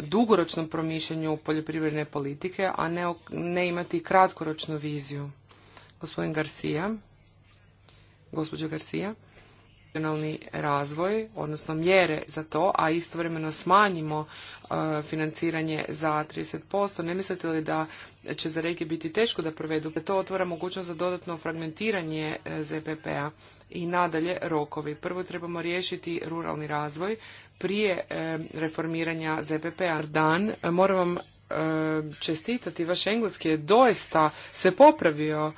dugoročnom promišljanju poljoprivredne politike, a ne, ne imati kratkoročnu viziju. Gospodin Garcia, gospođe Garcia regionalni razvoj, odnosno mjere za to, a istovremeno smanjimo e, financiranje za 30%, ne mislite li da će za regije biti teško da provedu? Dakle, to otvara mogućnost za dodatno fragmentiranje e, ZPP-a i nadalje rokovi. Prvo trebamo riješiti ruralni razvoj prije e, reformiranja ZPP-a. Dan, moram vam čestitati, vaš engleski je doista se popravio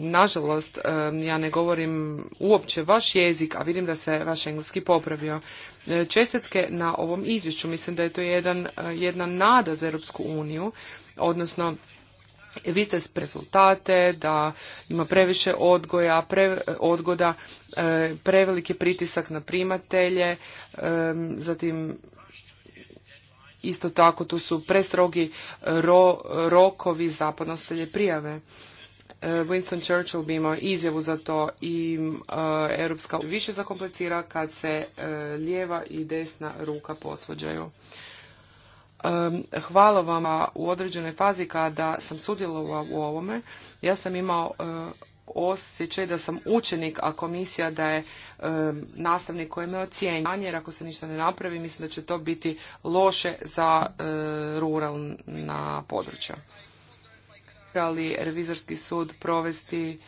nažalost, ja ne govorim uopće vaš jezik, a vidim da se vaš engleski popravio. E, čestitke na ovom izvješću. Mislim da je to jedan, e, jedna nada za Europsku uniju, odnosno vi ste rezultate, da ima previše odgoja, pre, odgoda, e, preveliki pritisak na primatelje, zatim isto tako tu su prestrogi rokovi za podnositelje prijave. Winston Churchill bi imao izjavu za to i e, Europska više zakomplicira kad se e, lijeva i desna ruka posvođaju. Hvala vam u određenoj fazi kada sam sudjelovao u ovome. Ja sam imao e, osjećaj da sam učenik, a komisija da je nastavnik koji me ocijenja. Jer ako se ništa ne napravi, mislim da će to biti loše za ruralna područja li revizorski sud provesti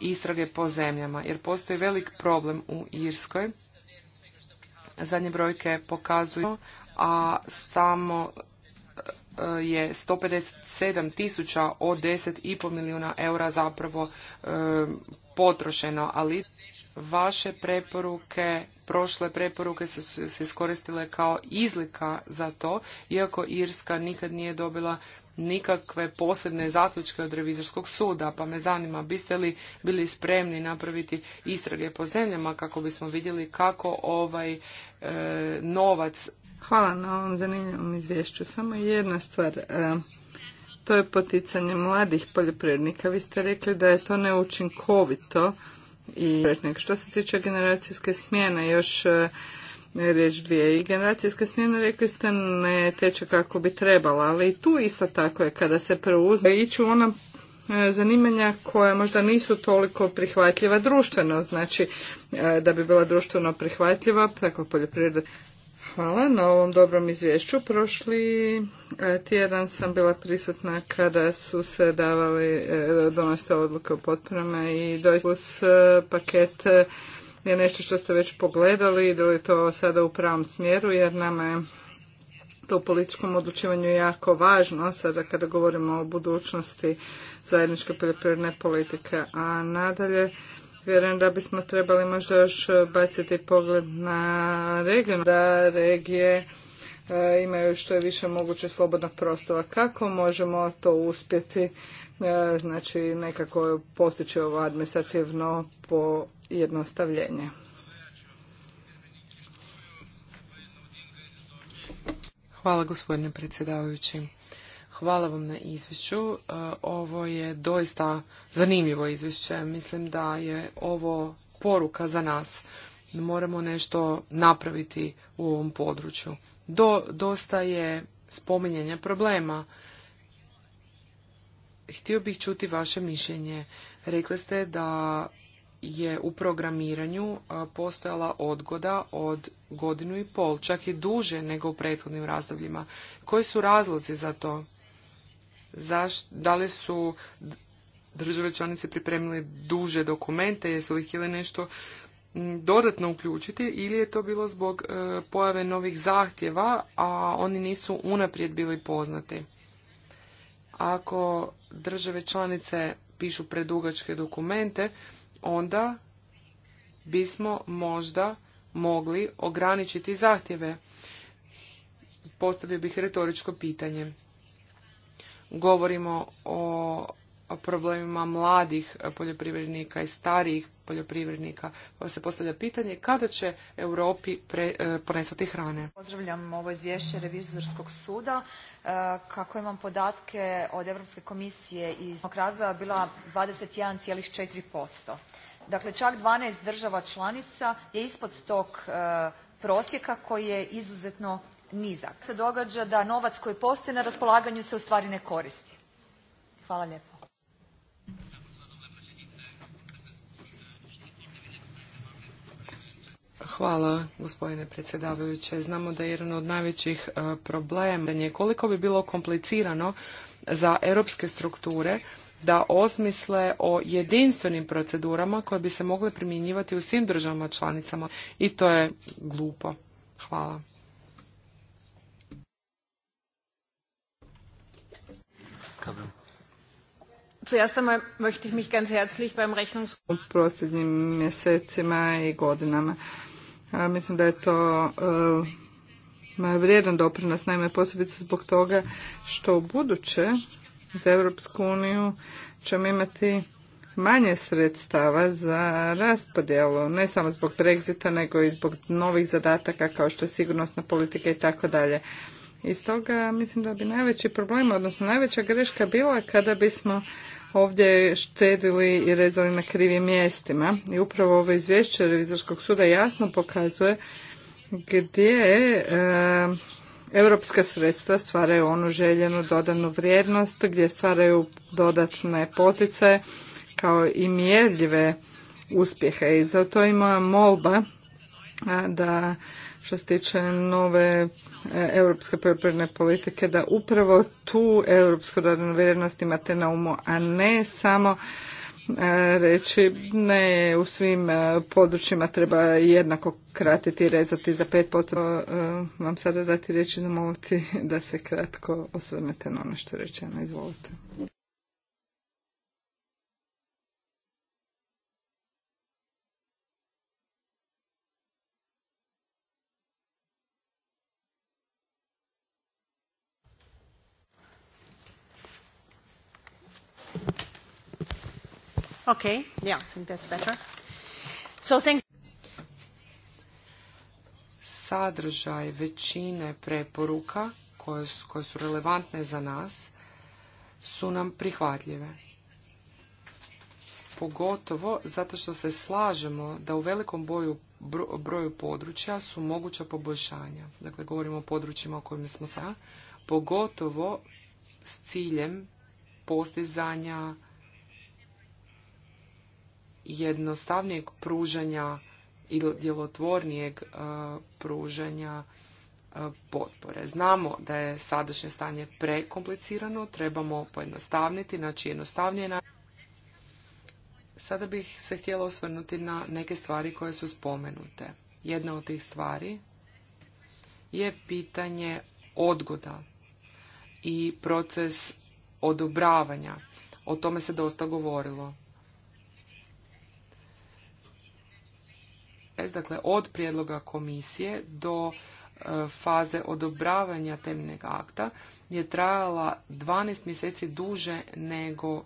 istrage po zemljama, jer postoji velik problem u Irskoj. Zadnje brojke pokazuju, a samo e, je 157 tisuća od 10,5 milijuna eura zapravo e, potrošeno, ali vaše preporuke, prošle preporuke su se iskoristile kao izlika za to, iako Irska nikad nije dobila nikakve posebne zaključke od revizorskog suda, pa me zanima biste li bili spremni napraviti istrage po zemljama kako bismo vidjeli kako ovaj e, novac... Hvala na ovom zanimljivom izvješću. Samo jedna stvar. E, to je poticanje mladih poljoprivrednika. Vi ste rekli da je to neučinkovito. I što se tiče generacijske smjene, još e, riječ dvije. I generacijska smjena, rekli ste, ne teče kako bi trebala, ali i tu isto tako je kada se preuzme ići u ona e, zanimanja koja možda nisu toliko prihvatljiva društveno, znači e, da bi bila društveno prihvatljiva, tako poljoprivreda. Hvala na ovom dobrom izvješću. Prošli e, tjedan sam bila prisutna kada su se davali, donosite odluke o potporama i doista uz paket je nešto što ste već pogledali, da li to sada u pravom smjeru, jer nama je to u političkom odlučivanju jako važno sada kada govorimo o budućnosti zajedničke poljoprivredne politike. A nadalje, vjerujem da bismo trebali možda još baciti pogled na region, da regije e, imaju što je više moguće slobodnog prostora. Kako možemo to uspjeti, e, znači nekako postići ovo administrativno po jednostavljenje. Hvala gospodine predsjedavajući. Hvala vam na izvješću. E, ovo je doista zanimljivo izvješće. Mislim da je ovo poruka za nas. Moramo nešto napraviti u ovom području. Do, dosta je spominjanja problema. Htio bih čuti vaše mišljenje. Rekli ste da je u programiranju postojala odgoda od godinu i pol, čak i duže nego u prethodnim razdobljima. Koji su razlozi za to? da li su države članice pripremile duže dokumente, jesu li htjeli nešto dodatno uključiti ili je to bilo zbog e, pojave novih zahtjeva, a oni nisu unaprijed bili poznati. Ako države članice pišu predugačke dokumente, onda bismo možda mogli ograničiti zahtjeve. Postavio bih retoričko pitanje. Govorimo o problemima mladih poljoprivrednika i starijih poljoprivrednika. Pa se postavlja pitanje kada će Europi e, ponesati hrane. Pozdravljam ovo izvješće revizorskog suda. E, kako imam podatke od Europske komisije iz razvoja bila 21,4%. Dakle, čak 12 država članica je ispod tog e, prosjeka koji je izuzetno nizak. Se događa da novac koji postoji na raspolaganju se stvari ne koristi. Hvala lijepo. Hvala, gospodine predsjedavajuće. Znamo da je jedan od najvećih e, problema je koliko bi bilo komplicirano za europske strukture da osmisle o jedinstvenim procedurama koje bi se mogle primjenjivati u svim državama članicama i to je glupo. Hvala. Zuerst einmal möchte ich mich ganz herzlich beim U mjesecima i godinama mislim da je to e, vrijedan doprinos, naime posebice zbog toga što u buduće za Europsku uniju ćemo imati manje sredstava za raspodjelu, ne samo zbog Brexita, nego i zbog novih zadataka kao što je sigurnosna politika i tako dalje. I stoga mislim da bi najveći problem, odnosno najveća greška bila kada bismo ovdje štedili i rezali na krivim mjestima. I upravo ovo izvješće Revizorskog suda jasno pokazuje gdje e, europska sredstva stvaraju onu željenu dodanu vrijednost, gdje stvaraju dodatne potice kao i mjerljive uspjehe. I zato ima molba da što se tiče nove E, europske poljoprivredne politike da upravo tu europsku dodanu vrijednost imate na umu, a ne samo e, reći ne u svim e, područjima treba jednako kratiti i rezati za 5%. Vam sada dati riječ i zamoliti da se kratko osvrnete na ono što je rečeno. Izvolite. Okay, yeah, think that's better. So Sadržaj većine preporuka koje, su relevantne za nas su nam prihvatljive. Pogotovo zato što se slažemo da u velikom broju područja su moguća poboljšanja. Dakle, govorimo o područjima o kojima smo sada, pogotovo s ciljem postizanja jednostavnijeg pružanja i djelotvornijeg e, pružanja e, potpore. Znamo da je sadašnje stanje prekomplicirano, trebamo pojednostavniti, znači jednostavnije Sada bih se htjela osvrnuti na neke stvari koje su spomenute. Jedna od tih stvari je pitanje odgoda i proces odobravanja. O tome se dosta govorilo. dakle od prijedloga komisije do e, faze odobravanja temeljnog akta je trajala 12 mjeseci duže nego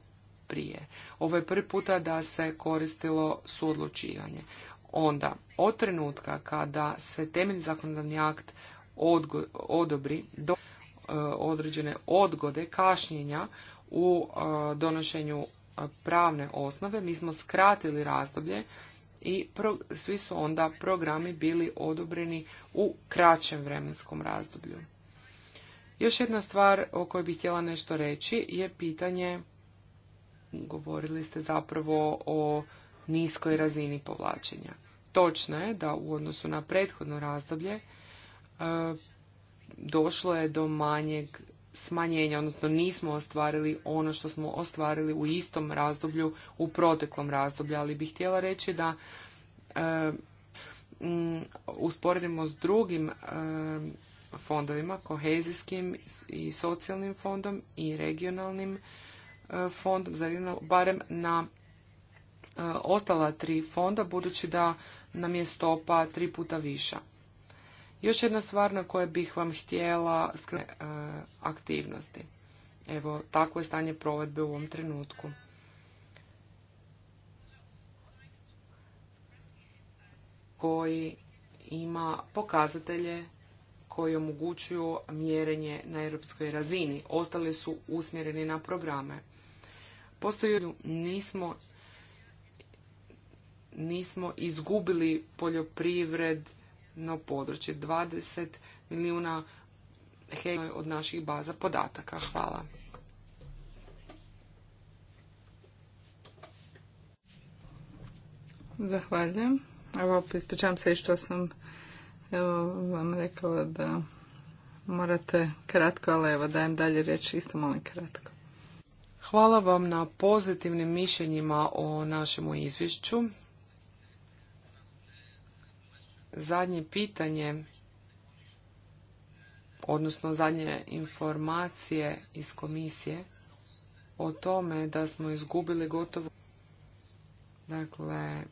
prije. Ovo je prvi puta da se koristilo suodlučivanje. Onda, od trenutka kada se temeljni zakonodavni akt odobri do e, određene odgode, kašnjenja u e, donošenju pravne osnove, mi smo skratili razdoblje i svi su onda programi bili odobreni u kraćem vremenskom razdoblju. Još jedna stvar o kojoj bih htjela nešto reći je pitanje, govorili ste zapravo o niskoj razini povlačenja. Točno je da u odnosu na prethodno razdoblje e, došlo je do manjeg smanjenja, odnosno nismo ostvarili ono što smo ostvarili u istom razdoblju u proteklom razdoblju, ali bih htjela reći da e, usporedimo s drugim e, fondovima, kohezijskim i socijalnim fondom i regionalnim e, fondom, za barem na ostala tri fonda, budući da nam je stopa tri puta viša. Još jedna stvar na koju bih vam htjela skrenuti e, aktivnosti. Evo, takvo je stanje provedbe u ovom trenutku. koji ima pokazatelje koji omogućuju mjerenje na europskoj razini. Ostali su usmjereni na programe. Postoji nismo nismo izgubili poljoprivred područje, 20 milijuna hektara od naših baza podataka. Hvala. Zahvaljujem. Evo, ispričavam se što sam evo, vam rekao da morate kratko, ali evo dajem dalje riječ isto molim kratko. Hvala vam na pozitivnim mišljenjima o našemu izvješću zadnje pitanje, odnosno zadnje informacije iz komisije o tome da smo izgubili gotovo... Dakle,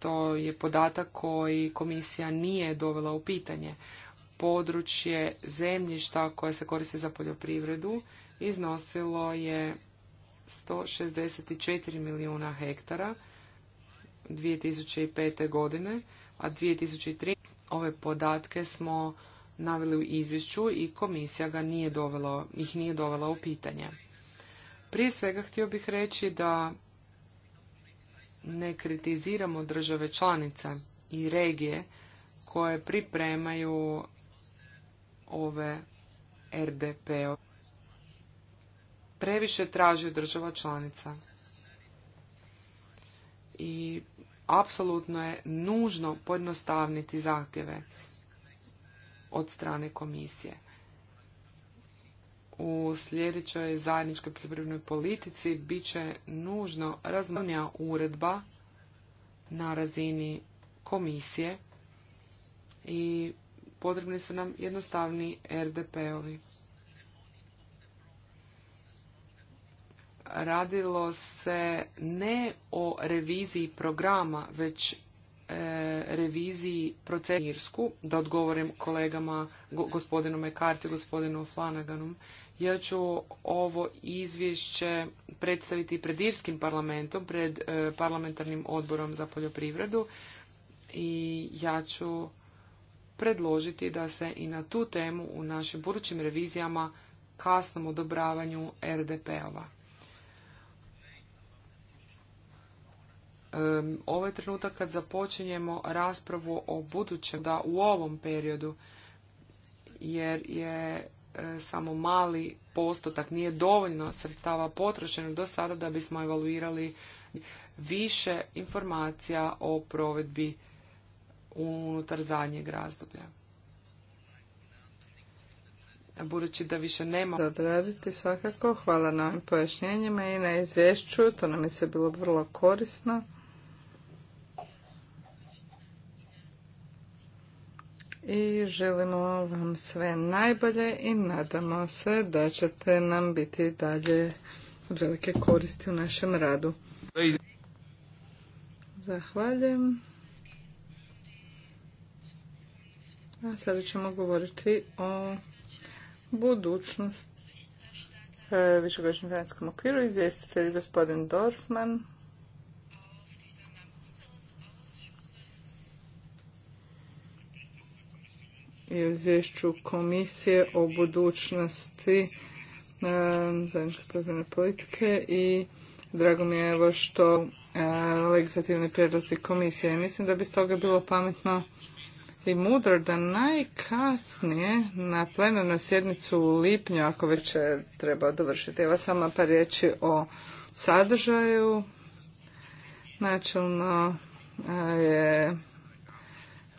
to je podatak koji komisija nije dovela u pitanje. Područje zemljišta koje se koriste za poljoprivredu iznosilo je 164 milijuna hektara 2005. godine a 2003. Ove podatke smo naveli u izvješću i komisija ga nije dovela, ih nije dovela u pitanje. Prije svega htio bih reći da ne kritiziramo države članice i regije koje pripremaju ove RDP. -o. Previše traži država članica. I apsolutno je nužno pojednostavniti zahtjeve od strane komisije. U sljedećoj zajedničkoj poljoprivrednoj politici bit će nužno razmanja uredba na razini komisije i potrebni su nam jednostavni RDP-ovi. radilo se ne o reviziji programa, već e, reviziji procesu da odgovorim kolegama gospodinu Mekarti gospodinu Flanaganu. Ja ću ovo izvješće predstaviti pred Irskim parlamentom, pred e, parlamentarnim odborom za poljoprivredu i ja ću predložiti da se i na tu temu u našim budućim revizijama kasnom odobravanju RDP-ova Ovo je trenutak kad započinjemo raspravu o budućem da u ovom periodu, jer je e, samo mali postotak, nije dovoljno sredstava potrošeno do sada da bismo evaluirali više informacija o provedbi unutar zadnjeg razdoblja. Budući da više nema... ...zadražiti svakako, hvala na ovim pojašnjenjima i na izvješću, to nam je sve bilo vrlo korisno. i želimo vam sve najbolje i nadamo se da ćete nam biti dalje od velike koristi u našem radu. Zahvaljujem. A sada ćemo govoriti o budućnosti e, višegodišnjem financijskom okviru. Izvjestitelj gospodin Dorfman. i o izvješću komisije o budućnosti e, zajedničke pozivne politike i drago mi je evo što e, legislativni prijedlozi komisije. Mislim da bi stoga bilo pametno i mudro da najkasnije na plenarnoj sjednicu u lipnju, ako već treba dovršiti. Evo samo par riječi o sadržaju. Načelno e, je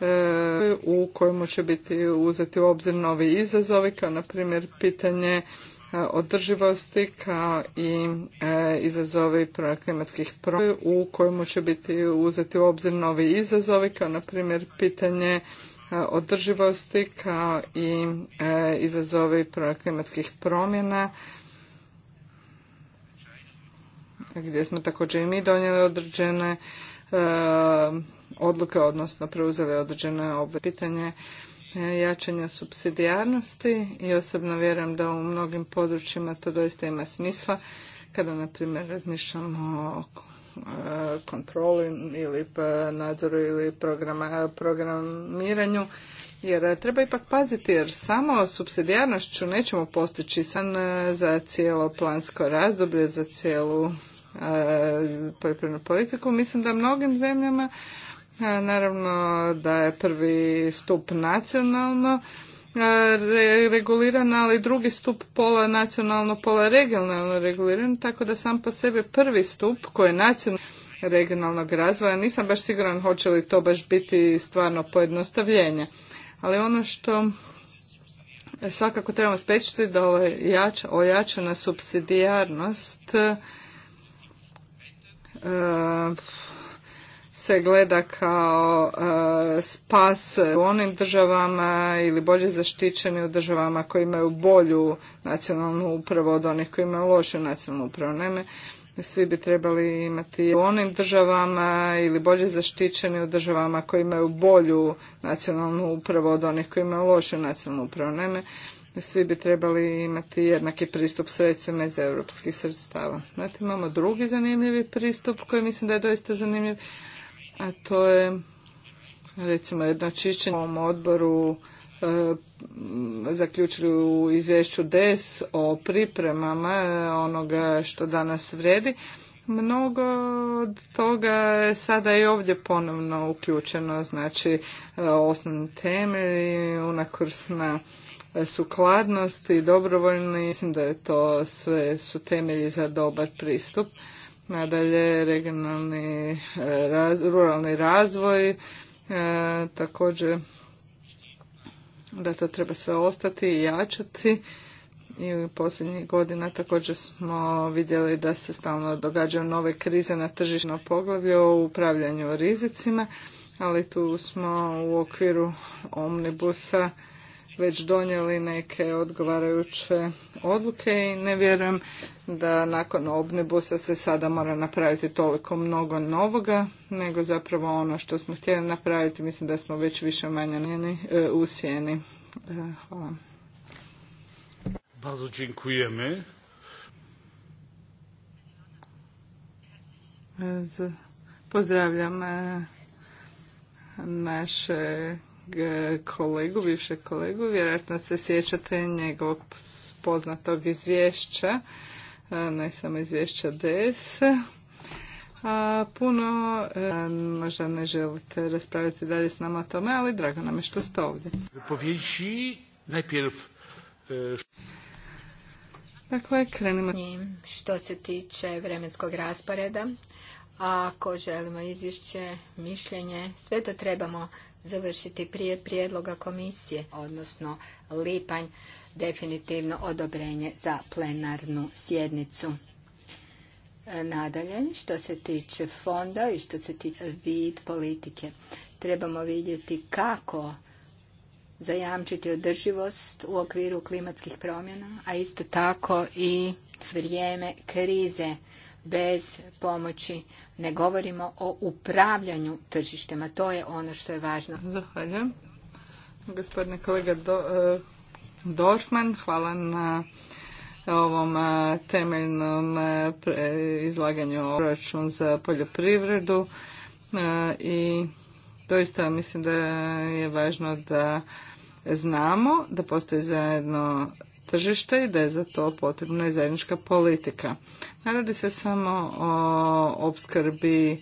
E, u kojemu će biti uzeti u obzir novi izazovi, kao na primjer pitanje e, održivosti kao i e, izazovi klimatskih promjena u kojemu će biti uzeti u obzir novi izazovi kao na primjer pitanje održivosti kao i izazovi klimatskih promjena gdje smo također i mi donijeli određene odluke, odnosno preuzeli određene obve. Pitanje e, jačanja subsidijarnosti i osobno vjerujem da u mnogim područjima to doista ima smisla kada, na primjer, razmišljamo o e, kontroli ili nadzoru ili programiranju jer treba ipak paziti jer samo subsidijarnošću nećemo postići san e, za cijelo plansko razdoblje, za cijelu poljoprivrednu politiku. Mislim da mnogim zemljama E, naravno da je prvi stup nacionalno e, reguliran, ali drugi stup pola nacionalno, pola regionalno reguliran, tako da sam po sebi prvi stup koji je nacionalno regionalnog razvoja. Nisam baš siguran hoće li to baš biti stvarno pojednostavljenje. Ali ono što svakako trebamo spriječiti da ova ojačana subsidijarnost e, se gleda kao e, spas u onim državama ili bolje zaštićeni u državama koji imaju bolju nacionalnu upravu od onih koji imaju lošu nacionalnu upravu. svi bi trebali imati u onim državama ili bolje zaštićeni u državama koji imaju bolju nacionalnu upravu od onih koji imaju lošu nacionalnu upravu. svi bi trebali imati jednaki pristup sredstvima iz europskih sredstava. Znate, imamo drugi zanimljivi pristup koji mislim da je doista zanimljiv, a to je recimo jedno čišćenje u ovom odboru e, zaključili u izvješću DES o pripremama e, onoga što danas vredi. Mnogo od toga je sada i ovdje ponovno uključeno, znači e, osnovne teme i unakursna sukladnost i dobrovoljni. Mislim da je to sve su temelji za dobar pristup. Nadalje, regionalni e, raz, ruralni razvoj, e, također da to treba sve ostati i jačati. I u posljednjih godina također smo vidjeli da se stalno događaju nove krize na tržišno poglavlju o upravljanju rizicima, ali tu smo u okviru omnibusa već donijeli neke odgovarajuće odluke i ne vjerujem da nakon obnebusa se sada mora napraviti toliko mnogo novoga, nego zapravo ono što smo htjeli napraviti, mislim da smo već više manje njeni, e, u sjeni. E, hvala. dziękujemy. E, pozdravljam naše kolegu, bivšeg kolegu, vjerojatno se sjećate njegovog poznatog izvješća, ne samo izvješća DS. A, puno e, možda ne želite raspraviti dalje s nama o tome, ali drago nam je što ste ovdje. E, dakle, krenimo. Što se tiče vremenskog rasporeda, ako želimo izvješće, mišljenje, sve to trebamo završiti prije prijedloga komisije, odnosno lipanj, definitivno odobrenje za plenarnu sjednicu. E, nadalje, što se tiče fonda i što se tiče vid politike, trebamo vidjeti kako zajamčiti održivost u okviru klimatskih promjena, a isto tako i vrijeme krize bez pomoći ne govorimo o upravljanju tržištima. To je ono što je važno. Zahvaljujem. Gospodine kolega e, Dorfman, hvala na ovom e, temeljnom e, izlaganju o proračun za poljoprivredu i doista mislim da je važno da znamo da postoji zajedno tržište i da je za to potrebna i zajednička politika. Ne radi se samo o opskrbi e,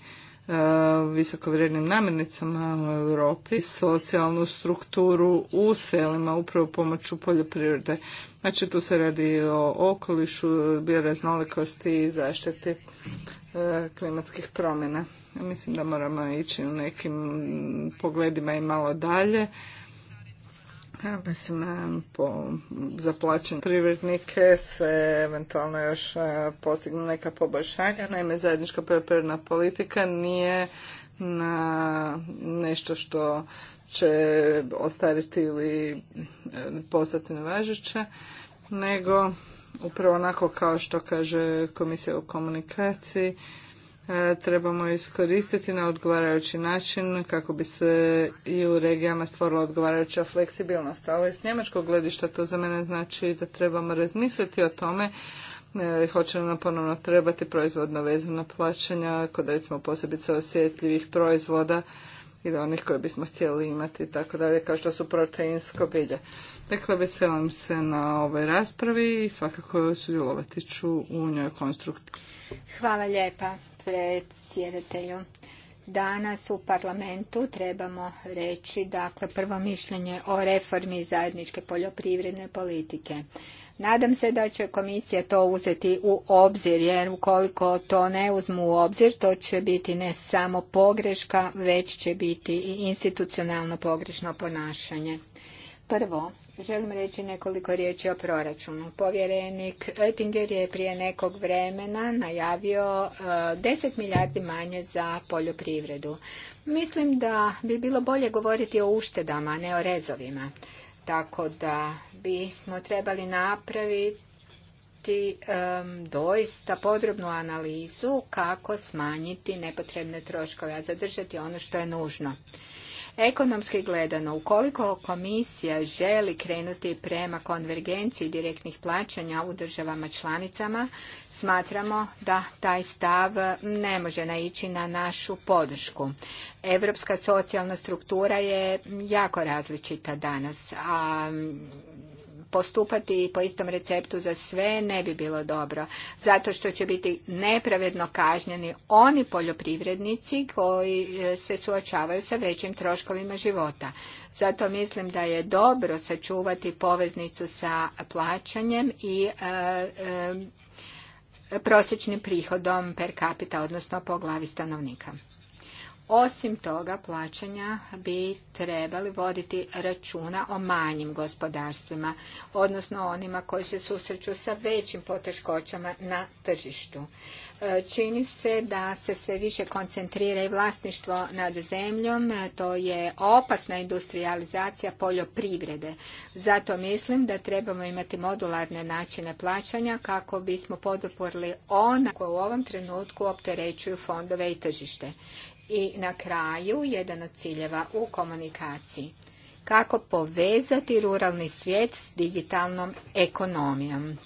visokovrijednim namirnicama u Europi, socijalnu strukturu u selima upravo pomoću poljoprivrede. Znači tu se radi o okolišu, bioraznolikosti i zaštiti e, klimatskih promjena. Mislim da moramo ići u nekim pogledima i malo dalje Mislim, pa e, po, za plaćanje privrednike se eventualno još e, postignu neka poboljšanja. Naime, zajednička poljoprivredna politika nije na nešto što će ostariti ili e, postati nevažeće, nego upravo onako kao što kaže komisija u komunikaciji, E, trebamo iskoristiti na odgovarajući način kako bi se i u regijama stvorila odgovarajuća fleksibilnost. Ali s njemačkog gledišta to za mene znači da trebamo razmisliti o tome e, hoće li nam ponovno trebati proizvodno vezana plaćanja kod recimo posebice osjetljivih proizvoda ili onih koje bismo htjeli imati tako dalje, kao što su proteinsko bilje. Dakle, veselam se na ovoj raspravi i svakako sudjelovati ću u njoj konstruktivno. Hvala lijepa predsjedatelju. Danas u parlamentu trebamo reći dakle prvo mišljenje o reformi zajedničke poljoprivredne politike. Nadam se da će komisija to uzeti u obzir, jer ukoliko to ne uzmu u obzir, to će biti ne samo pogreška, već će biti i institucionalno pogrešno ponašanje. Prvo, Želim reći nekoliko riječi o proračunu. Povjerenik Oettinger je prije nekog vremena najavio 10 e, milijardi manje za poljoprivredu. Mislim da bi bilo bolje govoriti o uštedama, a ne o rezovima. Tako da bismo trebali napraviti e, doista podrobnu analizu kako smanjiti nepotrebne troškove, a zadržati ono što je nužno. Ekonomski gledano, ukoliko komisija želi krenuti prema konvergenciji direktnih plaćanja u državama članicama, smatramo da taj stav ne može naići na našu podršku. Europska socijalna struktura je jako različita danas, a postupati po istom receptu za sve ne bi bilo dobro. Zato što će biti nepravedno kažnjeni oni poljoprivrednici koji e, se suočavaju sa većim troškovima života. Zato mislim da je dobro sačuvati poveznicu sa plaćanjem i e, e, prosječnim prihodom per capita, odnosno po glavi stanovnika. Osim toga, plaćanja bi trebali voditi računa o manjim gospodarstvima, odnosno onima koji se susreću sa većim poteškoćama na tržištu. E, čini se da se sve više koncentrira i vlasništvo nad zemljom, e, to je opasna industrializacija poljoprivrede. Zato mislim da trebamo imati modularne načine plaćanja kako bismo poduporili ona koja u ovom trenutku opterećuju fondove i tržište. I na kraju, jedan od ciljeva u komunikaciji. Kako povezati ruralni svijet s digitalnom ekonomijom.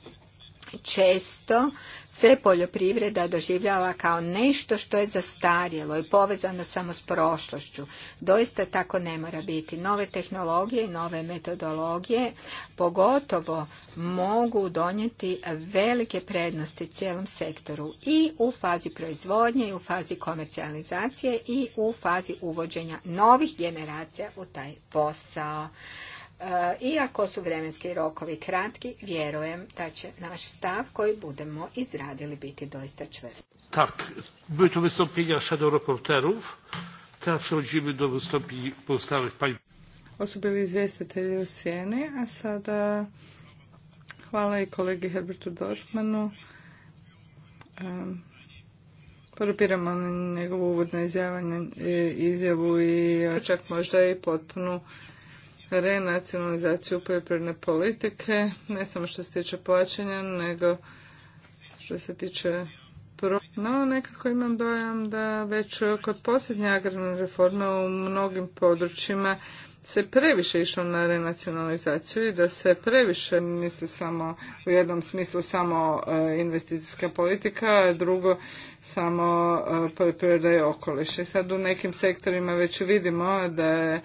Često se poljoprivreda doživljava kao nešto što je zastarjelo i povezano samo s prošlošću. Doista tako ne mora biti. Nove tehnologije i nove metodologije pogotovo mogu donijeti velike prednosti cijelom sektoru i u fazi proizvodnje i u fazi komercijalizacije i u fazi uvođenja novih generacija u taj posao. E, iako su vremenski rokovi kratki, vjerujem da će naš stav koji budemo izradili biti doista čvrst. Tak, były to wystąpienia shadow reporterów. Teraz przechodzimy do wystąpień pozostałych pań. Osu izvjestitelji u Sjeni, a sada hvala i kolegi Herbertu Dorfmanu. Um, Podopiramo njegovu uvodnu e, izjavu i čak možda i potpunu renacionalizaciju poljoprivredne politike, ne samo što se tiče plaćanja, nego što se tiče pro... No, nekako imam dojam da već kod posljednje agrarne reforme u mnogim područjima se previše išlo na renacionalizaciju i da se previše misli samo u jednom smislu samo e, investicijska politika, a drugo samo e, poljoprivreda i okoliš. I sad u nekim sektorima već vidimo da je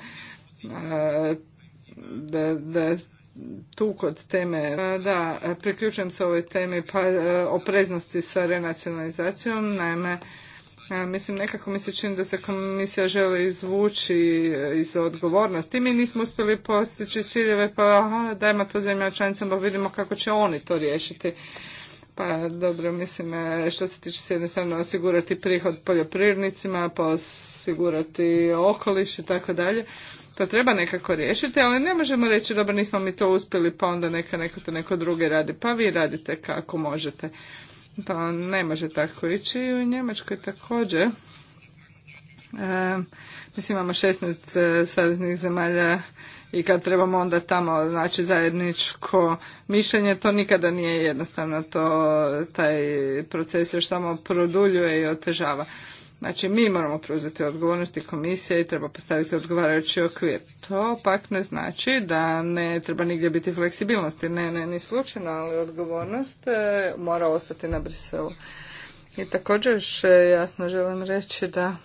e, da, da tu kod teme, da, priključujem se ovoj temi pa e, opreznosti sa renacionalizacijom, naime, e, Mislim, nekako mi se čini da se komisija želi izvući iz odgovornosti. Mi nismo uspjeli postići ciljeve, pa dajmo to zemljama članicama, pa vidimo kako će oni to riješiti. Pa dobro, mislim, e, što se tiče s jedne strane osigurati prihod poljoprivrednicima, pa osigurati okoliš i tako dalje treba nekako riješiti, ali ne možemo reći dobro nismo mi to uspjeli pa onda neka neko to neko drugi radi, pa vi radite kako možete. Pa ne može tako ići i u Njemačkoj također. E, mislim imamo 16 eh, saveznih zemalja i kad trebamo onda tamo znači zajedničko mišljenje to nikada nije jednostavno to taj proces još samo produljuje i otežava. Znači, mi moramo preuzeti odgovornosti komisije i treba postaviti odgovarajući okvir. To pak ne znači da ne treba nigdje biti fleksibilnosti. Ne, ne, ni slučajno, ali odgovornost e, mora ostati na Briselu. I također jasno želim reći da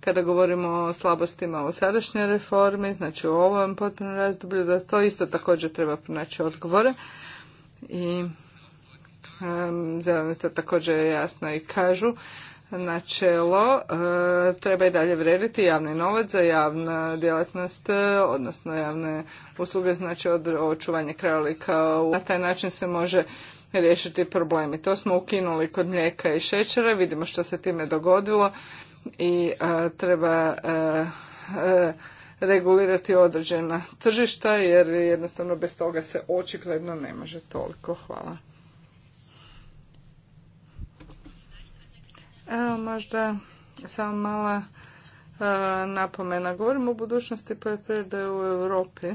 kada govorimo o slabostima u sadašnjoj reformi, znači u ovom potpunom razdoblju, da to isto također treba pronaći odgovore. I um, to također jasno i kažu načelo e, treba i dalje vrediti javni novac za javna djelatnost, e, odnosno javne usluge, znači od očuvanje krajolika. Na taj način se može riješiti problemi. To smo ukinuli kod mlijeka i šećera, vidimo što se time dogodilo i e, treba regulirati određena tržišta jer jednostavno bez toga se očigledno ne može toliko. Hvala. Evo možda samo mala e, napomena. Govorimo o budućnosti poljoprivrede u Europi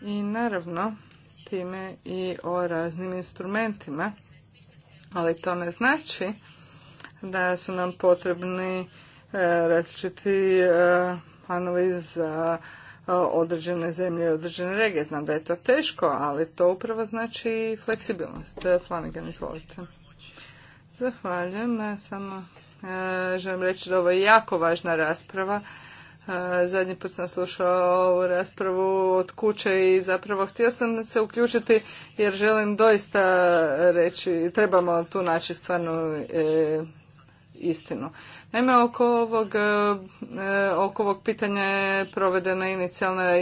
i naravno time i o raznim instrumentima, ali to ne znači da su nam potrebni e, različiti e, planovi za e, određene zemlje i određene regije. Znam da je to teško, ali to upravo znači fleksibilnost. Flanagan, izvolite. Zahvaljujem. Samo e, želim reći da ovo je jako važna rasprava. E, zadnji put sam slušao ovu raspravu od kuće i zapravo htio sam se uključiti jer želim doista reći, trebamo tu naći stvarno e, istinu. Naime, oko ovog, ovog pitanja je provedena inicijalna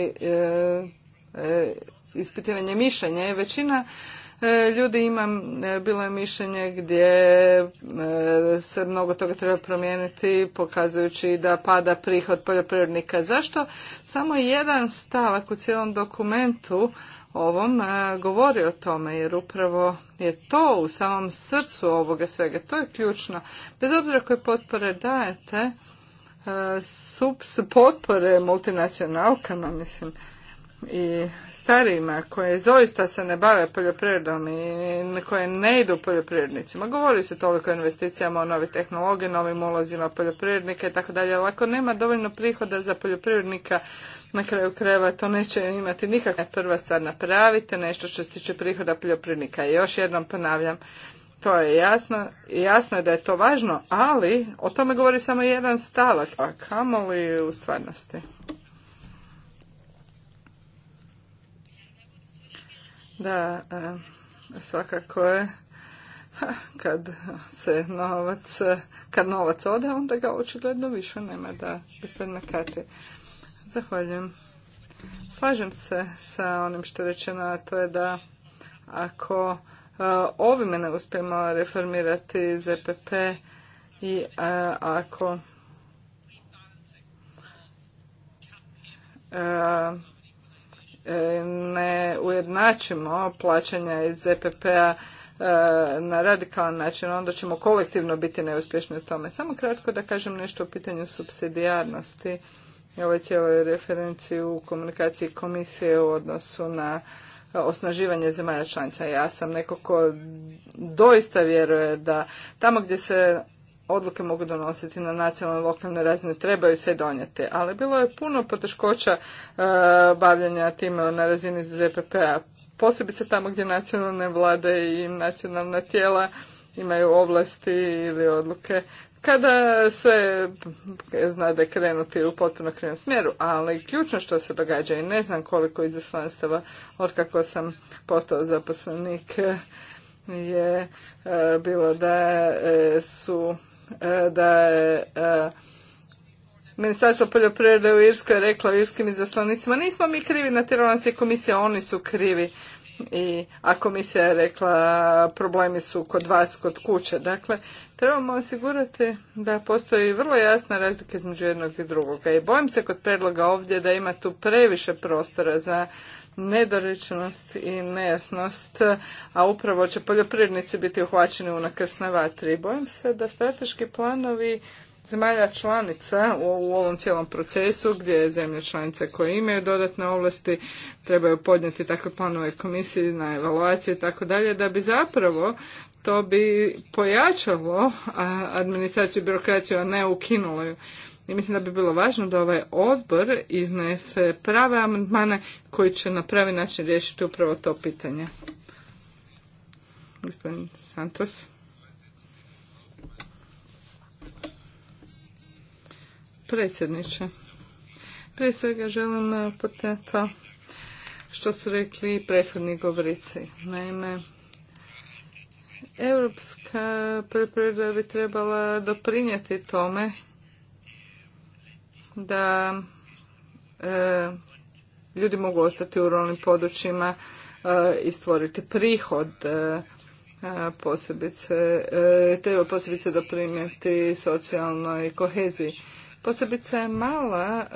ispitivanje mišljenja i većina E, ljudi imam, e, bilo je mišljenje gdje e, se mnogo toga treba promijeniti pokazujući da pada prihod poljoprivrednika. Zašto samo jedan stavak u cijelom dokumentu ovom govori o tome jer upravo je to u samom srcu ovoga svega. To je ključno. Bez obzira koje potpore dajete, subs potpore multinacionalkama, mislim, i starijima koje zaista se ne bave poljoprivredom i koje ne idu poljoprivrednicima. Govori se toliko o investicijama, o nove tehnologije, novim ulozima poljoprivrednika i tako dalje, ali ako nema dovoljno prihoda za poljoprivrednika na kraju krajeva to neće imati nikakva prva stvar napravite, nešto što se tiče prihoda poljoprivrednika. I još jednom ponavljam, to je jasno, jasno je da je to važno, ali o tome govori samo jedan stavak, a li u stvarnosti. Da, e, svakako je kad se novac, kad novac ode, onda ga očigledno više nema, da, na Kati. Zahvaljujem. Slažem se sa onim što je rečeno, a to je da ako e, ovime ne uspijemo reformirati ZPP i e, ako ne ujednačimo plaćanja iz ZPP-a e e, na radikalan način, onda ćemo kolektivno biti neuspješni u tome. Samo kratko da kažem nešto o pitanju subsidijarnosti i ovoj cijeloj referenciji u komunikaciji komisije u odnosu na e, osnaživanje zemalja članica. Ja sam neko ko doista vjeruje da tamo gdje se odluke mogu donositi na nacionalne lokalne razine, trebaju se donijeti. Ali bilo je puno poteškoća e, bavljanja time na razini ZPP-a, posebice tamo gdje nacionalne vlade i nacionalna tijela imaju ovlasti ili odluke kada sve e, zna da krenuti u potpuno krivom smjeru, ali ključno što se događa i ne znam koliko izaslanstava od kako sam postao zaposlenik je e, bilo da e, su E, da je e, Ministarstvo poljoprivrede u Irskoj reklo irskim izaslanicima nismo mi krivi, natjerala nas je komisija, oni su krivi. I, a komisija je rekla problemi su kod vas, kod kuće. Dakle, trebamo osigurati da postoji vrlo jasna razlika između jednog i drugoga. I bojim se kod predloga ovdje da ima tu previše prostora za nedorečenost i nejasnost, a upravo će poljoprivrednici biti uhvaćeni u nakrsne vatri. bojim se da strateški planovi zemalja članica u, ovom cijelom procesu gdje zemlje članice koje imaju dodatne ovlasti trebaju podnijeti takve planove komisiji na evaluaciju i tako dalje da bi zapravo to bi pojačalo administraciju i birokraciju, a ne ukinulo ju. I mislim da bi bilo važno da ovaj odbor iznese prave amandmane koji će na pravi način riješiti upravo to pitanje. Gospodin Santos. Predsjedniče. Prije svega želim eh, poteta što su rekli prethodni govorici. Naime, Europska poljoprivreda bi trebala doprinijeti tome da e, ljudi mogu ostati u ruralnim područjima e, i stvoriti prihod e, e posebice, treba posebice doprinijeti socijalnoj koheziji. Posebice mala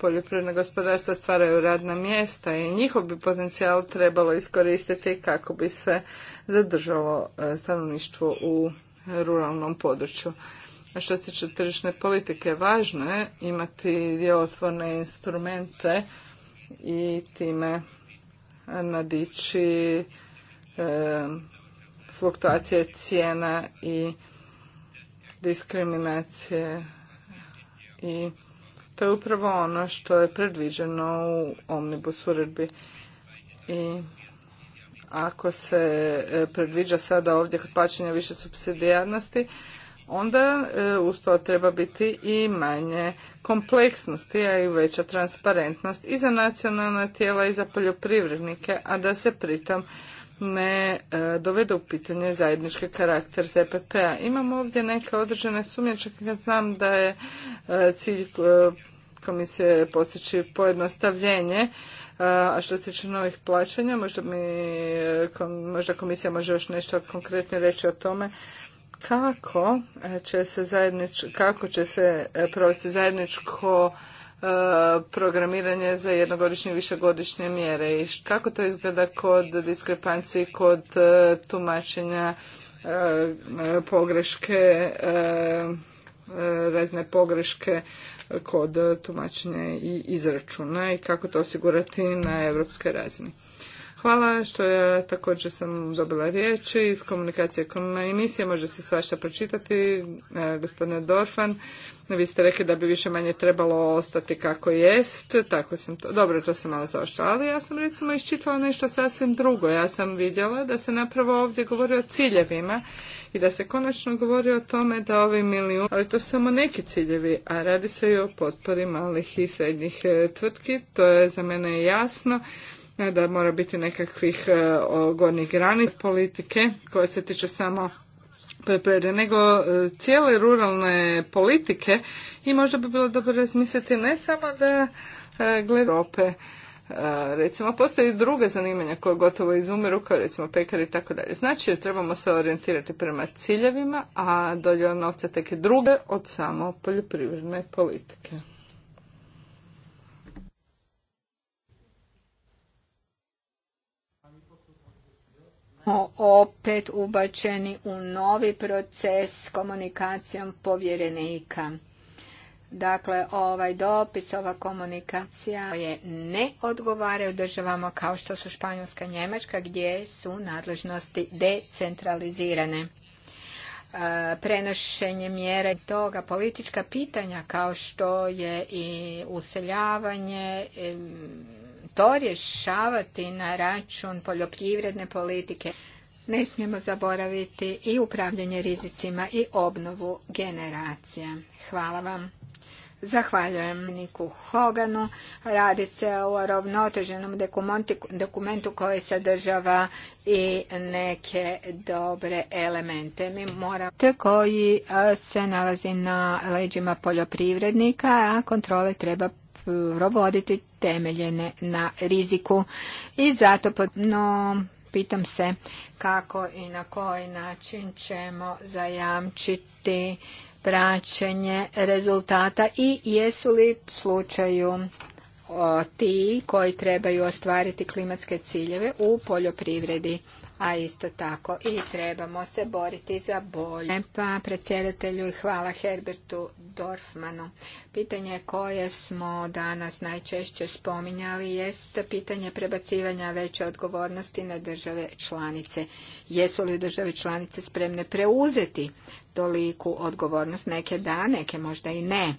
poljoprivredna gospodarstva stvaraju radna mjesta i njihov bi potencijal trebalo iskoristiti kako bi se zadržalo stanovništvo u ruralnom području. A Što se tiče tržišne politike, važno je imati djelotvorne instrumente i time nadići e, fluktuacije cijena i diskriminacije i to je upravo ono što je predviđeno u omnibus uredbi i ako se e, predviđa sada ovdje kod plaćanja više subsidijarnosti onda e, uz to treba biti i manje kompleksnosti, a i veća transparentnost i za nacionalna tijela i za poljoprivrednike, a da se pritom ne e, dovede u pitanje zajednički karakter ZPP-a. Imamo ovdje neke određene sumnje, čak kad znam da je e, cilj komisije postići pojednostavljenje, a što se tiče novih plaćanja, možda, mi, možda komisija može još nešto konkretnije reći o tome, kako e, će se zajednič, kako će se e, provesti zajedničko e, programiranje za jednogodišnje i višegodišnje mjere i kako to izgleda kod diskrepancije, kod tumačenja pogreške razne pogreške kod tumačenja i izračuna i kako to osigurati na evropskoj razini. Hvala što ja također sam dobila riječ iz komunikacije emisije, može se svašta pročitati, e, gospodine Dorfan. Vi ste rekli da bi više manje trebalo ostati kako jest, tako sam to, dobro, to sam malo zaoštila. ali ja sam recimo iščitala nešto sasvim drugo. Ja sam vidjela da se napravo ovdje govori o ciljevima i da se konačno govori o tome da ovi milijun, ali to su samo neki ciljevi, a radi se i o potpori malih i srednjih e, tvrtki, to je za mene jasno da mora biti nekakvih e, gornjih granica politike koje se tiče samo poljoprivrede, nego e, cijele ruralne politike i možda bi bilo dobro razmisliti ne samo da e, gleda Europe, recimo postoje i druge zanimanja koje gotovo izumiru kao recimo pekari i tako dalje. Znači trebamo se orijentirati prema ciljevima, a dodjela novca tek druge od samo poljoprivredne politike. opet ubačeni u novi proces s komunikacijom povjerenika. Dakle, ovaj dopis, ova komunikacija je ne odgovaraju državama kao što su Španjolska Njemačka gdje su nadležnosti decentralizirane. E, prenošenje mjere toga politička pitanja kao što je i useljavanje, to rješavati na račun poljoprivredne politike. Ne smijemo zaboraviti i upravljanje rizicima i obnovu generacija. Hvala vam. Zahvaljujem Niku Hoganu. Radi se o ravnoteženom dokumentu koji sadržava i neke dobre elemente. Mi te koji se nalazi na leđima poljoprivrednika, a kontrole treba provoditi temeljene na riziku i zato no, pitam se kako i na koji način ćemo zajamčiti praćenje rezultata i jesu li slučaju ti koji trebaju ostvariti klimatske ciljeve u poljoprivredi a isto tako i trebamo se boriti za bolje. Pa predsjedatelju i hvala Herbertu Dorfmanu. Pitanje koje smo danas najčešće spominjali jest pitanje prebacivanja veće odgovornosti na države članice. Jesu li države članice spremne preuzeti toliku odgovornost? Neke da, neke možda i ne.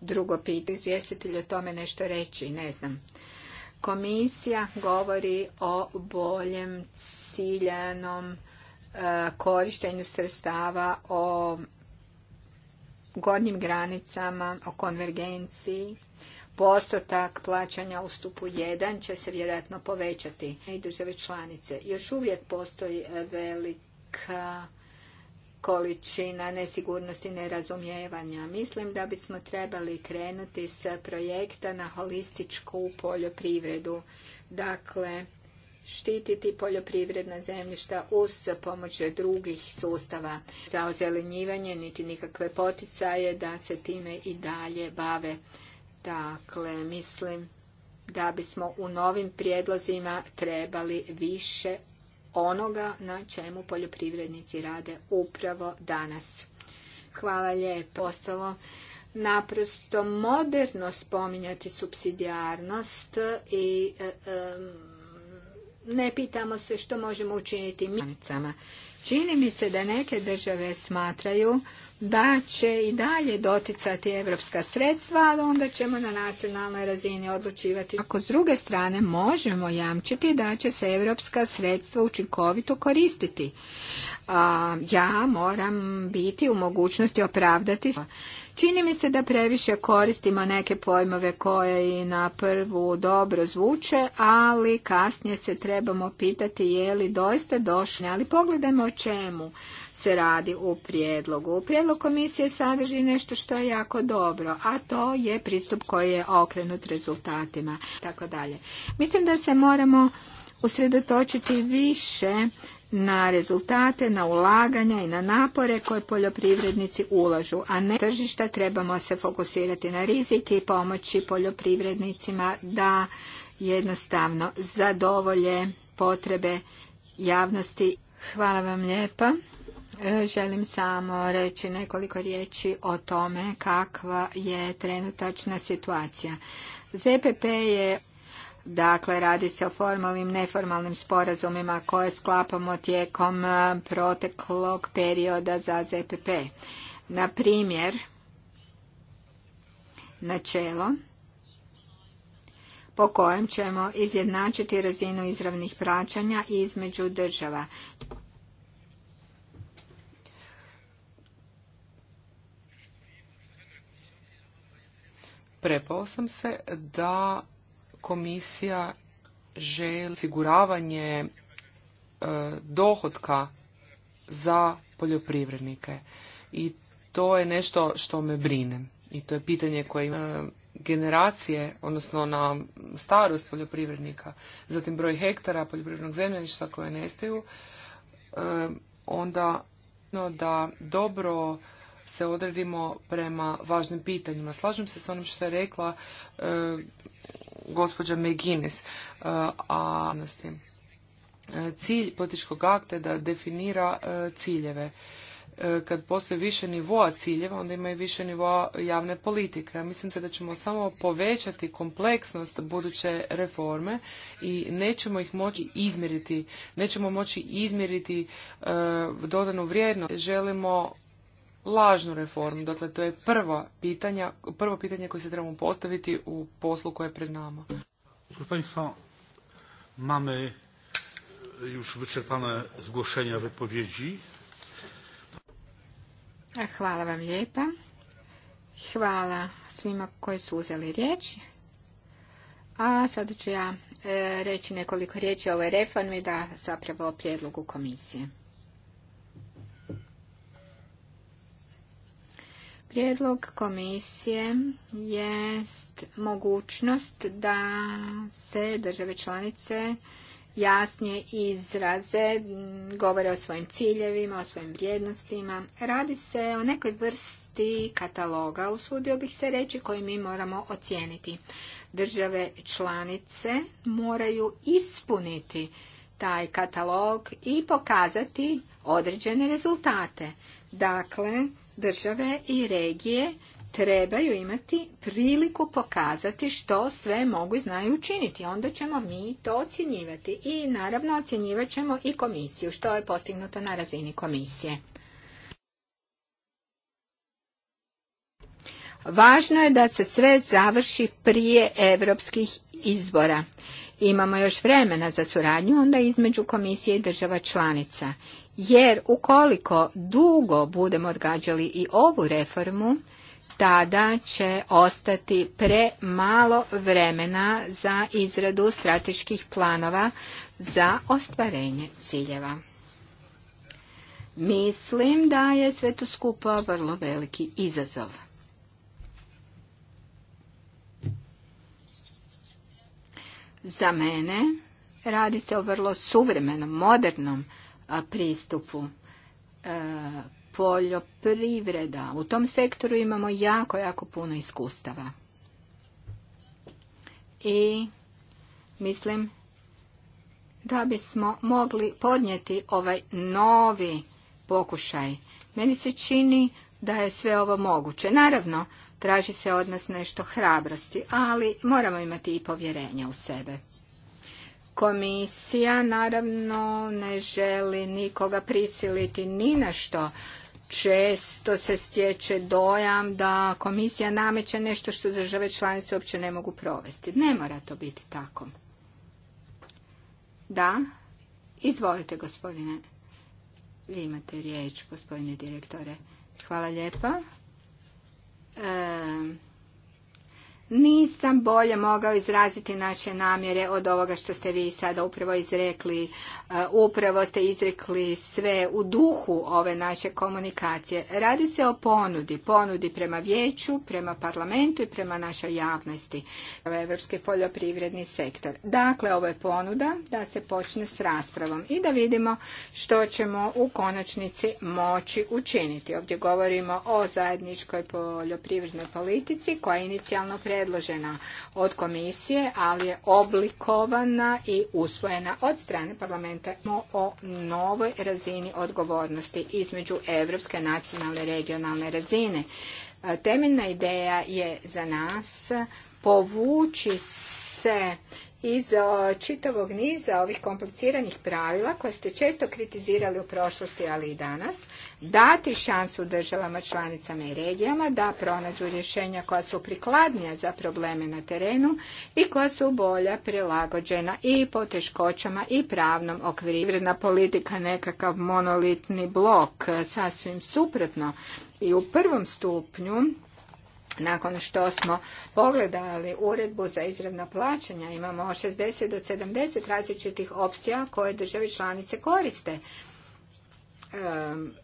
Drugo pitanje, izvjestitelj o tome nešto reći, ne znam. Komisija govori o boljem ciljanom e, korištenju sredstava o gornjim granicama, o konvergenciji. Postotak plaćanja u stupu 1 će se vjerojatno povećati i države članice. Još uvijek postoji velika količina nesigurnosti i nerazumijevanja. Mislim da bismo trebali krenuti s projekta na holističku poljoprivredu. Dakle, štititi poljoprivredna zemljišta uz pomoć drugih sustava za ozelenjivanje, niti nikakve poticaje da se time i dalje bave. Dakle, mislim da bismo u novim prijedlozima trebali više onoga na čemu poljoprivrednici rade upravo danas. Hvala lijepo. Ostalo naprosto moderno spominjati subsidijarnost i e, ne pitamo se što možemo učiniti mi. Čini mi se da neke države smatraju da će i dalje doticati evropska sredstva, ali onda ćemo na nacionalnoj razini odlučivati. Ako s druge strane možemo jamčiti da će se evropska sredstva učinkovito koristiti. ja moram biti u mogućnosti opravdati Čini mi se da previše koristimo neke pojmove koje i na prvu dobro zvuče, ali kasnije se trebamo pitati je li doista došli. Ali pogledajmo o čemu se radi u prijedlogu. U prijedlog komisije sadrži nešto što je jako dobro, a to je pristup koji je okrenut rezultatima. Tako dalje. Mislim da se moramo usredotočiti više na rezultate, na ulaganja i na napore koje poljoprivrednici ulažu, a ne tržišta trebamo se fokusirati na rizike i pomoći poljoprivrednicima da jednostavno zadovolje potrebe javnosti. Hvala vam lijepa. E, želim samo reći nekoliko riječi o tome kakva je trenutačna situacija. ZPP je Dakle, radi se o formalnim, neformalnim sporazumima koje sklapamo tijekom e, proteklog perioda za ZPP. Na primjer, načelo po kojem ćemo izjednačiti razinu izravnih praćanja između država. Prepao sam se da komisija želi osiguravanje e, dohotka za poljoprivrednike i to je nešto što me brine i to je pitanje koje ima e, generacije, odnosno na starost poljoprivrednika, zatim broj hektara poljoprivrednog zemljišta koje nestaju, e, onda da dobro se odredimo prema važnim pitanjima. Slažem se s onim što je rekla gospođa McGuinness. E, a e, cilj političkog akta je da definira e, ciljeve. Kad postoji više nivoa ciljeva, onda ima i više nivoa javne politike. Ja mislim se da ćemo samo povećati kompleksnost buduće reforme i nećemo ih moći izmjeriti. Nećemo moći izmjeriti dodanu vrijednost. Želimo lažnu reformu? Dakle, to je prvo pitanje, prvo pitanje koje se trebamo postaviti u poslu koje je pred nama. Proszę Państwa, mamy już wyczerpane zgłoszenia wypowiedzi. Hvala vam lijepa. Hvala svima koji su uzeli riječ. A sada ću ja e, reći nekoliko riječi o ovoj reformi da zapravo o prijedlogu komisije. Prijedlog komisije jest mogućnost da se države članice jasnije izraze, govore o svojim ciljevima, o svojim vrijednostima. Radi se o nekoj vrsti kataloga, usudio bih se reći, koji mi moramo ocijeniti. Države članice moraju ispuniti taj katalog i pokazati određene rezultate. Dakle, države i regije trebaju imati priliku pokazati što sve mogu i znaju učiniti. Onda ćemo mi to ocjenjivati i naravno ocjenjivat ćemo i komisiju, što je postignuto na razini komisije. Važno je da se sve završi prije europskih izbora imamo još vremena za suradnju onda između komisije i država članica. Jer ukoliko dugo budemo odgađali i ovu reformu, tada će ostati premalo vremena za izradu strateških planova za ostvarenje ciljeva. Mislim da je sve to skupa vrlo veliki izazov. Za mene radi se o vrlo suvremenom, modernom pristupu e, poljoprivreda. U tom sektoru imamo jako, jako puno iskustava. I mislim da bismo mogli podnijeti ovaj novi pokušaj. Meni se čini da je sve ovo moguće. Naravno, Traži se od nas nešto hrabrosti, ali moramo imati i povjerenja u sebe. Komisija naravno ne želi nikoga prisiliti ni na što. Često se stječe dojam da komisija nameće nešto što države članice uopće ne mogu provesti. Ne mora to biti tako. Da, izvolite gospodine. Vi imate riječ, gospodine direktore. Hvala lijepa, Ehm nisam bolje mogao izraziti naše namjere od ovoga što ste vi sada upravo izrekli. E, upravo ste izrekli sve u duhu ove naše komunikacije. Radi se o ponudi. Ponudi prema vijeću, prema parlamentu i prema našoj javnosti. Evropski poljoprivredni sektor. Dakle, ovo je ponuda da se počne s raspravom i da vidimo što ćemo u konačnici moći učiniti. Ovdje govorimo o zajedničkoj poljoprivrednoj politici koja je inicijalno pre predložena od komisije, ali je oblikovana i usvojena od strane parlamenta o novoj razini odgovornosti između evropske, nacionalne, i regionalne razine. E, temeljna ideja je za nas povući se iz čitavog niza ovih kompliciranih pravila koje ste često kritizirali u prošlosti, ali i danas, dati šansu državama, članicama i regijama da pronađu rješenja koja su prikladnija za probleme na terenu i koja su bolja prilagođena i poteškoćama i pravnom Vredna politika nekakav monolitni blok, sasvim suprotno. I u prvom stupnju nakon što smo pogledali uredbu za izravna plaćanja, imamo 60 do 70 različitih opcija koje države članice koriste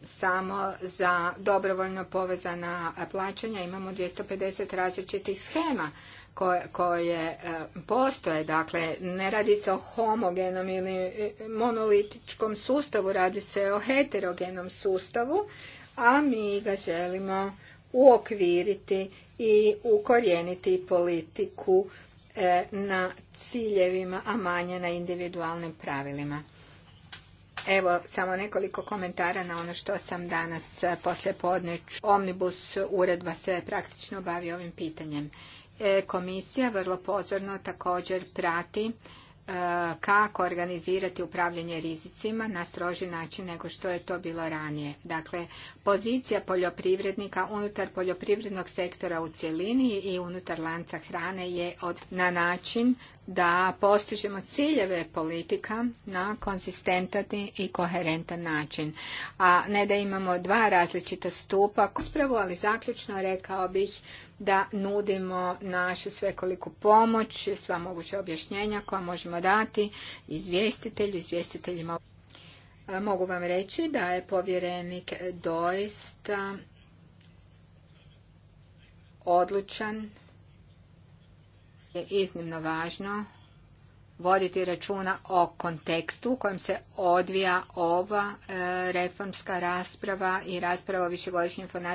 samo za dobrovoljno povezana plaćanja imamo 250 različitih schema koje, koje postoje. Dakle, ne radi se o homogenom ili e, monolitičkom sustavu, radi se o heterogenom sustavu, a mi ga želimo uokviriti i ukorijeniti politiku e, na ciljevima, a manje na individualnim pravilima. Evo, samo nekoliko komentara na ono što sam danas e, poslije podne. Omnibus uredba se praktično bavi ovim pitanjem. E, komisija vrlo pozorno također prati kako organizirati upravljanje rizicima na stroži način nego što je to bilo ranije. Dakle, pozicija poljoprivrednika unutar poljoprivrednog sektora u cjelini i unutar lanca hrane je od, na način da postižemo ciljeve politika na konzistentan i koherentan način, a ne da imamo dva različita stupa. Uspravo, ali zaključno rekao bih da nudimo našu svekoliku pomoć, sva moguća objašnjenja koja možemo dati izvjestitelju, izvjestiteljima. Mogu vam reći da je povjerenik doista odlučan, je iznimno važno voditi računa o kontekstu u kojem se odvija ova e, reformska rasprava i rasprava o višegodišnjem